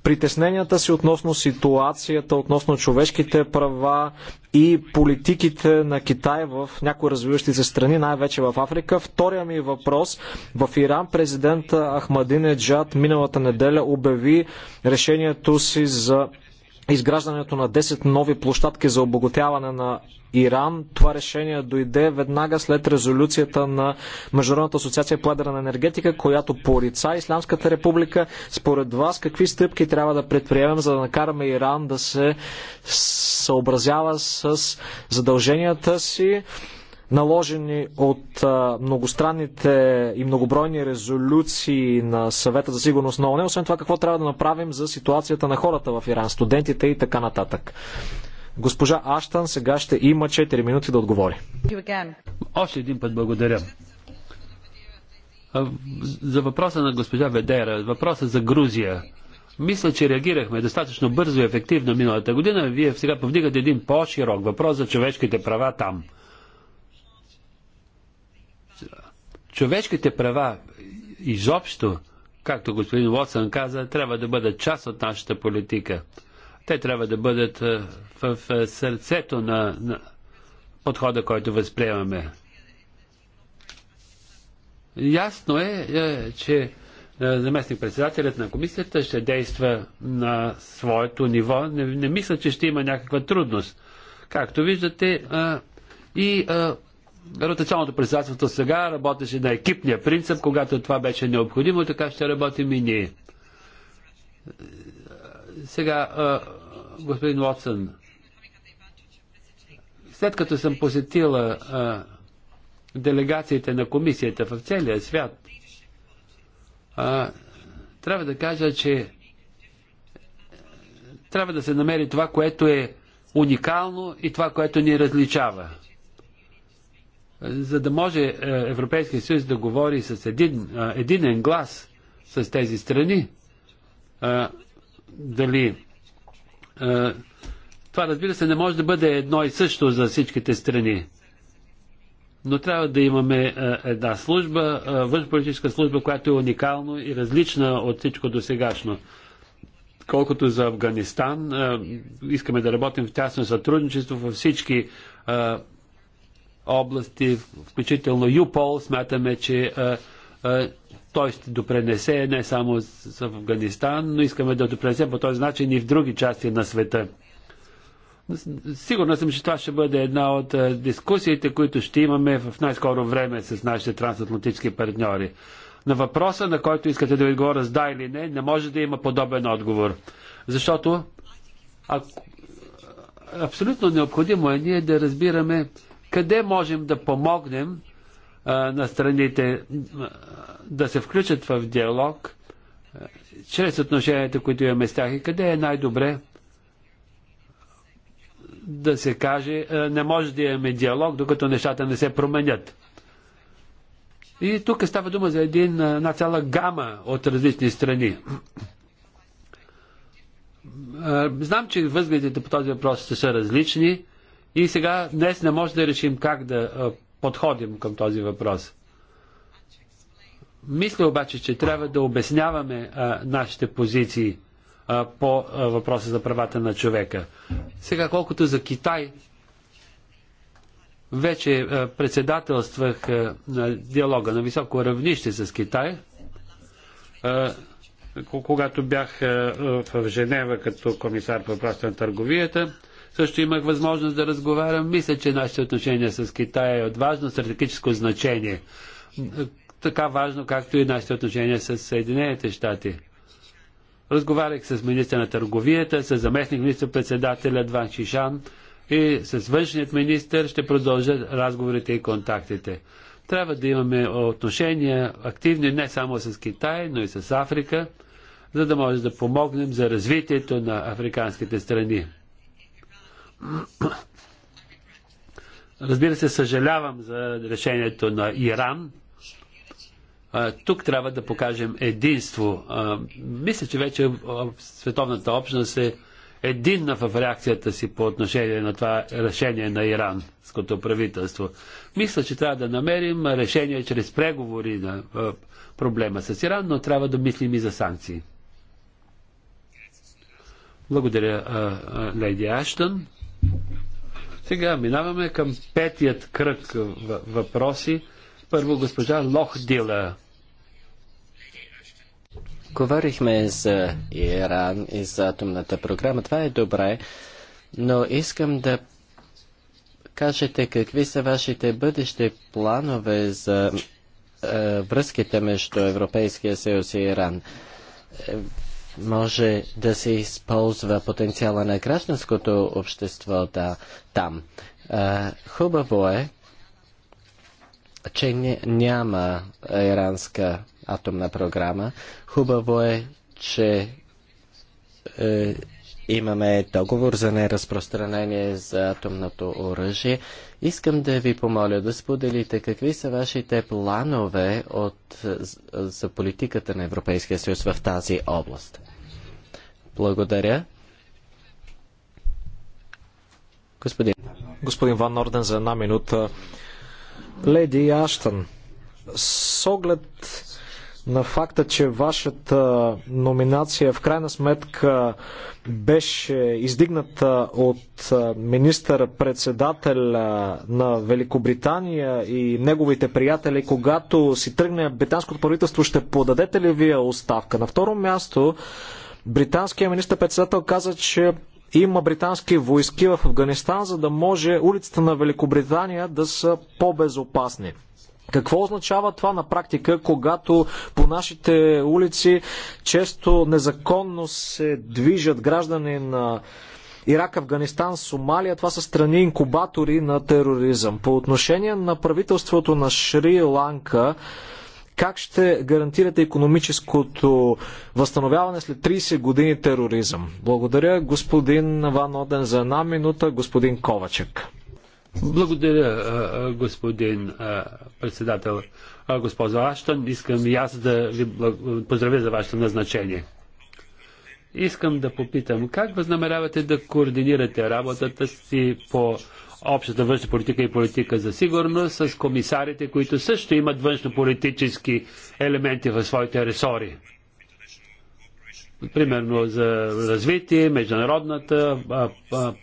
притесненията си относно ситуацията, относно човешките права и политиките на Китай в някои развиващи се страни, най-вече в Африка. Втория ми въпрос. В Иран президент Ахмадинеджад миналата неделя обяви решението си за изграждането на 10 нови площадки за обогатяване на Иран. Това решение дойде веднага след резолюцията на Международната асоциация по ядрена енергетика, която порица Исламската република. Според вас, какви стъпки трябва да предприемем, за да накараме Иран да се съобразява с задълженията си? наложени от многостранните и многобройни резолюции на съвета за сигурност на ОНЕ, освен това какво трябва да направим за ситуацията на хората в Иран, студентите и така нататък. Госпожа Аштан сега ще има 4 минути да отговори. Още един път благодаря. За въпроса на госпожа Ведера, въпроса за Грузия. Мисля, че реагирахме достатъчно бързо и ефективно миналата година. Вие сега повдигате един по-широк въпрос за човешките права там. човешките права изобщо, както господин Уотсън каза, трябва да бъдат част от нашата политика. Те трябва да бъдат е, в е, сърцето на, на подхода, който възприемаме. Ясно е, е че заместник председателят на комисията ще действа на своето ниво. Не, не мисля, че ще има някаква трудност. Както виждате, и ротационното председателство сега работеше на екипния принцип, когато това беше необходимо, така ще работим и ние. Сега, господин Уотсън, след като съм посетила делегациите на комисията в целия свят, а, трябва да кажа, че трябва да се намери това, което е уникално и това, което ни различава. За да може е, Европейския съюз да говори с един, е, единен глас с тези страни, е, дали това разбира се не може да бъде едно и също за всичките страни. Но трябва да имаме една служба, външполитическа служба, която е уникална и различна от всичко до сегашно. Колкото за Афганистан, искаме да работим в тясно сътрудничество във всички области, включително ЮПОЛ, смятаме, че той ще допренесе не само в Афганистан, но искаме да допренесе по този начин и в други части на света. Сигурно съм, че това ще бъде една от дискусиите, които ще имаме в най-скоро време с нашите трансатлантически партньори. На въпроса, на който искате да ви говоря с да или не, не може да има подобен отговор. Защото ако, абсолютно необходимо е ние да разбираме къде можем да помогнем а, на страните да се включат в диалог а, чрез отношенията, които имаме с тях и къде е най-добре да се каже, а, не може да имаме диалог, докато нещата не се променят. И тук става дума за един, една цяла гама от различни страни. Знам, че възгледите по този въпрос са различни. И сега, днес не може да решим как да подходим към този въпрос. Мисля обаче, че трябва да обясняваме а, нашите позиции а, по а, въпроса за правата на човека. Сега, колкото за Китай, вече а, председателствах а, на диалога на високо равнище с Китай, а, когато бях а, в Женева като комисар по въпроса на търговията също имах възможност да разговарям. Мисля, че нашите отношения с Китай е от важно стратегическо значение. Така важно, както и нашите отношения с Съединените щати. Разговарях с министър на търговията, с заместник министър-председателя Дван Шишан и с външният министър ще продължат разговорите и контактите. Трябва да имаме отношения активни не само с Китай, но и с Африка, за да може да помогнем за развитието на африканските страни. Разбира се, съжалявам за решението на Иран. Тук трябва да покажем единство. Мисля, че вече световната общност е единна в реакцията си по отношение на това решение на иранското правителство. Мисля, че трябва да намерим решение чрез преговори на проблема с Иран, но трябва да мислим и за санкции. Благодаря, леди Аштън. Сега минаваме към петият кръг въпроси. Първо госпожа Лохдила. Говорихме за Иран и за атомната програма. Това е добре, но искам да кажете какви са вашите бъдещи планове за е, връзките между Европейския съюз и Иран. Е, може да се използва потенциала на гражданското общество да, там. А, хубаво е, че няма иранска атомна програма. Хубаво е, че е, Имаме договор за неразпространение за атомното оръжие. Искам да ви помоля да споделите какви са вашите планове от, за политиката на Европейския съюз в тази област. Благодаря. Господин. Господин Ван Орден за една минута. Леди Аштън, с оглед на факта, че вашата номинация в крайна сметка беше издигната от министър-председател на Великобритания и неговите приятели, когато си тръгне британското правителство, ще подадете ли вие оставка? На второ място, британският министър-председател каза, че има британски войски в Афганистан, за да може улицата на Великобритания да са по-безопасни. Какво означава това на практика, когато по нашите улици често незаконно се движат граждани на Ирак, Афганистан, Сомалия, това са страни инкубатори на тероризъм. По отношение на правителството на Шри-Ланка, как ще гарантирате економическото възстановяване след 30 години тероризъм? Благодаря господин Ван Оден за една минута, господин Ковачек. Благодаря, господин председател. Госпожо Аштън, искам и аз да ви поздравя за вашето назначение. Искам да попитам, как възнамерявате да координирате работата си по общата външна политика и политика за сигурност с комисарите, които също имат политически елементи в своите ресори? примерно за развитие, международната, а, а,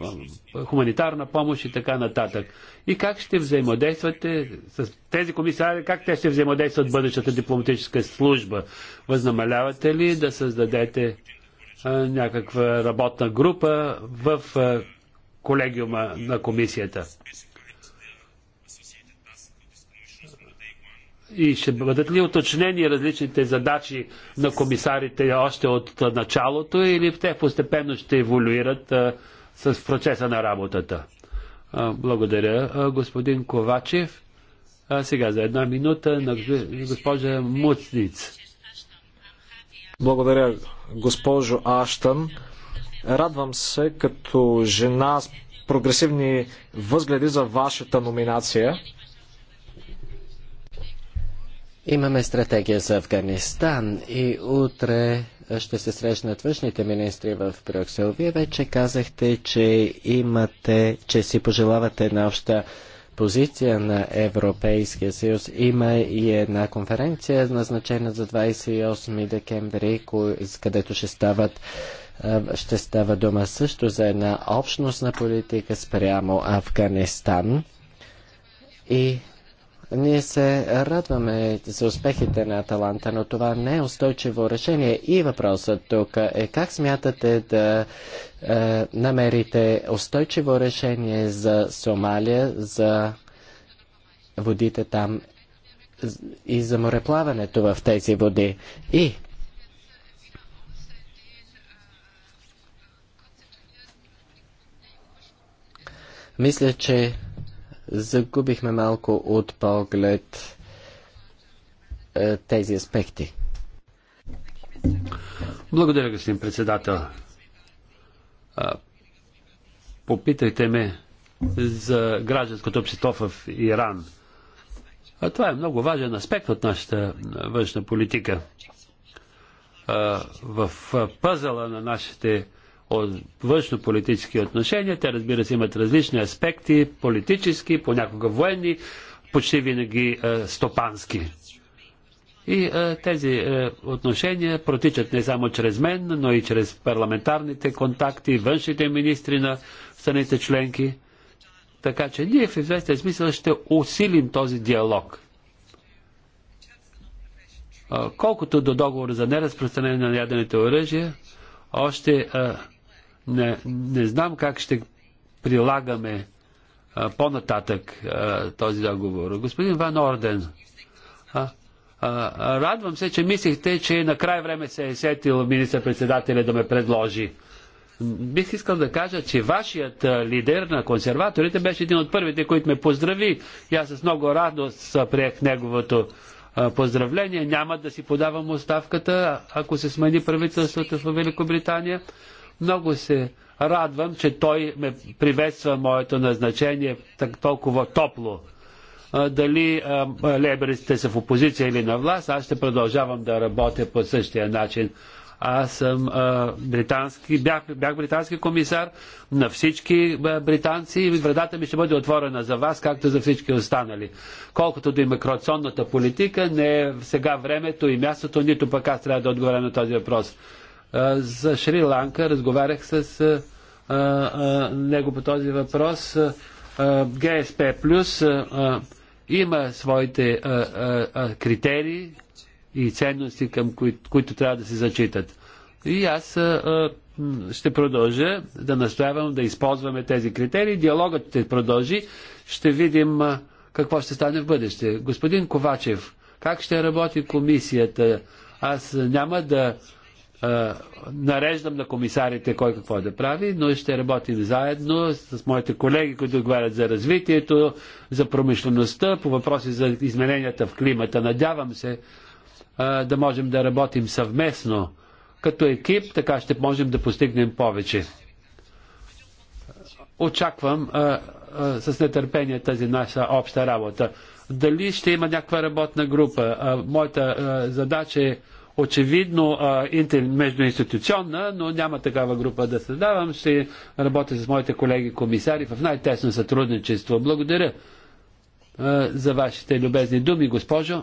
а, хуманитарна помощ и така нататък. И как ще взаимодействате с тези комисари, как те ще взаимодействат бъдещата дипломатическа служба? Възнамалявате ли да създадете а, някаква работна група в а, колегиума на комисията? и ще бъдат ли уточнени различните задачи на комисарите още от началото или те постепенно ще еволюират а, с процеса на работата? А, благодаря, а, господин Ковачев. А сега за една минута на госпожа Муцниц. Благодаря, госпожо Аштън. Радвам се като жена с прогресивни възгледи за вашата номинация. Имаме стратегия за Афганистан и утре ще се срещнат външните министри в Брюксел. Вие вече казахте, че имате, че си пожелавате на обща позиция на Европейския съюз. Има и една конференция, назначена за 28 декември, където ще стават ще става дума също за една общностна политика спрямо Афганистан. И ние се радваме за успехите на Аталанта, но това не е устойчиво решение. И въпросът тук е как смятате да е, намерите устойчиво решение за Сомалия, за водите там и за мореплаването в тези води. И мисля, че загубихме малко от поглед е, тези аспекти. Благодаря, господин председател. Попитайте ме за гражданското общество в Иран. А това е много важен аспект от нашата външна политика. В пъзела на нашите от външно-политически отношения. Те, разбира се, имат различни аспекти, политически, понякога военни, почти винаги е, стопански. И е, тези е, отношения протичат не само чрез мен, но и чрез парламентарните контакти, външните министри на страните членки. Така че ние в известен смисъл ще усилим този диалог. Е, колкото до договор за неразпространение на ядените оръжия, още а, е, не, не знам как ще прилагаме по-нататък този договор. Господин Ван Орден, а, а, радвам се, че мислихте, че на край време се е сетил министър-председателя да ме предложи. Бих искал да кажа, че вашият лидер на консерваторите беше един от първите, които ме поздрави. И аз с много радост приех неговото поздравление. Няма да си подавам оставката, ако се смени правителството в Великобритания. Много се радвам, че той ме приветства моето назначение так, толкова топло. А, дали лебристите са в опозиция или на власт, аз ще продължавам да работя по същия начин. Аз съм а, британски, бях, бях британски комисар на всички британци и вредата ми ще бъде отворена за вас, както за всички останали. Колкото до имиграционната политика, не е сега времето и мястото, нито пък аз трябва да отговоря на този въпрос за Шри-Ланка. Разговарях с него по този въпрос. ГСП Плюс има своите критерии и ценности, към кои, които трябва да се зачитат. И аз а, ще продължа да настоявам да използваме тези критерии. Диалогът ще продължи. Ще видим а, какво ще стане в бъдеще. Господин Ковачев, как ще работи комисията? Аз няма да нареждам на комисарите кой какво да прави, но ще работим заедно с моите колеги, които отговарят за развитието, за промишлеността, по въпроси за измененията в климата. Надявам се да можем да работим съвместно като екип, така ще можем да постигнем повече. Очаквам а, а, с нетърпение тази наша обща работа. Дали ще има някаква работна група? А, моята а, задача е очевидно междуинституционна, но няма такава група да създавам. Ще работя с моите колеги комисари в най-тесно сътрудничество. Благодаря за вашите любезни думи, госпожо.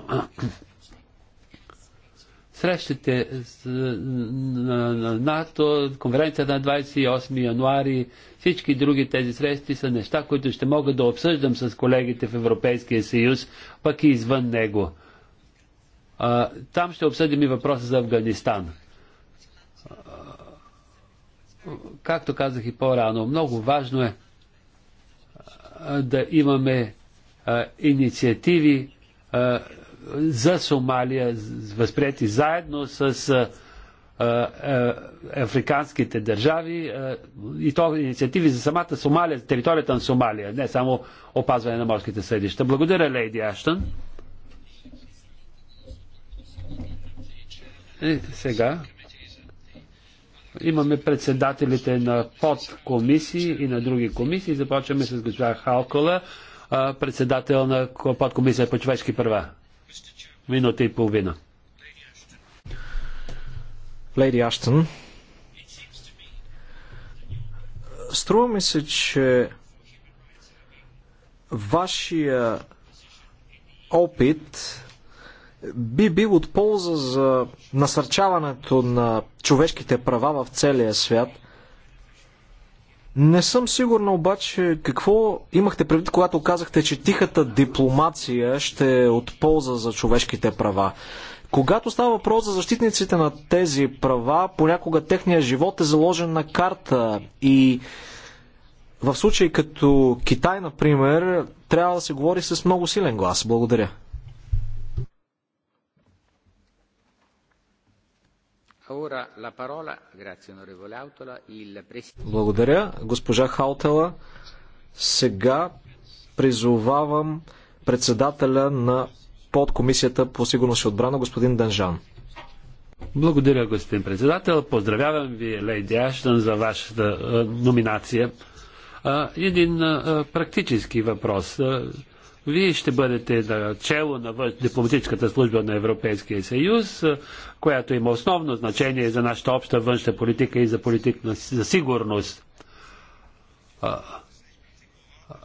Срещите с, на, на НАТО, конференция на 28 януари, всички други тези срещи са неща, които ще мога да обсъждам с колегите в Европейския съюз, пък и извън него а, там ще обсъдим и въпроса за Афганистан. А, както казах и по-рано, много важно е а, да имаме а, инициативи а, за Сомалия, възприяти заедно с а, африканските държави и то инициативи за самата Сомалия, за територията на Сомалия, не само опазване на морските съдища. Благодаря, Лейди Аштън. Е, сега имаме председателите на подкомисии и на други комисии. Започваме с госпожа Халкола, председател на подкомисия по човешки права. Минута и половина. Леди Аштън, струва ми се, че вашия опит би бил от полза за насърчаването на човешките права в целия свят. Не съм сигурна обаче какво имахте предвид, когато казахте, че тихата дипломация ще е от полза за човешките права. Когато става въпрос за защитниците на тези права, понякога техният живот е заложен на карта и в случай като Китай, например, трябва да се говори с много силен глас. Благодаря. Благодаря, госпожа Халтела. Сега призовавам председателя на подкомисията по сигурност и отбрана, господин Данжан. Благодаря, господин председател. Поздравявам ви, Лейди Аштън, за вашата номинация. Един практически въпрос. Вие ще бъдете на чело на дипломатическата служба на Европейския съюз, която има основно значение за нашата обща външна политика и за политика за сигурност. А,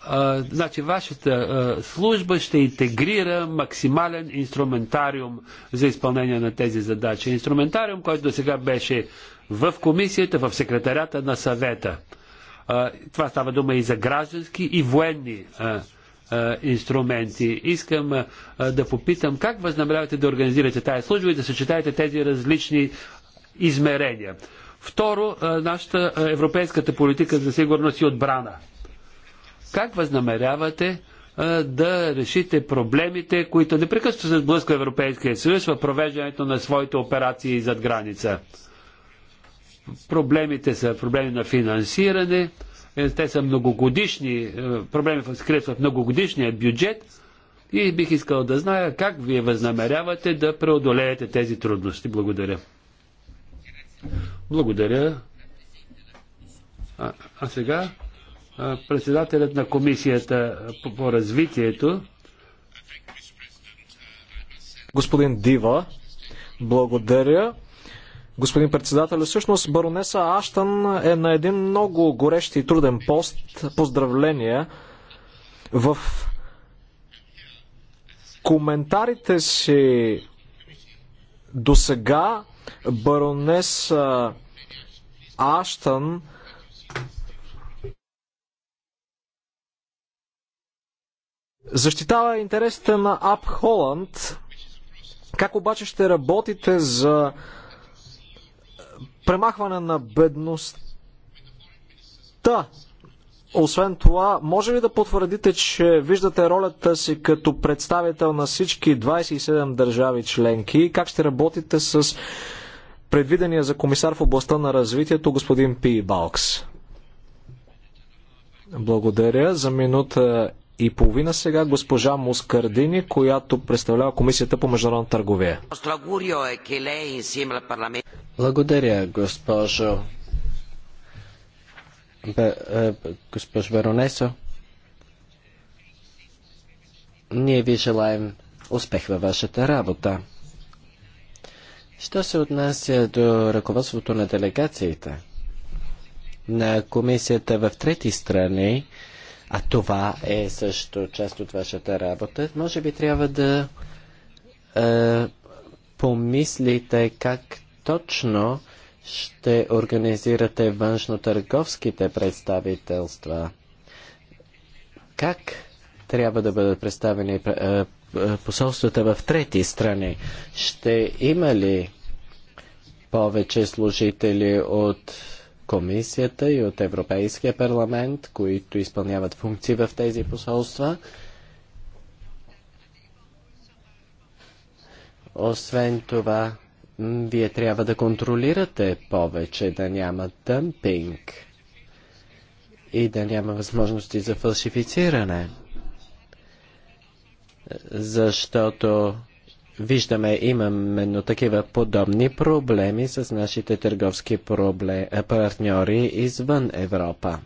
а, значи, вашата а, служба ще интегрира максимален инструментариум за изпълнение на тези задачи. Инструментариум, който до сега беше в комисията, в секретарята на съвета. това става дума и за граждански и военни а, инструменти. Искам да попитам как възнамерявате да организирате тази служба и да съчетаете тези различни измерения. Второ, нашата европейската политика за сигурност и отбрана. Как възнамерявате да решите проблемите, които непрекъснато се сблъска Европейския съюз в провеждането на своите операции зад граница? Проблемите са проблеми на финансиране, е, те са многогодишни, е, проблеми скрият в многогодишния бюджет и бих искал да зная как вие възнамерявате да преодолеете тези трудности. Благодаря. Благодаря. А, а сега а, председателят на комисията по, по развитието. Господин Дива, благодаря господин председател. Всъщност баронеса Аштан е на един много горещ и труден пост. Поздравления в коментарите си до сега баронеса Аштън защитава интересите на Ап Холанд. Как обаче ще работите за премахване на бедността. Освен това, може ли да потвърдите, че виждате ролята си като представител на всички 27 държави членки? Как ще работите с предвидения за комисар в областта на развитието господин Пи Балкс? Благодаря. За минута и половина сега госпожа Москардини, която представлява Комисията по международна търговия. Благодаря, госпожо. Бе, е, госпожо Веронесо. Ние ви желаем успех във вашата работа. Що се отнася до ръководството на делегациите? На комисията в трети страни, а това е също част от вашата работа. Може би трябва да е, помислите как точно ще организирате външно-търговските представителства. Как трябва да бъдат представени е, е посолствата в трети страни? Ще има ли повече служители от комисията и от Европейския парламент, които изпълняват функции в тези посолства. Освен това, вие трябва да контролирате повече, да няма дъмпинг и да няма възможности за фалшифициране. Защото виждаме но такива подобни проблеми с нашите търговски проблем, партньори извън Европа.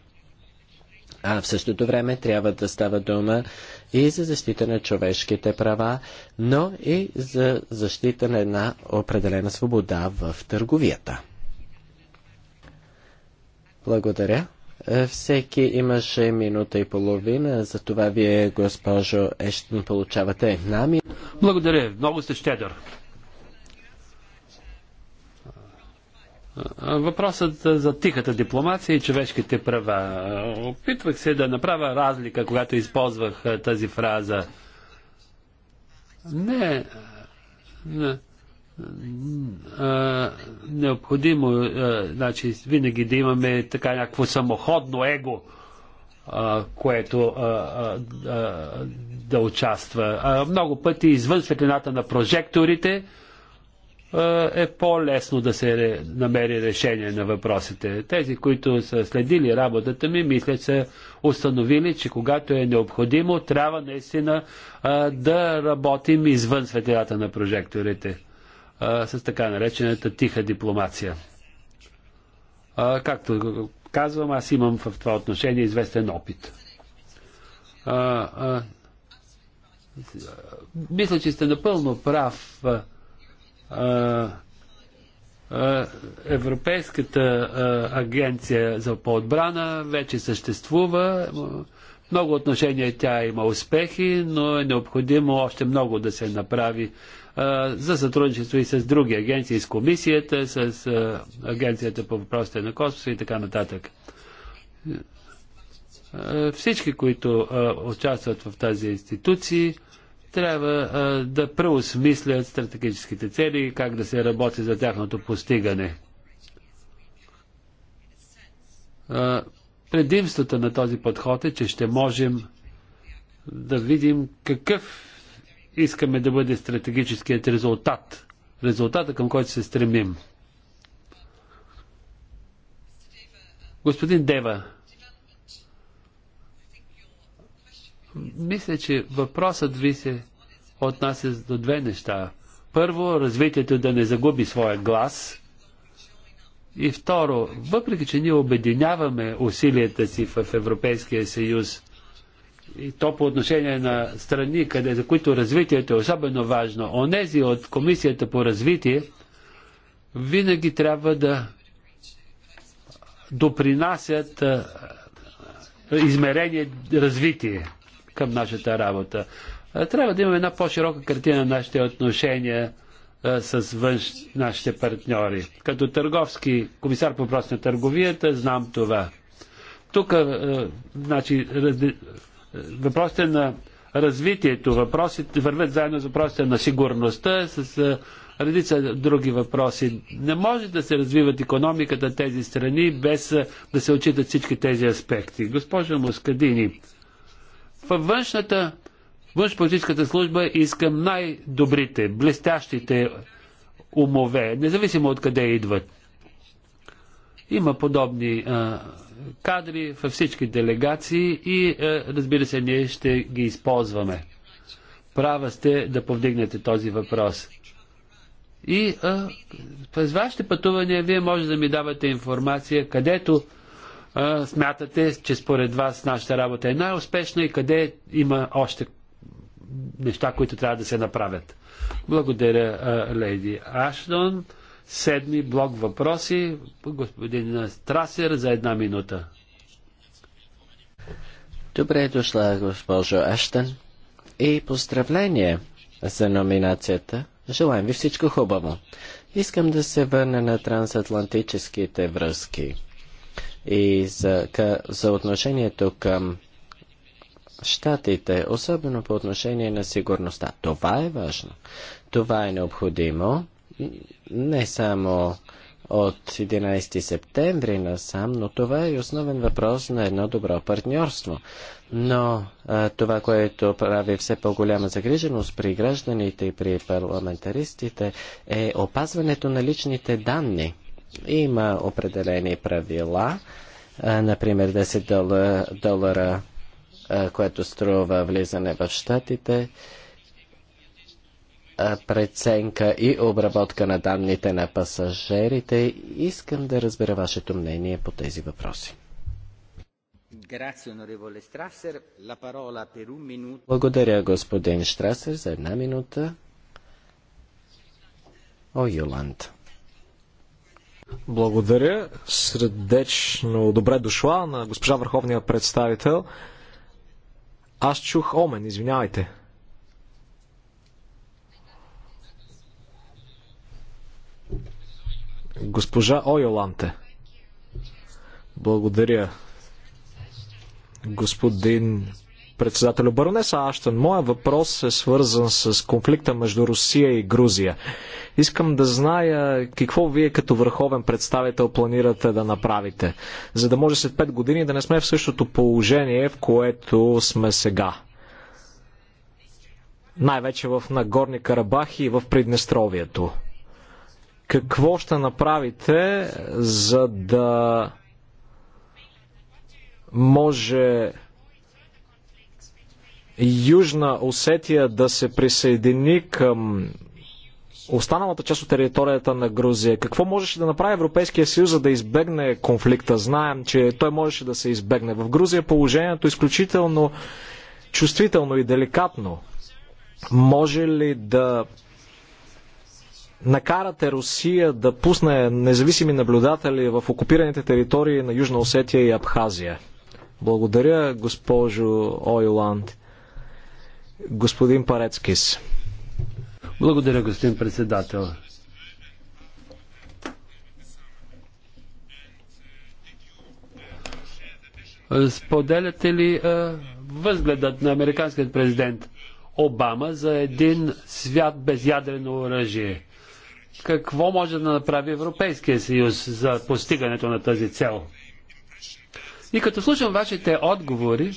А в същото време трябва да става дума и за защита на човешките права, но и за защита на една определена свобода в търговията. Благодаря. Е, всеки имаше минута и половина, за това вие, госпожо Ештен, получавате една минута. Благодаря, много сте щедър. Въпросът за тихата дипломация и човешките права. Опитвах се да направя разлика, когато използвах тази фраза. Не, не необходимо е, значи, винаги да имаме така някакво самоходно его, а, което а, а, да участва. А, много пъти извън светлината на прожекторите е по-лесно да се намери решение на въпросите. Тези, които са следили работата ми, мисля, са установили, че когато е необходимо, трябва наистина да работим извън светлината на прожекторите а, с така наречената тиха дипломация. А, както казвам, аз имам в това отношение известен опит. А, а, мисля, че сте напълно прав. А, а, Европейската а, агенция за поотбрана вече съществува. Много отношения тя има успехи, но е необходимо още много да се направи за сътрудничество и с други агенции, с комисията, с агенцията по въпросите на космоса и така нататък. Всички, които участват в тази институции, трябва да преосмислят стратегическите цели и как да се работи за тяхното постигане. Предимството на този подход е, че ще можем да видим какъв искаме да бъде стратегическият резултат, резултата към който се стремим. Господин Дева, мисля, че въпросът ви се отнася до две неща. Първо, развитието да не загуби своя глас. И второ, въпреки, че ние обединяваме усилията си в Европейския съюз, и то по отношение на страни, къде, за които развитието е особено важно, онези от Комисията по развитие винаги трябва да допринасят а, измерение развитие към нашата работа. А, трябва да имаме една по-широка картина на нашите отношения а, с външ нашите партньори. Като търговски комисар по въпрос на търговията знам това. Тук значи, въпросите на развитието, въпросите вървят заедно с въпросите на сигурността, с редица други въпроси. Не може да се развиват економиката тези страни без да се отчитат всички тези аспекти. Госпожа Москадини, във външната, външполитическата служба искам най-добрите, блестящите умове, независимо от къде идват. Има подобни а, кадри във всички делегации и е, разбира се, ние ще ги използваме. Права сте да повдигнете този въпрос. И а, е, през вашите пътувания вие може да ми давате информация, където а, е, смятате, че според вас нашата работа е най-успешна и къде има още неща, които трябва да се направят. Благодаря, а, леди Ашдон. Седми блок въпроси, господин Страсер за една минута. Добре дошла, госпожо Аштън. И поздравление за номинацията. Желаем ви всичко хубаво. Искам да се върна на трансатлантическите връзки и за, къ, за отношението към щатите, особено по отношение на сигурността. Това е важно. Това е необходимо не само от 11 септември насам, но това е основен въпрос на едно добро партньорство. Но а, това, което прави все по-голяма загриженост при гражданите и при парламентаристите е опазването на личните данни. Има определени правила, а, например 10 долара, долара а, което струва влизане в щатите преценка и обработка на данните на пасажирите. Искам да разбера вашето мнение по тези въпроси. Благодаря, господин Штрасер, за една минута. О, Йоланд. Благодаря. Сърдечно добре дошла на госпожа Върховния представител. Аз чух Омен, извинявайте. Госпожа Ойоланте. Благодаря. Господин председател Баронеса Аштън, моя въпрос е свързан с конфликта между Русия и Грузия. Искам да зная какво вие като върховен представител планирате да направите, за да може след 5 години да не сме в същото положение, в което сме сега. Най-вече в Нагорни Карабахи и в Приднестровието какво ще направите, за да може Южна Осетия да се присъедини към останалата част от територията на Грузия. Какво можеше да направи Европейския съюз, за да избегне конфликта? Знаем, че той можеше да се избегне. В Грузия положението е изключително чувствително и деликатно. Може ли да накарате Русия да пусне независими наблюдатели в окупираните територии на Южна Осетия и Абхазия? Благодаря, госпожо Ойланд. Господин Парецкис. Благодаря, господин председател. Споделяте ли а, възгледът на американският президент Обама за един свят без ядрено оръжие? какво може да направи Европейския съюз за постигането на тази цел. И като слушам вашите отговори,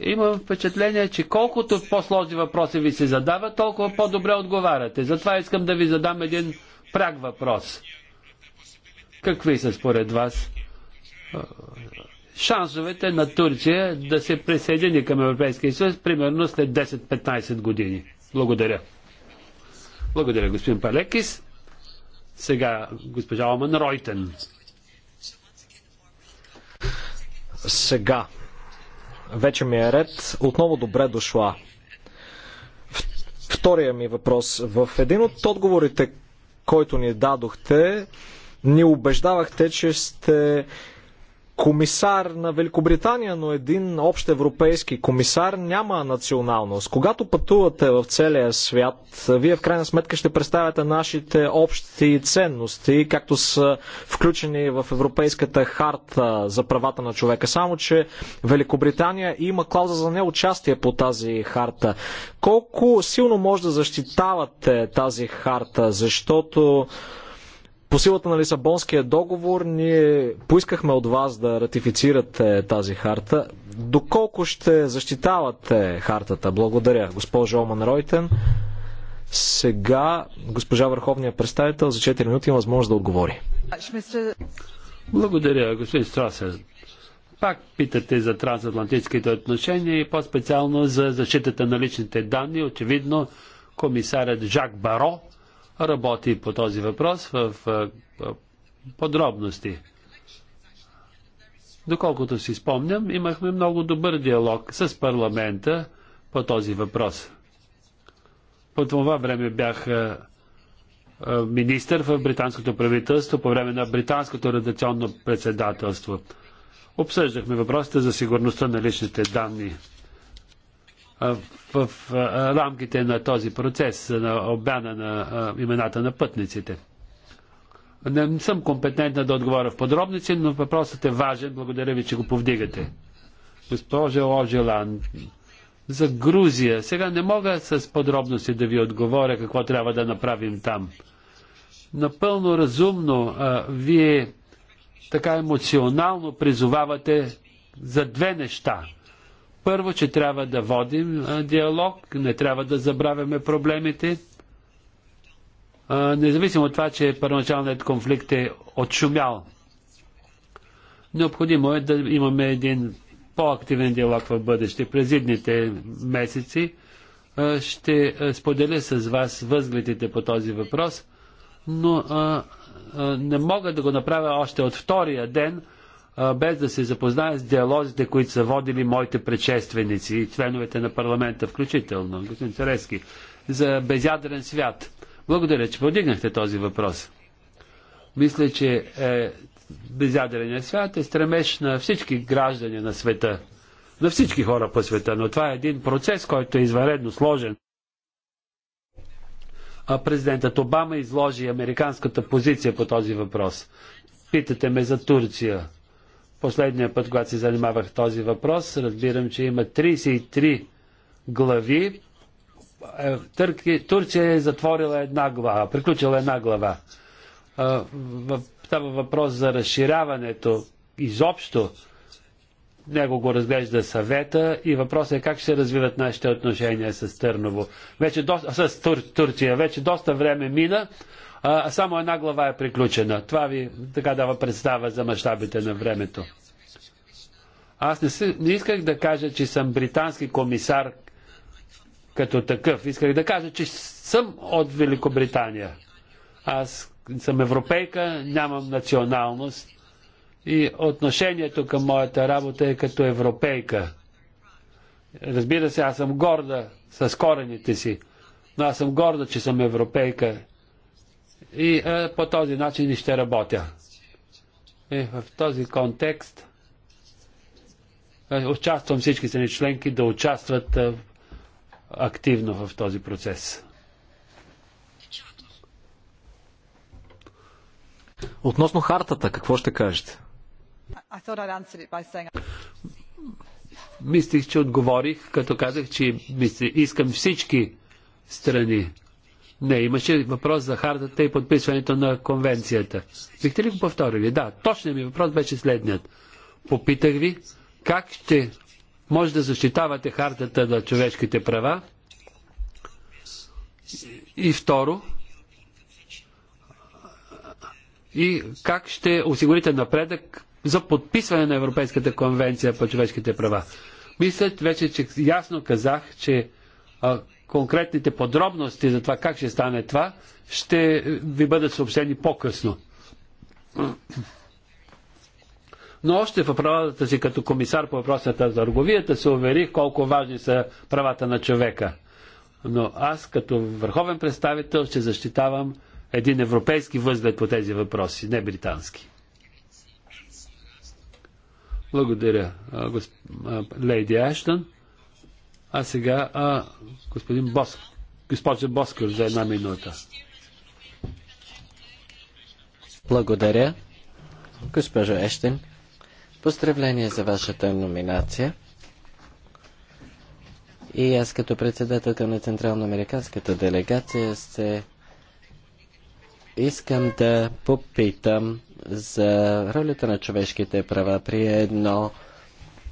имам впечатление, че колкото по-сложни въпроси ви се задават, толкова по-добре отговаряте. Затова искам да ви задам един пряк въпрос. Какви са според вас шансовете на Турция да се присъедини към Европейския съюз, примерно след 10-15 години? Благодаря. Благодаря, господин Палекис. Сега госпожа Оман Ройтен. Сега. Вече ми е ред. Отново добре дошла. Втория ми въпрос. В един от отговорите, който ни дадохте, ни убеждавахте, че сте комисар на Великобритания, но един общ европейски комисар няма националност. Когато пътувате в целия свят, вие в крайна сметка ще представяте нашите общи ценности, както са включени в Европейската харта за правата на човека. Само, че Великобритания има клауза за неучастие по тази харта. Колко силно може да защитавате тази харта, защото по силата на Лисабонския договор ние поискахме от вас да ратифицирате тази харта. Доколко ще защитавате хартата? Благодаря, госпожо Оман Ройтен. Сега госпожа Върховния представител за 4 минути има възможност да отговори. Благодаря, господин Страсен. Пак питате за трансатлантическите отношения и по-специално за защитата на личните данни. Очевидно, комисарят Жак Баро работи по този въпрос в подробности. Доколкото си спомням, имахме много добър диалог с парламента по този въпрос. По това време бях е, министър в британското правителство по време на британското редакционно председателство. Обсъждахме въпросите за сигурността на личните данни в рамките на този процес на обмяна на имената на пътниците. Не съм компетентна да отговоря в подробници, но въпросът е важен. Благодаря ви, че го повдигате. Госпожа Ожелан, за Грузия. Сега не мога с подробности да ви отговоря какво трябва да направим там. Напълно разумно а, вие така емоционално призовавате за две неща – първо, че трябва да водим а, диалог, не трябва да забравяме проблемите. А, независимо от това, че първоначалният конфликт е отшумял. Необходимо е да имаме един по-активен диалог в бъдеще. През идните месеци а, ще споделя с вас възгледите по този въпрос, но не мога да го направя още от втория ден – без да се запозная с диалозите, които са водили моите предшественици и членовете на парламента, включително, господин Царески, за безядрен свят. Благодаря, че подигнахте този въпрос. Мисля, че е, безядреният свят е стремеж на всички граждани на света, на всички хора по света, но това е един процес, който е извънредно сложен. А президентът Обама изложи американската позиция по този въпрос. Питате ме за Турция. Последния път, когато се занимавах този въпрос, разбирам, че има 33 глави. Е, Търки, Турция е затворила една глава, приключила една глава. Става въпрос за разширяването изобщо. Него го разглежда съвета и въпросът е как ще развиват нашите отношения с Търново. Вече до, с Тур, Турция. Вече доста време мина. А, само една глава е приключена. Това ви така дава представа за мащабите на времето. Аз не, си, не исках да кажа, че съм британски комисар като такъв. Исках да кажа, че съм от Великобритания. Аз съм европейка, нямам националност и отношението към моята работа е като европейка. Разбира се, аз съм горда с корените си, но аз съм горда, че съм европейка и е, по този начин ще работя. И в този контекст е, участвам всички страни членки да участват е, активно в този процес. Относно хартата, какво ще кажете? Мислих, че отговорих, като казах, че мисли, искам всички страни не, имаше въпрос за хартата и подписването на конвенцията. Бихте ли го повторили? Да, точният ми въпрос беше следният. Попитах ви как ще може да защитавате хартата на човешките права. И второ, и как ще осигурите напредък за подписване на Европейската конвенция по човешките права. Мисля вече, че ясно казах, че а, конкретните подробности за това как ще стане това, ще ви бъдат съобщени по-късно. Но още в правата си като комисар по въпросата за търговията се уверих колко важни са правата на човека. Но аз като върховен представител ще защитавам един европейски възглед по тези въпроси, не британски. Благодаря, госп... леди Аштън. А сега а, господин Боск, госпожа Боскър за една минута. Благодаря, госпожо Ещен. Поздравление за вашата номинация. И аз като председателка на Централноамериканската делегация се искам да попитам за ролята на човешките права при едно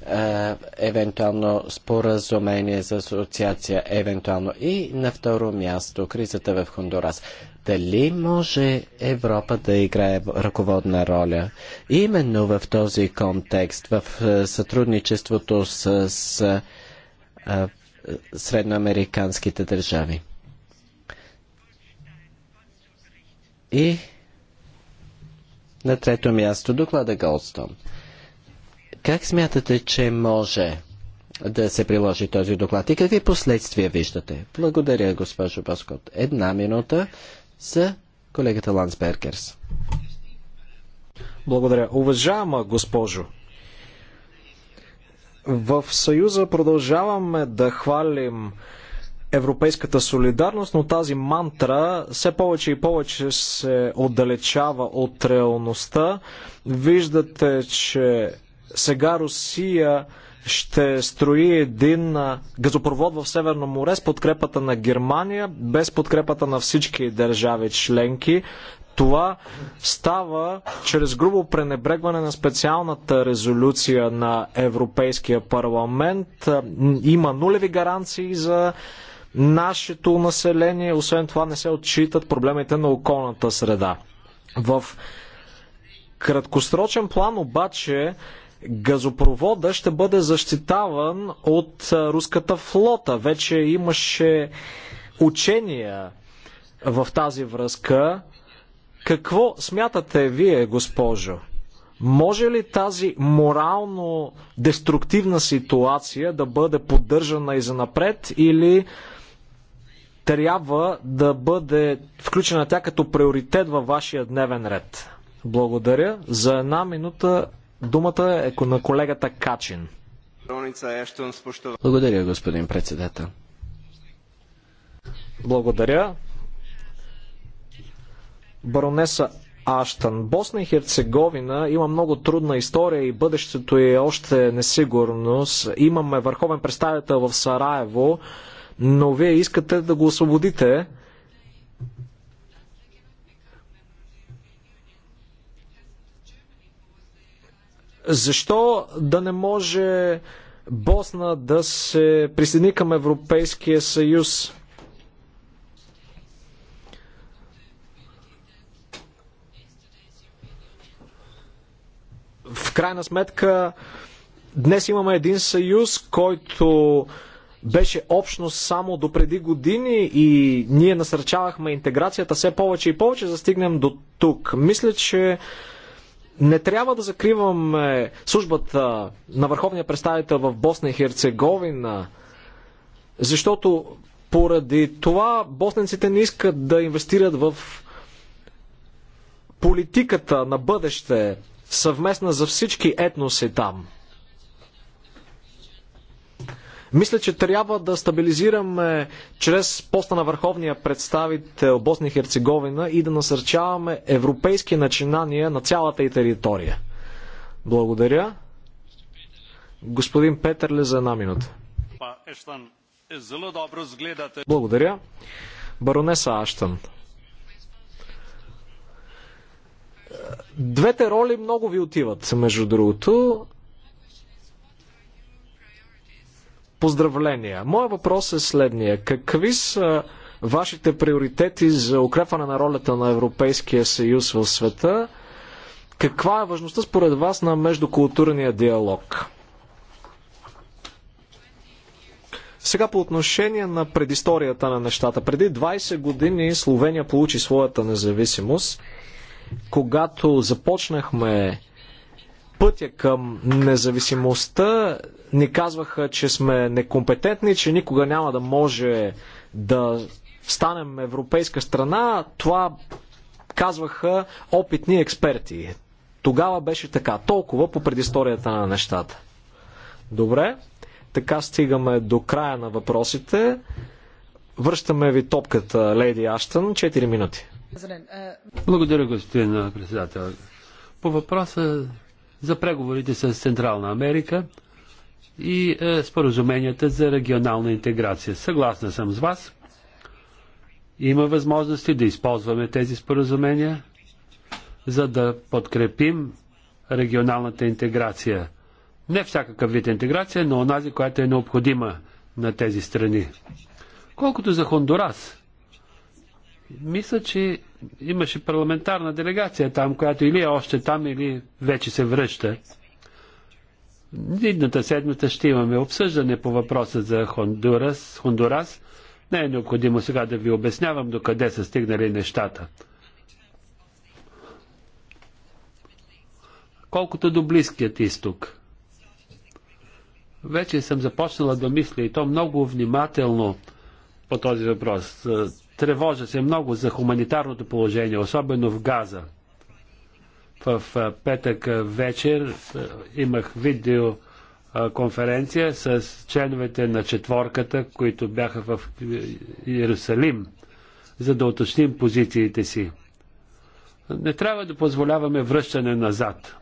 е, евентуално споразумение за асоциация, евентуално и на второ място кризата в Хондурас. Дали може Европа да играе ръководна роля? Именно в този контекст, в е, сътрудничеството с, с е, средноамериканските държави. И на трето място доклада Голдстон. Как смятате, че може да се приложи този доклад и какви последствия виждате? Благодаря, госпожо Баскот. Една минута за колегата Лансбергерс. Благодаря. Уважаема госпожо, в Съюза продължаваме да хвалим европейската солидарност, но тази мантра все повече и повече се отдалечава от реалността. Виждате, че сега Русия ще строи един газопровод в Северно море с подкрепата на Германия, без подкрепата на всички държави членки. Това става чрез грубо пренебрегване на специалната резолюция на Европейския парламент. Има нулеви гаранции за нашето население, освен това не се отчитат проблемите на околната среда. В краткосрочен план обаче газопровода ще бъде защитаван от руската флота. Вече имаше учения в тази връзка. Какво смятате вие, госпожо? Може ли тази морално деструктивна ситуация да бъде поддържана и занапред или трябва да бъде включена тя като приоритет във вашия дневен ред? Благодаря. За една минута Думата е на колегата Качин. Благодаря, господин председател. Благодаря. Баронеса Аштан. Босна и Херцеговина има много трудна история и бъдещето е още несигурност. Имаме върховен представител в Сараево, но вие искате да го освободите. Защо да не може Босна да се присъедини към Европейския съюз? В крайна сметка, днес имаме един съюз, който беше общност само до преди години и ние насърчавахме интеграцията все повече и повече, застигнем до тук. Мисля, че не трябва да закриваме службата на върховния представител в Босна и Херцеговина, защото поради това босненците не искат да инвестират в политиката на бъдеще, съвместна за всички етноси там. Мисля, че трябва да стабилизираме чрез поста на върховния представител Босния и Херцеговина и да насърчаваме европейски начинания на цялата и територия. Благодаря. Господин Петърле за една минута. Благодаря. Баронеса Аштън. Двете роли много ви отиват, между другото. Поздравления! Моя въпрос е следния. Какви са вашите приоритети за укрепване на ролята на Европейския съюз в света? Каква е важността според вас на междукултурния диалог? Сега по отношение на предисторията на нещата. Преди 20 години Словения получи своята независимост. Когато започнахме пътя към независимостта, ни казваха, че сме некомпетентни, че никога няма да може да станем европейска страна. Това казваха опитни експерти. Тогава беше така. Толкова по предисторията на нещата. Добре, така стигаме до края на въпросите. Връщаме ви топката, Леди Аштън. 4 минути. Благодаря, господин председател. По въпроса за преговорите с Централна Америка, и е, споразуменията за регионална интеграция. Съгласна съм с вас. Има възможности да използваме тези споразумения, за да подкрепим регионалната интеграция. Не всякакъв вид интеграция, но онази, която е необходима на тези страни. Колкото за Хондурас, мисля, че имаше парламентарна делегация там, която или е още там, или вече се връща. Идната седмица ще имаме обсъждане по въпроса за Хондурас. Хондурас. Не е необходимо сега да ви обяснявам до къде са стигнали нещата. Колкото до Близкият изток. Вече съм започнала да мисля и то много внимателно по този въпрос. Тревожа се много за хуманитарното положение, особено в Газа – в петък вечер имах видео конференция с членовете на четворката, които бяха в Иерусалим, за да уточним позициите си. Не трябва да позволяваме връщане назад.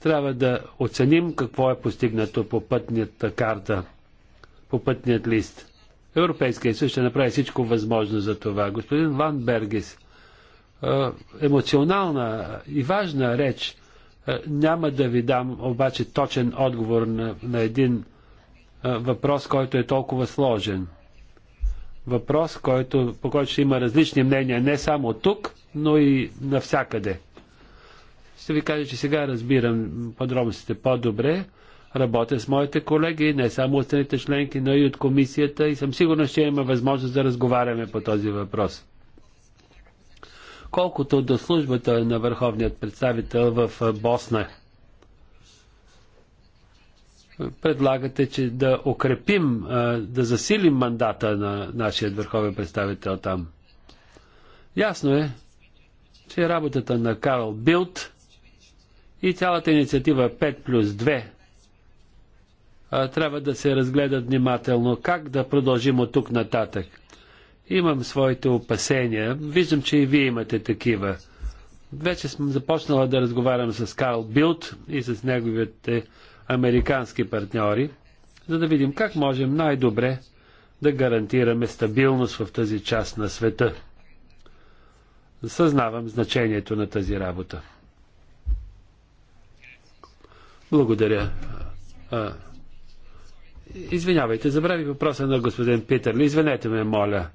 Трябва да оценим какво е постигнато по пътната карта, по пътният лист. Европейския съюз ще направи всичко възможно за това. Господин Ван Бергис емоционална и важна реч. Няма да ви дам обаче точен отговор на, на един въпрос, който е толкова сложен. Въпрос, който, по който ще има различни мнения не само тук, но и навсякъде. Ще ви кажа, че сега разбирам подробностите по-добре. Работя с моите колеги, не само от страните членки, но и от комисията и съм сигурна, че има възможност да разговаряме по този въпрос. Колкото до службата на върховният представител в Босна, предлагате, че да укрепим, да засилим мандата на нашия върховен представител там. Ясно е, че работата на Карл Билт и цялата инициатива 5 плюс 2 трябва да се разгледат внимателно как да продължим от тук нататък. Имам своите опасения. Виждам, че и вие имате такива. Вече съм започнала да разговарям с Карл Билт и с неговите американски партньори, за да видим как можем най-добре да гарантираме стабилност в тази част на света. Съзнавам значението на тази работа. Благодаря. Извинявайте, забрави въпроса на господин Питър. Извинете ме, моля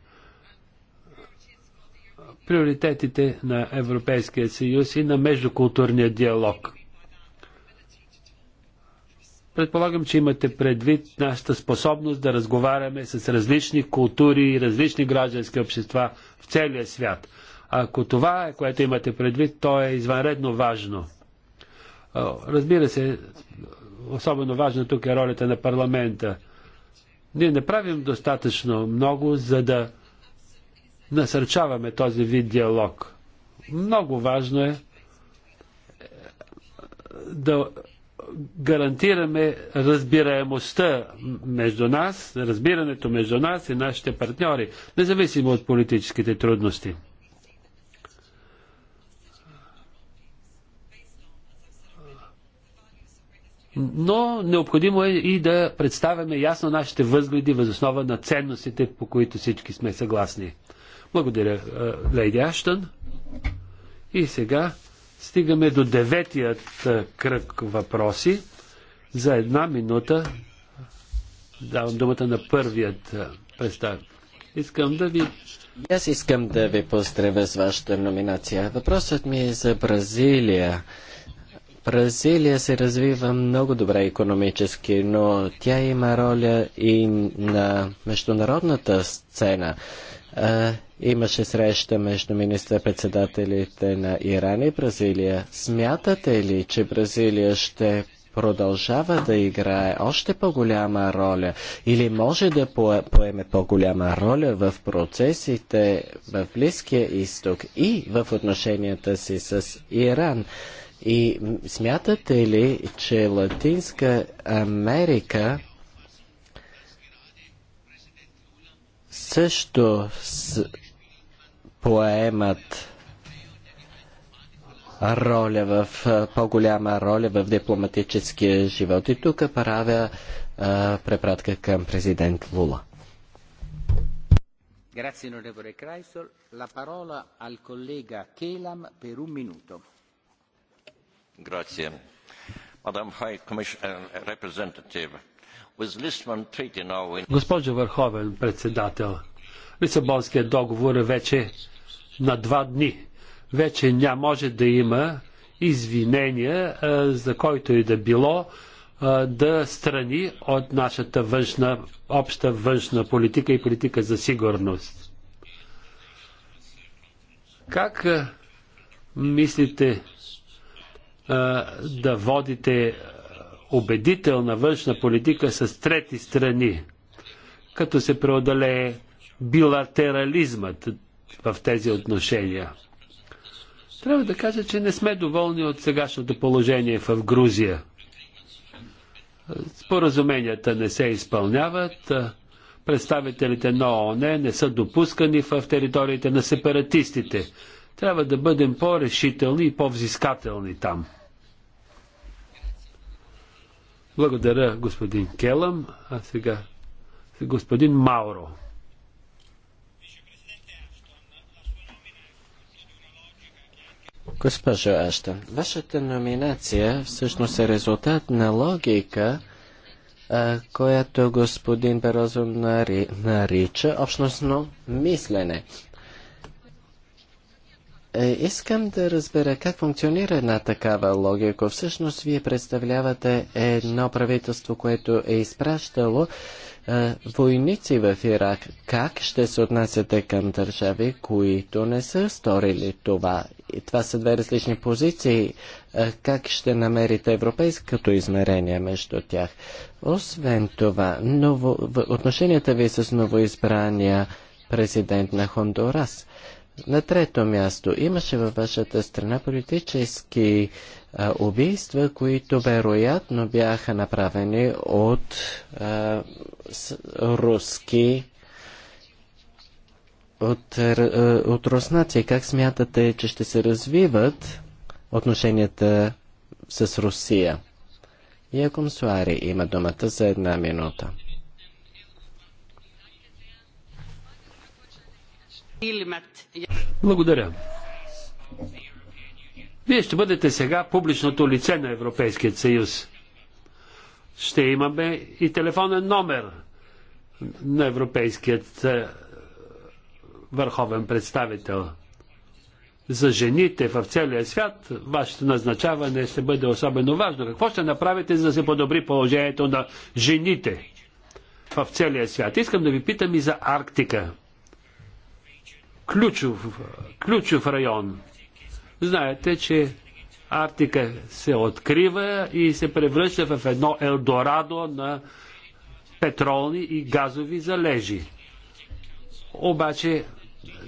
приоритетите на Европейския съюз и на междукултурния диалог. Предполагам, че имате предвид нашата способност да разговаряме с различни култури и различни граждански общества в целия свят. Ако това е, което имате предвид, то е извънредно важно. Разбира се, особено важна тук е ролята на парламента. Ние не правим достатъчно много, за да насърчаваме този вид диалог. Много важно е, е да гарантираме разбираемостта между нас, разбирането между нас и нашите партньори, независимо от политическите трудности. но необходимо е и да представяме ясно нашите възгледи възоснова на ценностите, по които всички сме съгласни. Благодаря, Лейди Аштън. И сега стигаме до деветият кръг въпроси. За една минута давам думата на първият представител. Искам да ви аз искам да ви поздравя с вашата номинация. Въпросът ми е за Бразилия. Бразилия се развива много добре економически, но тя има роля и на международната сцена. А, имаше среща между министър-председателите на Иран и Бразилия. Смятате ли, че Бразилия ще продължава да играе още по-голяма роля или може да поеме по-голяма роля в процесите в Близкия изток и в отношенията си с Иран? И смятате ли, че Латинска Америка също с... поемат роля в по-голяма роля в дипломатическия живот. И тук правя а, препратка към президент Лула. Grazie onorevole Chrysler. La parola al collega Kelam per un minuto. Uh, uh, Госпожо Върховен председател, Лисабонският договор е вече на два дни. Вече няма може да има извинения за който и да било да страни от нашата външна, обща външна политика и политика за сигурност. Как мислите да водите убедителна външна политика с трети страни, като се преодолее билатерализмът в тези отношения. Трябва да кажа, че не сме доволни от сегашното положение в Грузия. Споразуменията не се изпълняват, представителите на ООН не са допускани в териториите на сепаратистите. Трябва да бъдем по-решителни и по-взискателни там. Благодаря, господин Келъм. А сега господин Мауро. Госпожо Ашта, вашата номинация всъщност е резултат на логика, а, която господин Берозо нари, нарича общностно мислене. Е, искам да разбера как функционира една такава логика. Всъщност, вие представлявате едно правителство, което е изпращало е, войници в Ирак. Как ще се отнасяте към държави, които не са сторили това? И това са две различни позиции. Е, как ще намерите европейското измерение между тях? Освен това, ново... отношенията ви с новоизбрания президент на Хондурас – на трето място, имаше във вашата страна политически а, убийства, които вероятно бяха направени от а, с, руски от, от руснаци. Как смятате, че ще се развиват отношенията с Русия? Яком Суари има думата за една минута. Благодаря. Вие ще бъдете сега публичното лице на Европейския съюз. Ще имаме и телефонен номер на Европейският е, върховен представител. За жените в целия свят вашето назначаване ще бъде особено важно. Какво ще направите, за да се подобри положението на жените в целия свят? Искам да ви питам и за Арктика ключов, ключов район. Знаете, че Арктика се открива и се превръща в едно Елдорадо на петролни и газови залежи. Обаче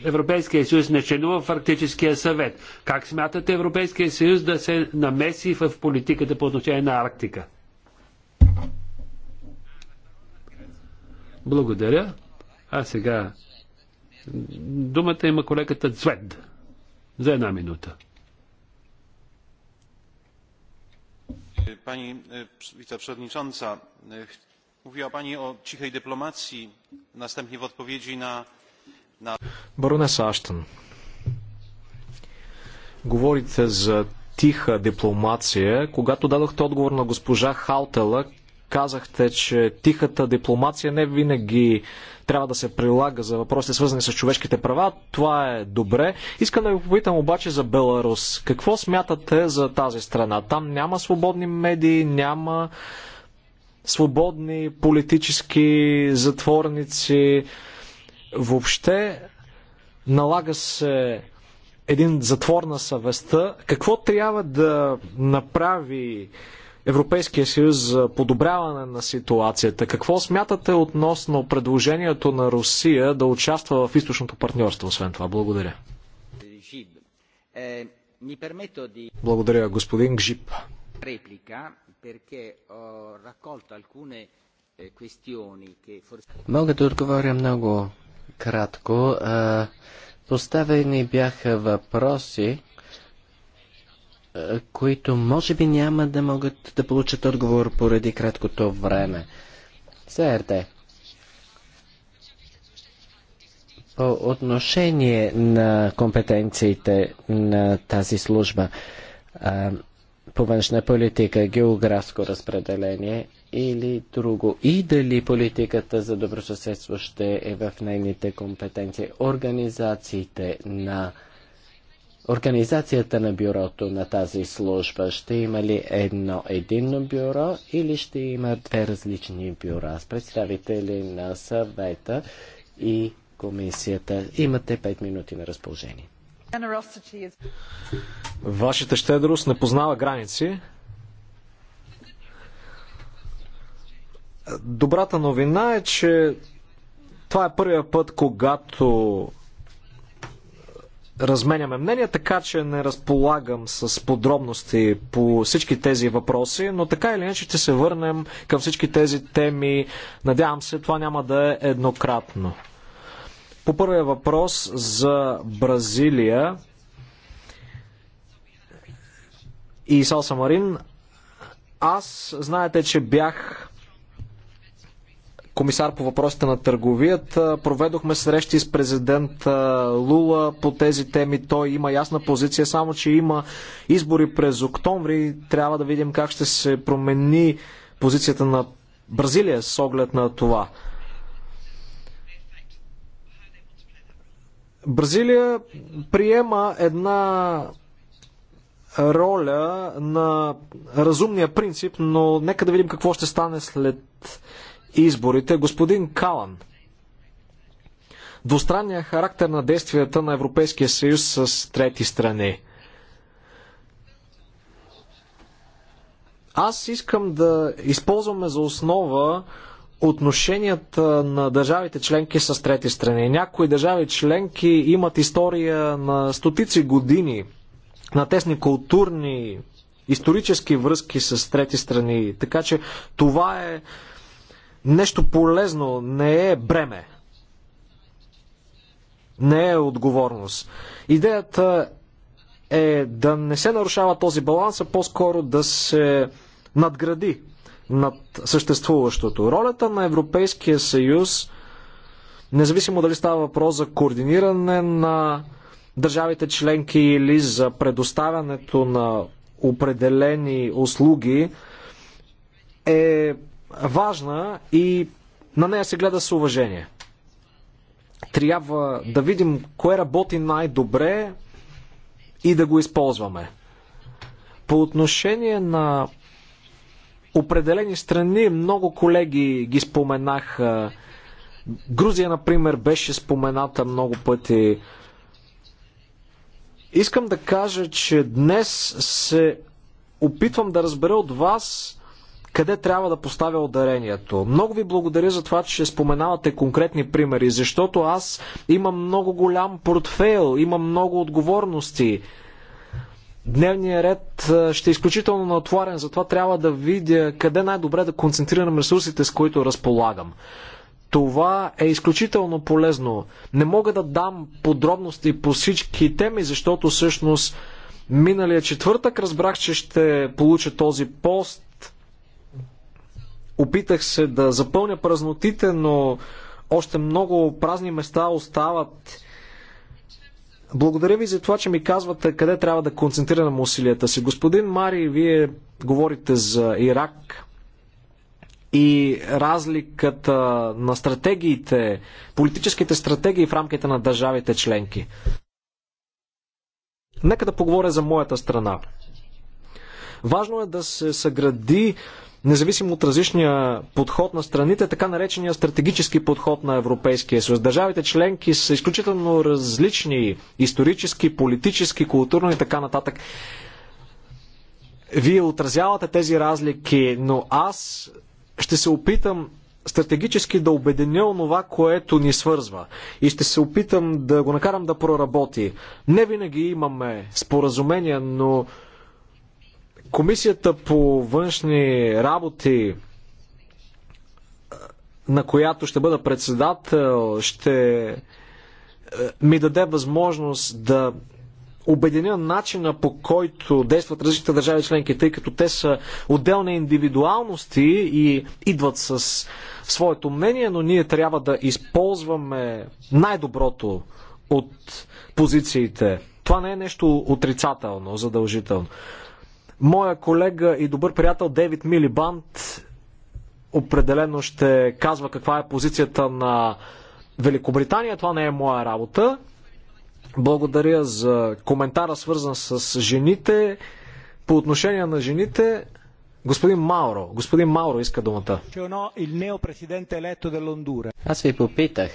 Европейския съюз не членува в Арктическия съвет. Как смятате Европейския съюз да се намеси в политиката по отношение на Арктика? Благодаря. А сега Думата има колегата Цвет. за една минута. Pani wiceprzewodnicząca, е, е, mówiła Pani o cichej dyplomacji, następnie w odpowiedzi na... na... Baronesa Ashton, говорите за тиха дипломация, когато дадохте отговор на госпожа Халтела, казахте, че тихата дипломация не винаги трябва да се прилага за въпросите свързани с човешките права. Това е добре. Искам да ви попитам обаче за Беларус. Какво смятате за тази страна? Там няма свободни медии, няма свободни политически затворници. Въобще налага се един затвор на съвестта. Какво трябва да направи Европейския съюз за подобряване на ситуацията. Какво смятате относно предложението на Русия да участва в източното партньорство, освен това? Благодаря. Благодаря, господин Гжип. Мога да отговоря много кратко. Поставени бяха въпроси, които може би няма да могат да получат отговор поради краткото време. СРД. Е по отношение на компетенциите на тази служба, по външна политика, географско разпределение или друго. И дали политиката за добросъседство ще е в нейните компетенции. Организациите на организацията на бюрото на тази служба? Ще има ли едно единно бюро или ще има две различни бюра с представители на съвета и комисията? Имате 5 минути на разположение. Вашата щедрост не познава граници. Добрата новина е, че това е първия път, когато разменяме мнения, така че не разполагам с подробности по всички тези въпроси, но така или иначе ще се върнем към всички тези теми. Надявам се, това няма да е еднократно. По първия въпрос за Бразилия и Салса Марин, аз знаете, че бях комисар по въпросите на търговията. Проведохме срещи с президент Лула по тези теми. Той има ясна позиция, само че има избори през октомври. Трябва да видим как ще се промени позицията на Бразилия с оглед на това. Бразилия приема една роля на разумния принцип, но нека да видим какво ще стане след изборите. Господин Калан, двустранният характер на действията на Европейския съюз с трети страни. Аз искам да използваме за основа отношенията на държавите членки с трети страни. Някои държави членки имат история на стотици години на тесни културни, исторически връзки с трети страни. Така че това е нещо полезно, не е бреме. Не е отговорност. Идеята е да не се нарушава този баланс, а по-скоро да се надгради над съществуващото. Ролята на Европейския съюз, независимо дали става въпрос за координиране на държавите членки или за предоставянето на определени услуги, е важна и на нея се гледа с уважение. Трябва да видим кое работи най-добре и да го използваме. По отношение на определени страни, много колеги ги споменаха. Грузия, например, беше спомената много пъти. Искам да кажа, че днес се опитвам да разбера от вас къде трябва да поставя ударението. Много ви благодаря за това, че споменавате конкретни примери, защото аз имам много голям портфейл, имам много отговорности. Дневният ред ще е изключително натворен, затова трябва да видя къде най-добре да концентрирам ресурсите, с които разполагам. Това е изключително полезно. Не мога да дам подробности по всички теми, защото всъщност миналия четвъртък разбрах, че ще получа този пост Опитах се да запълня празнотите, но още много празни места остават. Благодаря ви за това, че ми казвате къде трябва да концентрираме усилията си. Господин Мари, вие говорите за Ирак и разликата на стратегиите, политическите стратегии в рамките на държавите членки. Нека да поговоря за моята страна. Важно е да се съгради независимо от различния подход на страните, така наречения стратегически подход на Европейския съюз. Държавите членки са изключително различни исторически, политически, културно и така нататък. Вие отразявате тези разлики, но аз ще се опитам стратегически да обединя онова, което ни свързва. И ще се опитам да го накарам да проработи. Не винаги имаме споразумения, но Комисията по външни работи, на която ще бъда председател, ще е, ми даде възможност да обединя начина по който действат различните държави членки, тъй като те са отделни индивидуалности и идват с своето мнение, но ние трябва да използваме най-доброто от позициите. Това не е нещо отрицателно, задължително. Моя колега и добър приятел Дейвид Милибанд определено ще казва каква е позицията на Великобритания. Това не е моя работа. Благодаря за коментара, свързан с жените. По отношение на жените, господин Мауро, господин Мауро иска думата. Аз ви попитах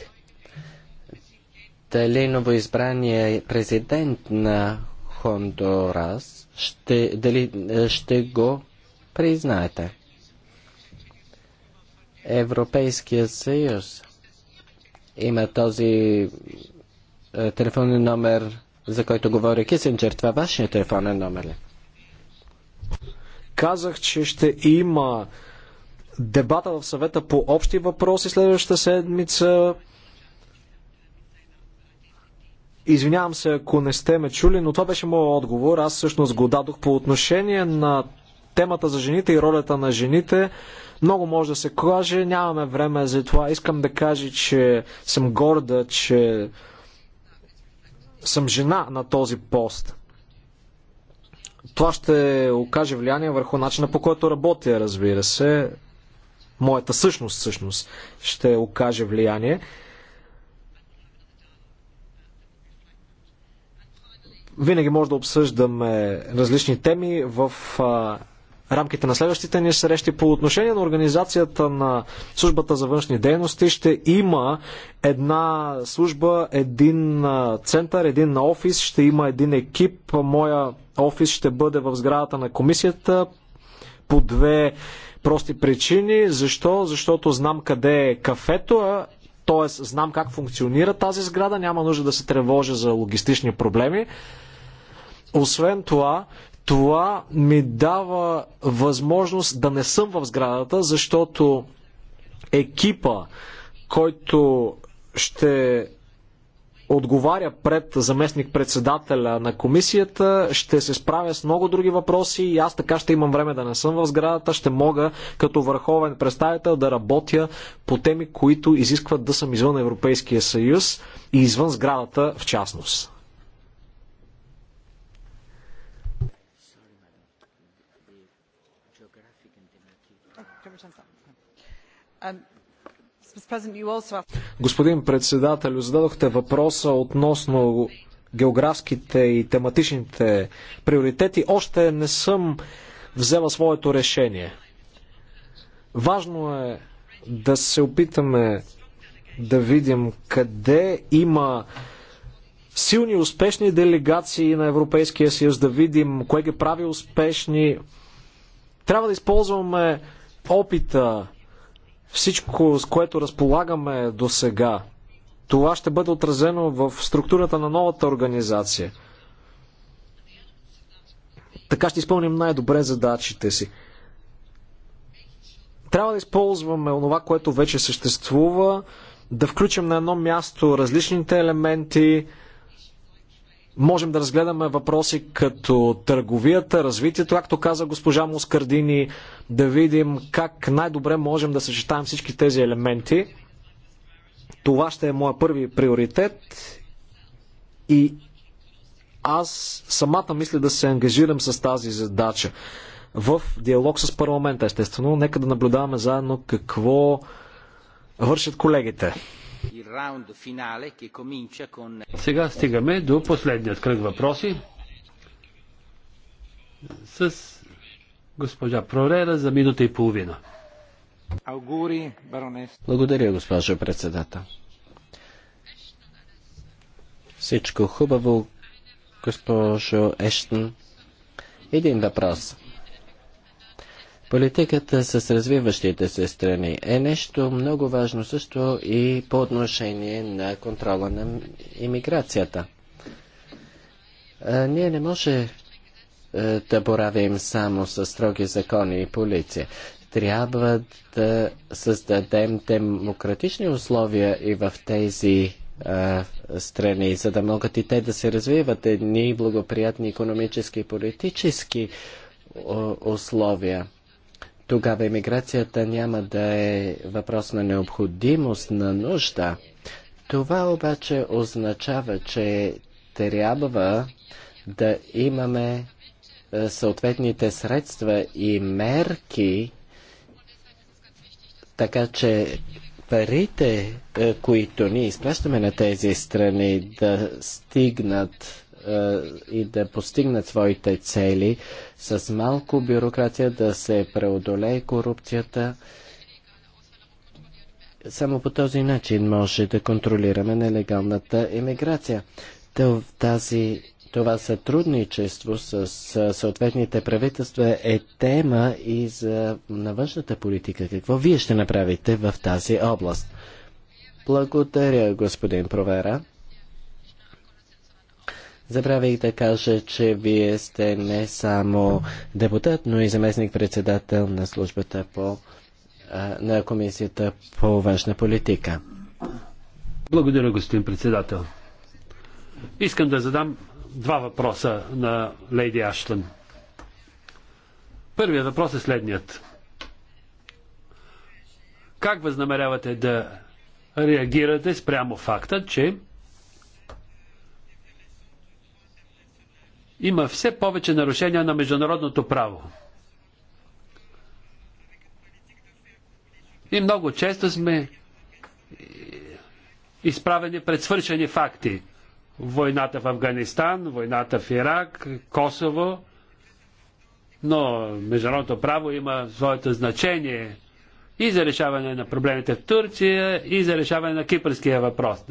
дали новоизбрания президент на Хондорас, ще, дали, е, ще го признаете? Европейския съюз има този е, телефонен номер, за който говори Кисенджер. Това е вашия телефонен номер ли? Казах, че ще има дебата в съвета по общи въпроси следващата седмица. Извинявам се, ако не сте ме чули, но това беше моят отговор. Аз всъщност го дадох по отношение на темата за жените и ролята на жените. Много може да се каже, нямаме време за това. Искам да кажа, че съм горда, че съм жена на този пост. Това ще окаже влияние върху начина по който работя, разбира се. Моята същност, всъщност, ще окаже влияние. Винаги може да обсъждаме различни теми в рамките на следващите ни срещи. По отношение на организацията на службата за външни дейности ще има една служба, един център, един на офис, ще има един екип. Моя офис ще бъде в сградата на комисията по две прости причини. Защо? Защото знам къде е кафето, а т.е. знам как функционира тази сграда, няма нужда да се тревожа за логистични проблеми. Освен това, това ми дава възможност да не съм в сградата, защото екипа, който ще отговаря пред заместник-председателя на комисията, ще се справя с много други въпроси и аз така ще имам време да не съм в сградата, ще мога като върховен представител да работя по теми, които изискват да съм извън Европейския съюз и извън сградата в частност. Господин председател, зададохте въпроса относно географските и тематичните приоритети. Още не съм взела своето решение. Важно е да се опитаме да видим къде има силни, успешни делегации на Европейския съюз, да видим кое ги прави успешни. Трябва да използваме опита всичко, с което разполагаме до сега, това ще бъде отразено в структурата на новата организация. Така ще изпълним най-добре задачите си. Трябва да използваме онова, което вече съществува, да включим на едно място различните елементи, Можем да разгледаме въпроси като търговията, развитието, както каза госпожа Москардини, да видим как най-добре можем да съчетаем всички тези елементи. Това ще е моя първи приоритет и аз самата мисля да се ангажирам с тази задача. В диалог с парламента, естествено, нека да наблюдаваме заедно какво вършат колегите сега стигаме до последният кръг въпроси с госпожа Прорера за минута и половина. Благодаря, госпожо председател. Всичко хубаво, госпожо Ештен. Един въпрос. Да Политиката с развиващите се страни е нещо много важно също и по отношение на контрола на иммиграцията. Ние не може е, да боравим само с строги закони и полиция. Трябва да създадем демократични условия и в тези а, е, страни, за да могат и те да се развиват едни благоприятни економически и политически условия тогава имиграцията няма да е въпрос на необходимост, на нужда. Това обаче означава, че трябва да имаме е, съответните средства и мерки, така че парите, е, които ние изпращаме на тези страни, да стигнат е, и да постигнат своите цели, с малко бюрокрация да се преодолее корупцията. Само по този начин може да контролираме нелегалната емиграция. Тази, това сътрудничество с съответните правителства е тема и за навъншната политика. Какво вие ще направите в тази област? Благодаря, господин Провера. Забравяйте да кажа, че вие сте не само депутат, но и заместник-председател на службата по, на комисията по външна политика. Благодаря, господин председател. Искам да задам два въпроса на Лейди Ашлен. Първият въпрос е следният. Как възнамерявате да реагирате спрямо факта, че има все повече нарушения на международното право. И много често сме изправени пред свършени факти. Войната в Афганистан, войната в Ирак, Косово. Но международното право има своето значение и за решаване на проблемите в Турция, и за решаване на кипърския въпрос.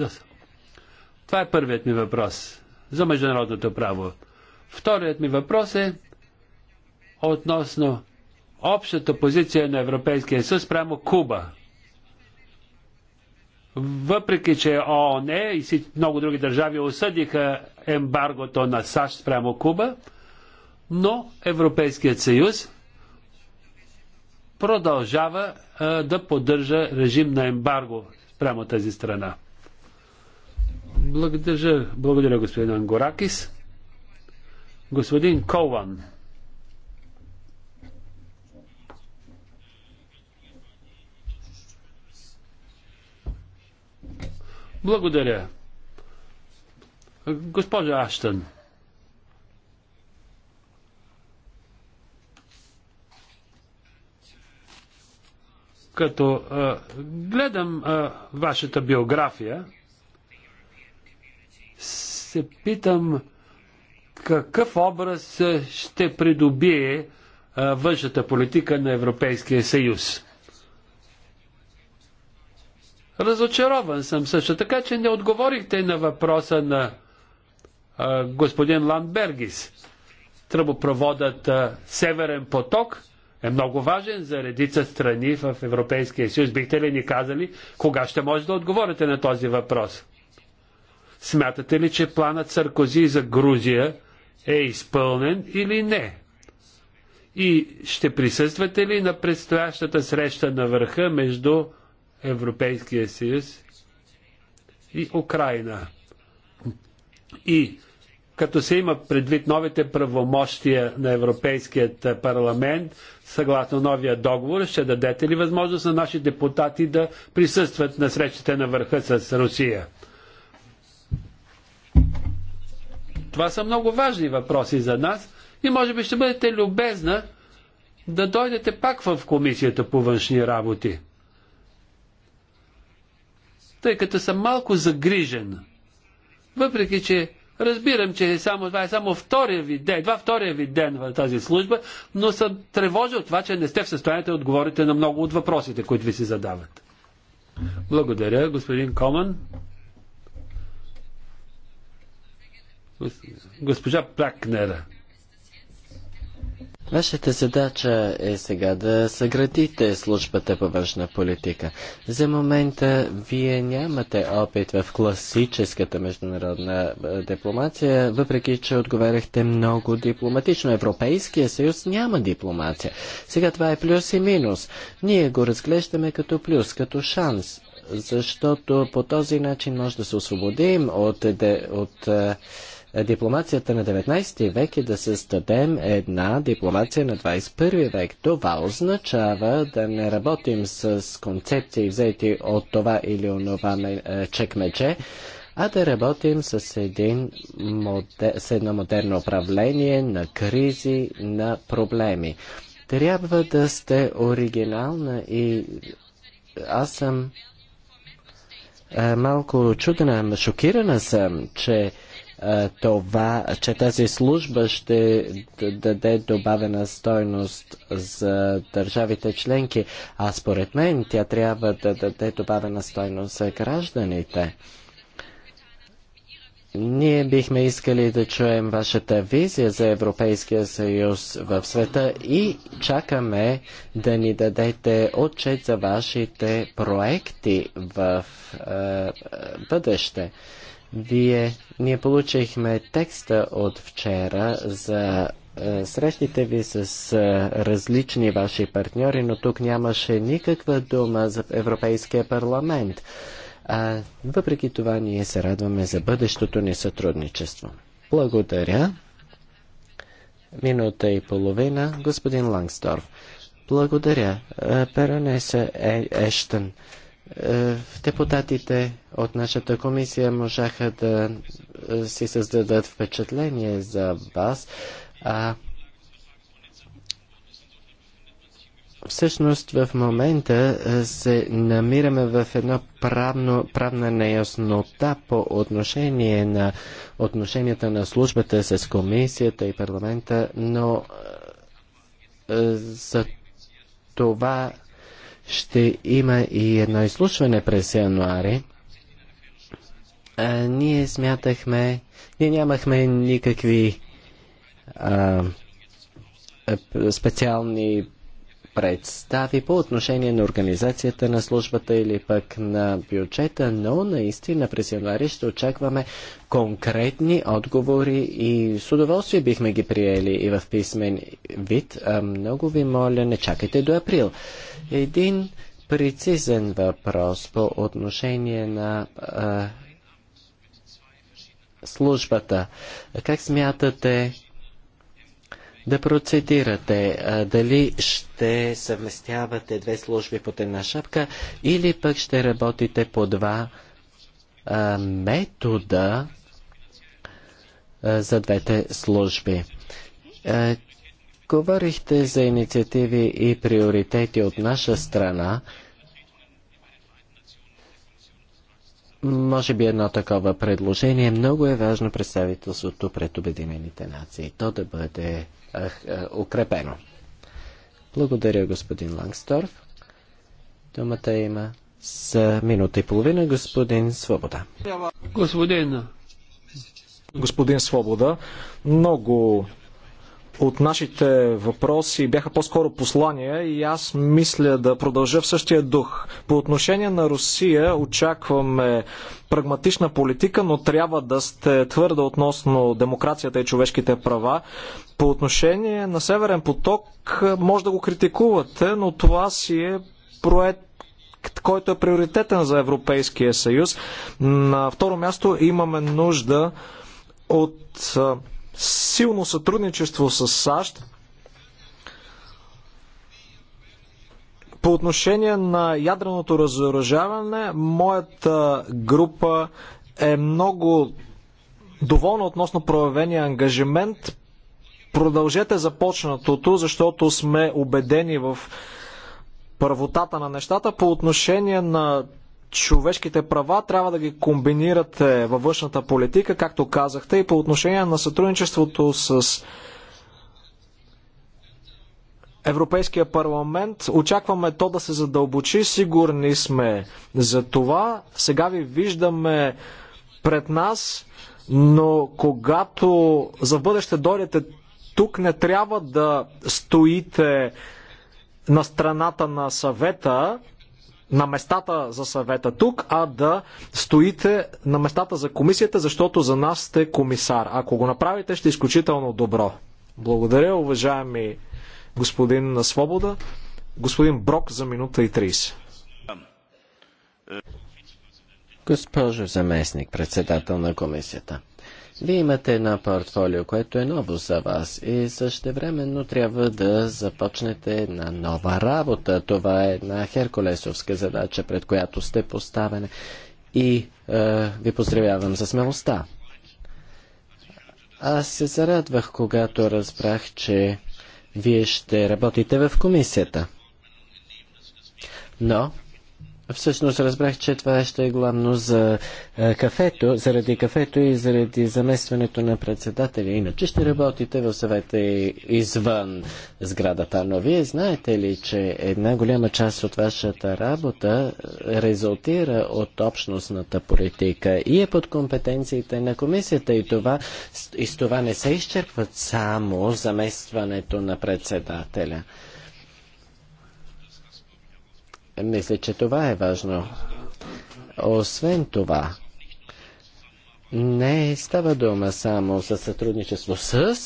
Това е първият ми въпрос за международното право. Вторият ми въпрос е относно общата позиция на Европейския съюз прямо Куба. Въпреки, че ООН е, и си, много други държави осъдиха ембаргото на САЩ спрямо Куба, но Европейският съюз продължава а, да поддържа режим на ембарго спрямо тази страна. Благодаря, благодаря господин Ангоракис. Господин Колан. Благодаря. Госпожа Аштън. Като а, гледам а, вашата биография, се питам какъв образ ще придобие външната политика на Европейския съюз. Разочарован съм също така, че не отговорихте на въпроса на а, господин Ландбергис. Тръбопроводът а, Северен поток е много важен за редица страни в Европейския съюз. Бихте ли ни казали кога ще може да отговорите на този въпрос? Смятате ли, че планът Саркози за Грузия – е изпълнен или не. И ще присъствате ли на предстоящата среща на върха между Европейския съюз и Украина? И като се има предвид новите правомощия на Европейският парламент, съгласно новия договор, ще дадете ли възможност на наши депутати да присъстват на срещите на върха с Русия? Това са много важни въпроси за нас и може би ще бъдете любезна да дойдете пак в Комисията по външни работи. Тъй като съм малко загрижен. Въпреки, че разбирам, че е само, това е само втория ви ден, два втория ви ден в тази служба, но съм тревожен от това, че не сте в състояние да отговорите на много от въпросите, които ви се задават. Благодаря, господин Коман. Госпожа Плакнера. Вашата задача е сега да съградите службата по външна политика. За момента вие нямате опит в класическата международна дипломация, въпреки че отговаряхте много дипломатично. Европейския съюз няма дипломация. Сега това е плюс и минус. Ние го разглеждаме като плюс, като шанс, защото по този начин може да се освободим от, от, от дипломацията на 19 век е да създадем една дипломация на 21 век. Това означава да не работим с концепции взети от това или онова е, чекмече, а да работим с, един модер... с едно модерно управление на кризи, на проблеми. Трябва да сте оригинална и аз съм е, малко чудена, шокирана съм, че това, че тази служба ще даде добавена стойност за държавите членки, а според мен тя трябва да даде добавена стойност за гражданите. Ние бихме искали да чуем вашата визия за Европейския съюз в света и чакаме да ни дадете отчет за вашите проекти в е, бъдеще. Вие, ние получихме текста от вчера за е, срещите ви с е, различни ваши партньори, но тук нямаше никаква дума за Европейския парламент. А, въпреки това ние се радваме за бъдещото ни сътрудничество. Благодаря. Минута и половина, господин Лангсторф. Благодаря. Е, Перонеса е, Ештън. Е, е, депутатите от нашата комисия можаха да е, си създадат впечатление за вас, а Всъщност в момента е, се намираме в една правно, правна неяснота по отношение на отношенията на службата с комисията и парламента, но за това ще има и едно изслушване през януари. А, ние смятахме, ние нямахме никакви а, специални представи по отношение на организацията на службата или пък на бюджета, но наистина през януари ще очакваме конкретни отговори и с удоволствие бихме ги приели и в писмен вид. Много ви моля, не чакайте до април. Един прецизен въпрос по отношение на а, службата. Как смятате да процедирате? А, дали ще съвместявате две служби под една шапка или пък ще работите по два а, метода а, за двете служби? Говорихте за инициативи и приоритети от наша страна. Може би едно такова предложение. Много е важно представителството пред Обединените нации. То да бъде ах, а, е, укрепено. Благодаря, господин Лангсторф. Думата има с минута и половина господин Свобода. Господин. Господин Свобода, много от нашите въпроси бяха по-скоро послания и аз мисля да продължа в същия дух. По отношение на Русия очакваме прагматична политика, но трябва да сте твърда относно демокрацията и човешките права. По отношение на Северен поток може да го критикувате, но това си е проект който е приоритетен за Европейския съюз. На второ място имаме нужда от силно сътрудничество с САЩ По отношение на ядреното разоръжаване, моята група е много доволна относно проявения ангажимент. Продължете започнатото, защото сме убедени в правотата на нещата. По отношение на човешките права трябва да ги комбинирате във външната политика, както казахте, и по отношение на сътрудничеството с Европейския парламент. Очакваме то да се задълбочи. Сигурни сме за това. Сега ви виждаме пред нас, но когато за бъдеще дойдете тук, не трябва да стоите на страната на съвета, на местата за съвета тук, а да стоите на местата за комисията, защото за нас сте комисар. Ако го направите, ще е изключително добро. Благодаря, уважаеми господин на Свобода. Господин Брок за минута и 30. Госпожо заместник, председател на комисията. Вие имате едно портфолио, което е ново за вас и същевременно трябва да започнете една нова работа. Това е една херкулесовска задача, пред която сте поставени. И е, ви поздравявам за смелостта. Аз се зарадвах, когато разбрах, че вие ще работите в комисията. Но Всъщност разбрах, че това ще е главно за е, кафето, заради кафето и заради заместването на председателя. Иначе ще работите в съвета извън сградата. Но вие знаете ли, че една голяма част от вашата работа е, резултира от общностната политика и е под компетенциите на комисията и, това, и с това не се изчерпват само заместването на председателя. Мисля, че това е важно. Освен това, не става дума само за сътрудничество с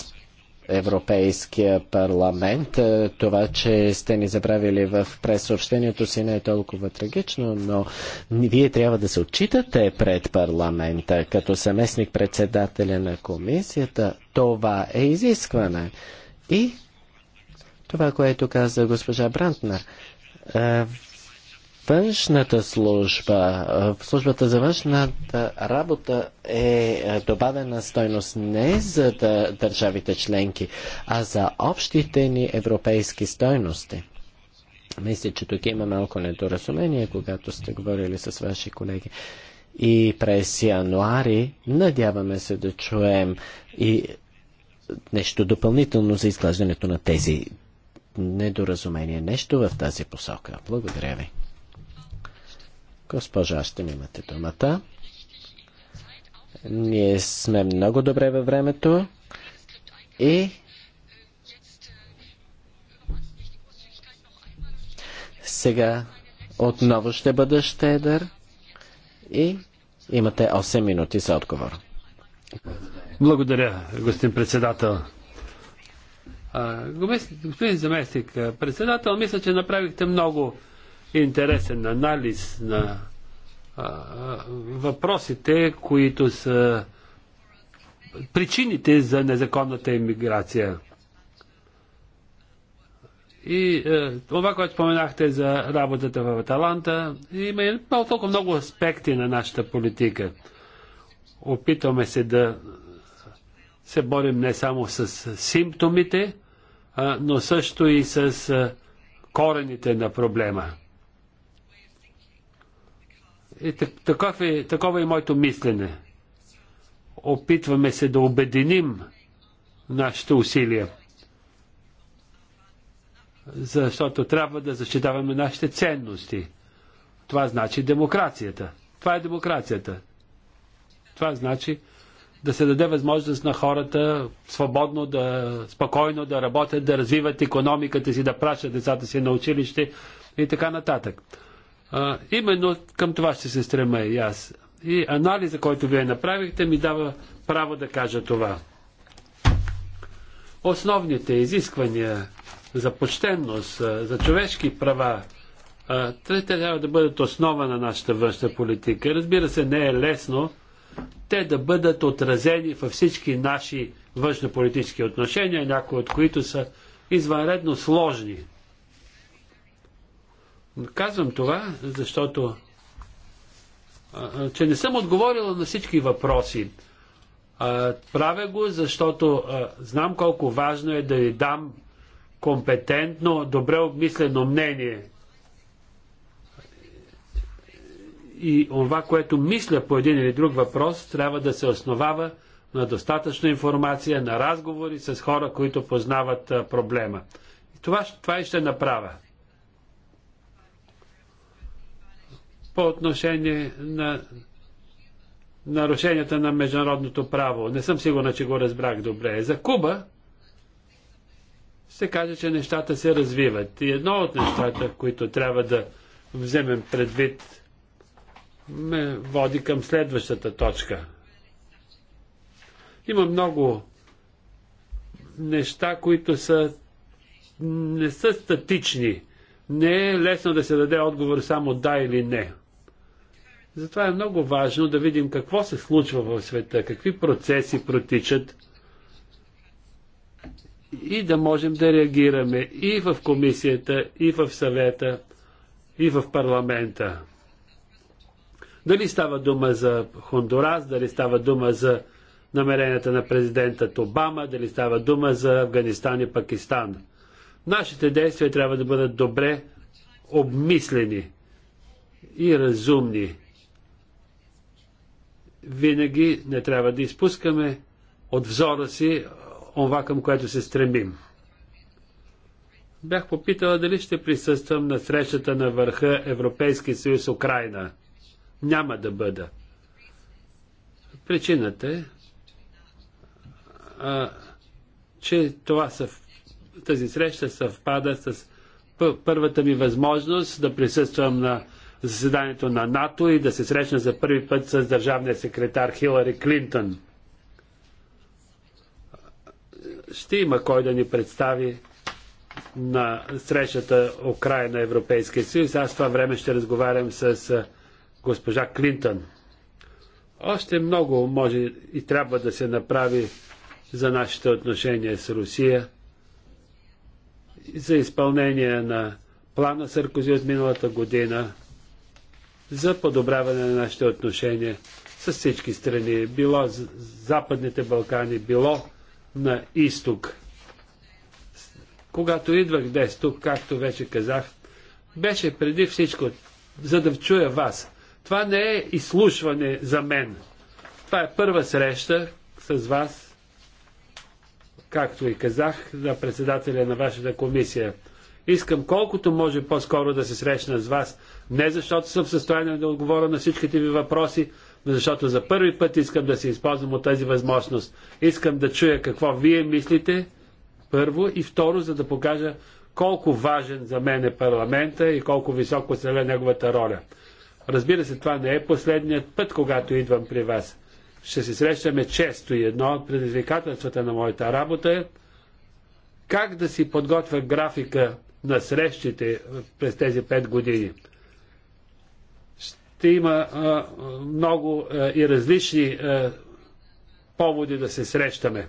Европейския парламент. Това, че сте ни забравили в пресъобщението си не е толкова трагично, но вие трябва да се отчитате пред парламента като съместник председателя на комисията. Това е изискване. И това, което каза госпожа Брантнер, е, външната служба, в службата за външната работа е добавена стойност не за държавите членки, а за общите ни европейски стойности. Мисля, че тук има малко недоразумение, когато сте говорили с ваши колеги. И през януари надяваме се да чуем и нещо допълнително за изглаждането на тези недоразумения. Нещо в тази посока. Благодаря ви. Госпожа, ще ми имате думата. Ние сме много добре във времето и сега отново ще бъда щедър и имате 8 минути за отговор. Благодаря, господин председател. Господин заместник председател, мисля, че направихте много интересен анализ на въпросите, които са причините за незаконната иммиграция. И е, това, което споменахте за работата в Аталанта, има и толкова много аспекти на нашата политика. Опитваме се да се борим не само с симптомите, а, но също и с е, корените на проблема. И е, таков е, такова е моето мислене. Опитваме се да обединим нашите усилия. Защото трябва да защитаваме нашите ценности. Това значи демокрацията. Това е демокрацията. Това значи да се даде възможност на хората свободно, да, спокойно да работят, да развиват економиката си, да пращат децата си на училище и така нататък именно към това ще се стрема и аз. И анализа, който вие направихте, ми дава право да кажа това. Основните изисквания за почтенност, за човешки права, те трябва да бъдат основа на нашата външна политика. Разбира се, не е лесно те да бъдат отразени във всички наши външнополитически отношения, някои от които са извънредно сложни. Казвам това, защото че не съм отговорила на всички въпроси. Правя го, защото знам колко важно е да ви дам компетентно, добре обмислено мнение. И това, което мисля по един или друг въпрос, трябва да се основава на достатъчно информация, на разговори с хора, които познават проблема. И това, това и ще направя. по отношение на нарушенията на международното право. Не съм сигурна, че го разбрах добре. За Куба се каже, че нещата се развиват. И едно от нещата, които трябва да вземем предвид, ме води към следващата точка. Има много неща, които са, не са статични. Не е лесно да се даде отговор само да или не. Затова е много важно да видим какво се случва в света, какви процеси протичат и да можем да реагираме и в комисията, и в съвета, и в парламента. Дали става дума за Хондурас, дали става дума за намеренията на президента Обама, дали става дума за Афганистан и Пакистан. Нашите действия трябва да бъдат добре обмислени и разумни винаги не трябва да изпускаме от взора си онва, към което се стремим. Бях попитала дали ще присъствам на срещата на върха Европейски съюз Украина. Няма да бъда. Причината е, а, че това съв... тази среща съвпада с първата ми възможност да присъствам на заседанието на НАТО и да се срещна за първи път с държавния секретар Хилари Клинтон. Ще има кой да ни представи на срещата о края на Европейския съюз. Аз това време ще разговарям с госпожа Клинтон. Още много може и трябва да се направи за нашите отношения с Русия, за изпълнение на плана Саркози от миналата година – за подобряване на нашите отношения с всички страни, било Западните Балкани, било на изток. Когато идвах днес тук, както вече казах, беше преди всичко, за да чуя вас. Това не е изслушване за мен. Това е първа среща с вас, както и казах, на председателя на вашата комисия. Искам колкото може по-скоро да се срещна с вас. Не защото съм в състояние да отговоря на всичките ви въпроси, но защото за първи път искам да се използвам от тази възможност. Искам да чуя какво вие мислите, първо, и второ, за да покажа колко важен за мен е парламента и колко високо целя неговата роля. Разбира се, това не е последният път, когато идвам при вас. Ще се срещаме често и едно от предизвикателствата на моята работа е как да си подготвя графика на срещите през тези пет години. Ще има а, много а, и различни а, поводи да се срещаме.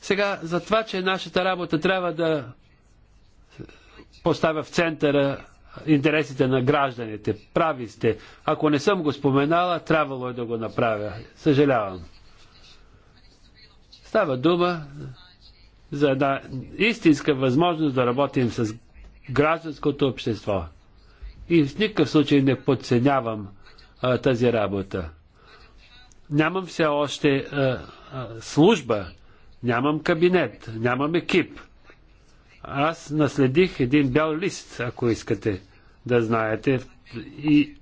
Сега, за това, че нашата работа трябва да поставя в центъра интересите на гражданите. Прави сте. Ако не съм го споменала, трябвало е да го направя. Съжалявам. Става дума за една истинска възможност да работим с гражданското общество. И в никакъв случай не подценявам а, тази работа. Нямам все още а, а, служба, нямам кабинет, нямам екип. Аз наследих един бял лист, ако искате да знаете. И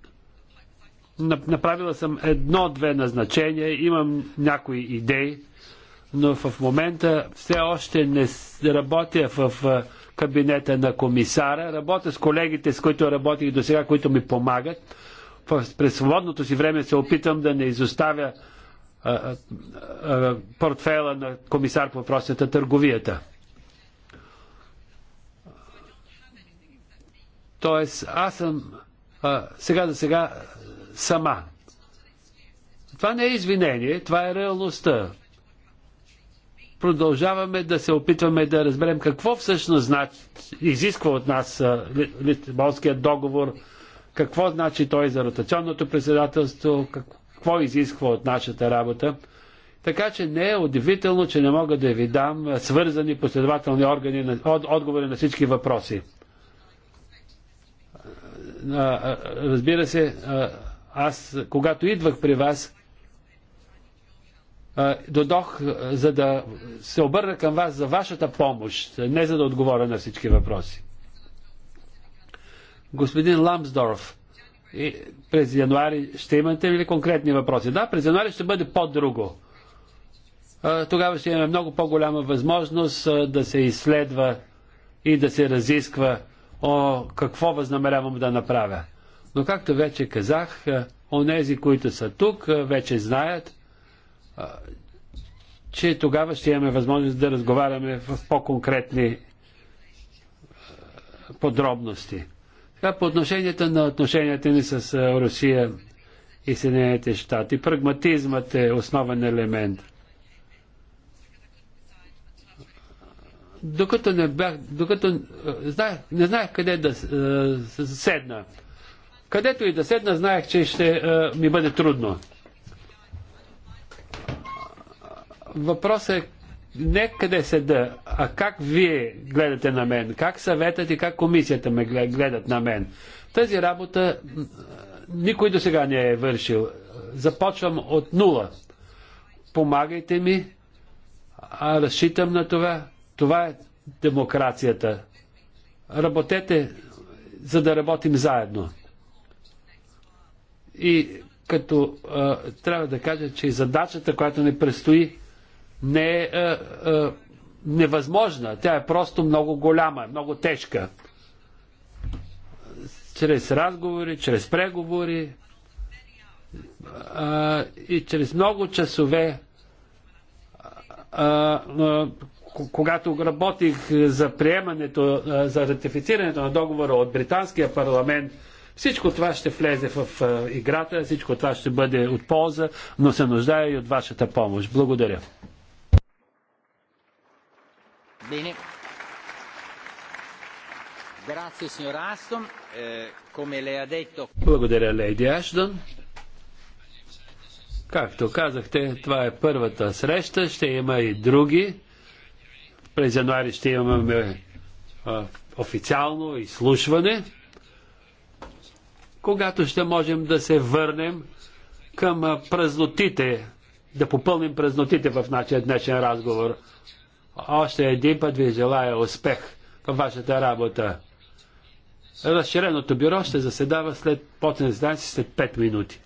направила съм едно-две назначения, имам някои идеи, но в момента все още не работя в кабинета на комисара. Работя с колегите, с които работих до сега, които ми помагат. През свободното си време се опитам да не изоставя а, а, портфела на комисар по въпросната търговията. Тоест, аз съм а, сега за сега сама. Това не е извинение, това е реалността продължаваме да се опитваме да разберем какво всъщност значи, изисква от нас Лисабонският договор, какво значи той за ротационното председателство, какво изисква от нашата работа. Така че не е удивително, че не мога да ви дам свързани последователни органи на, от, отговори на всички въпроси. Разбира се, аз, когато идвах при вас, додох, за да се обърна към вас за вашата помощ, не за да отговоря на всички въпроси. Господин Ламсдорф, през януари ще имате ли конкретни въпроси? Да, през януари ще бъде по-друго. Тогава ще имаме много по-голяма възможност да се изследва и да се разисква о какво възнамерявам да направя. Но както вече казах, онези, които са тук, вече знаят, че тогава ще имаме възможност да разговаряме в по-конкретни подробности. Така, по отношенията на отношенията ни с Русия и Съединените щати. Прагматизмът е основен елемент. Докато не бях, докато знаех, не знаех къде да седна. Където и да седна, знаех, че ще ми бъде трудно. въпросът е не къде се да, а как вие гледате на мен, как съветът и как комисията ме гледат на мен. Тази работа никой до сега не е вършил. Започвам от нула. Помагайте ми, а разчитам на това. Това е демокрацията. Работете, за да работим заедно. И като а, трябва да кажа, че задачата, която ни предстои, не е, е, е невъзможна. Тя е просто много голяма, много тежка. Чрез разговори, чрез преговори е, и чрез много часове, е, е, когато работих за приемането, е, за ратифицирането на договора от британския парламент, всичко това ще влезе в играта, всичко това ще бъде от полза, но се нуждае и от вашата помощ. Благодаря. Bene. Grazie signor Ashton. Eh, come ha detto... Благодаря, леди Аштон. Както казахте, това е първата среща. Ще има и други. През януари ще имаме официално изслушване, когато ще можем да се върнем към празнотите, да попълним празнотите в нашия днешен разговор. Още един път ви желая успех във вашата работа. Разширеното бюро ще заседава след потен след 5 минути.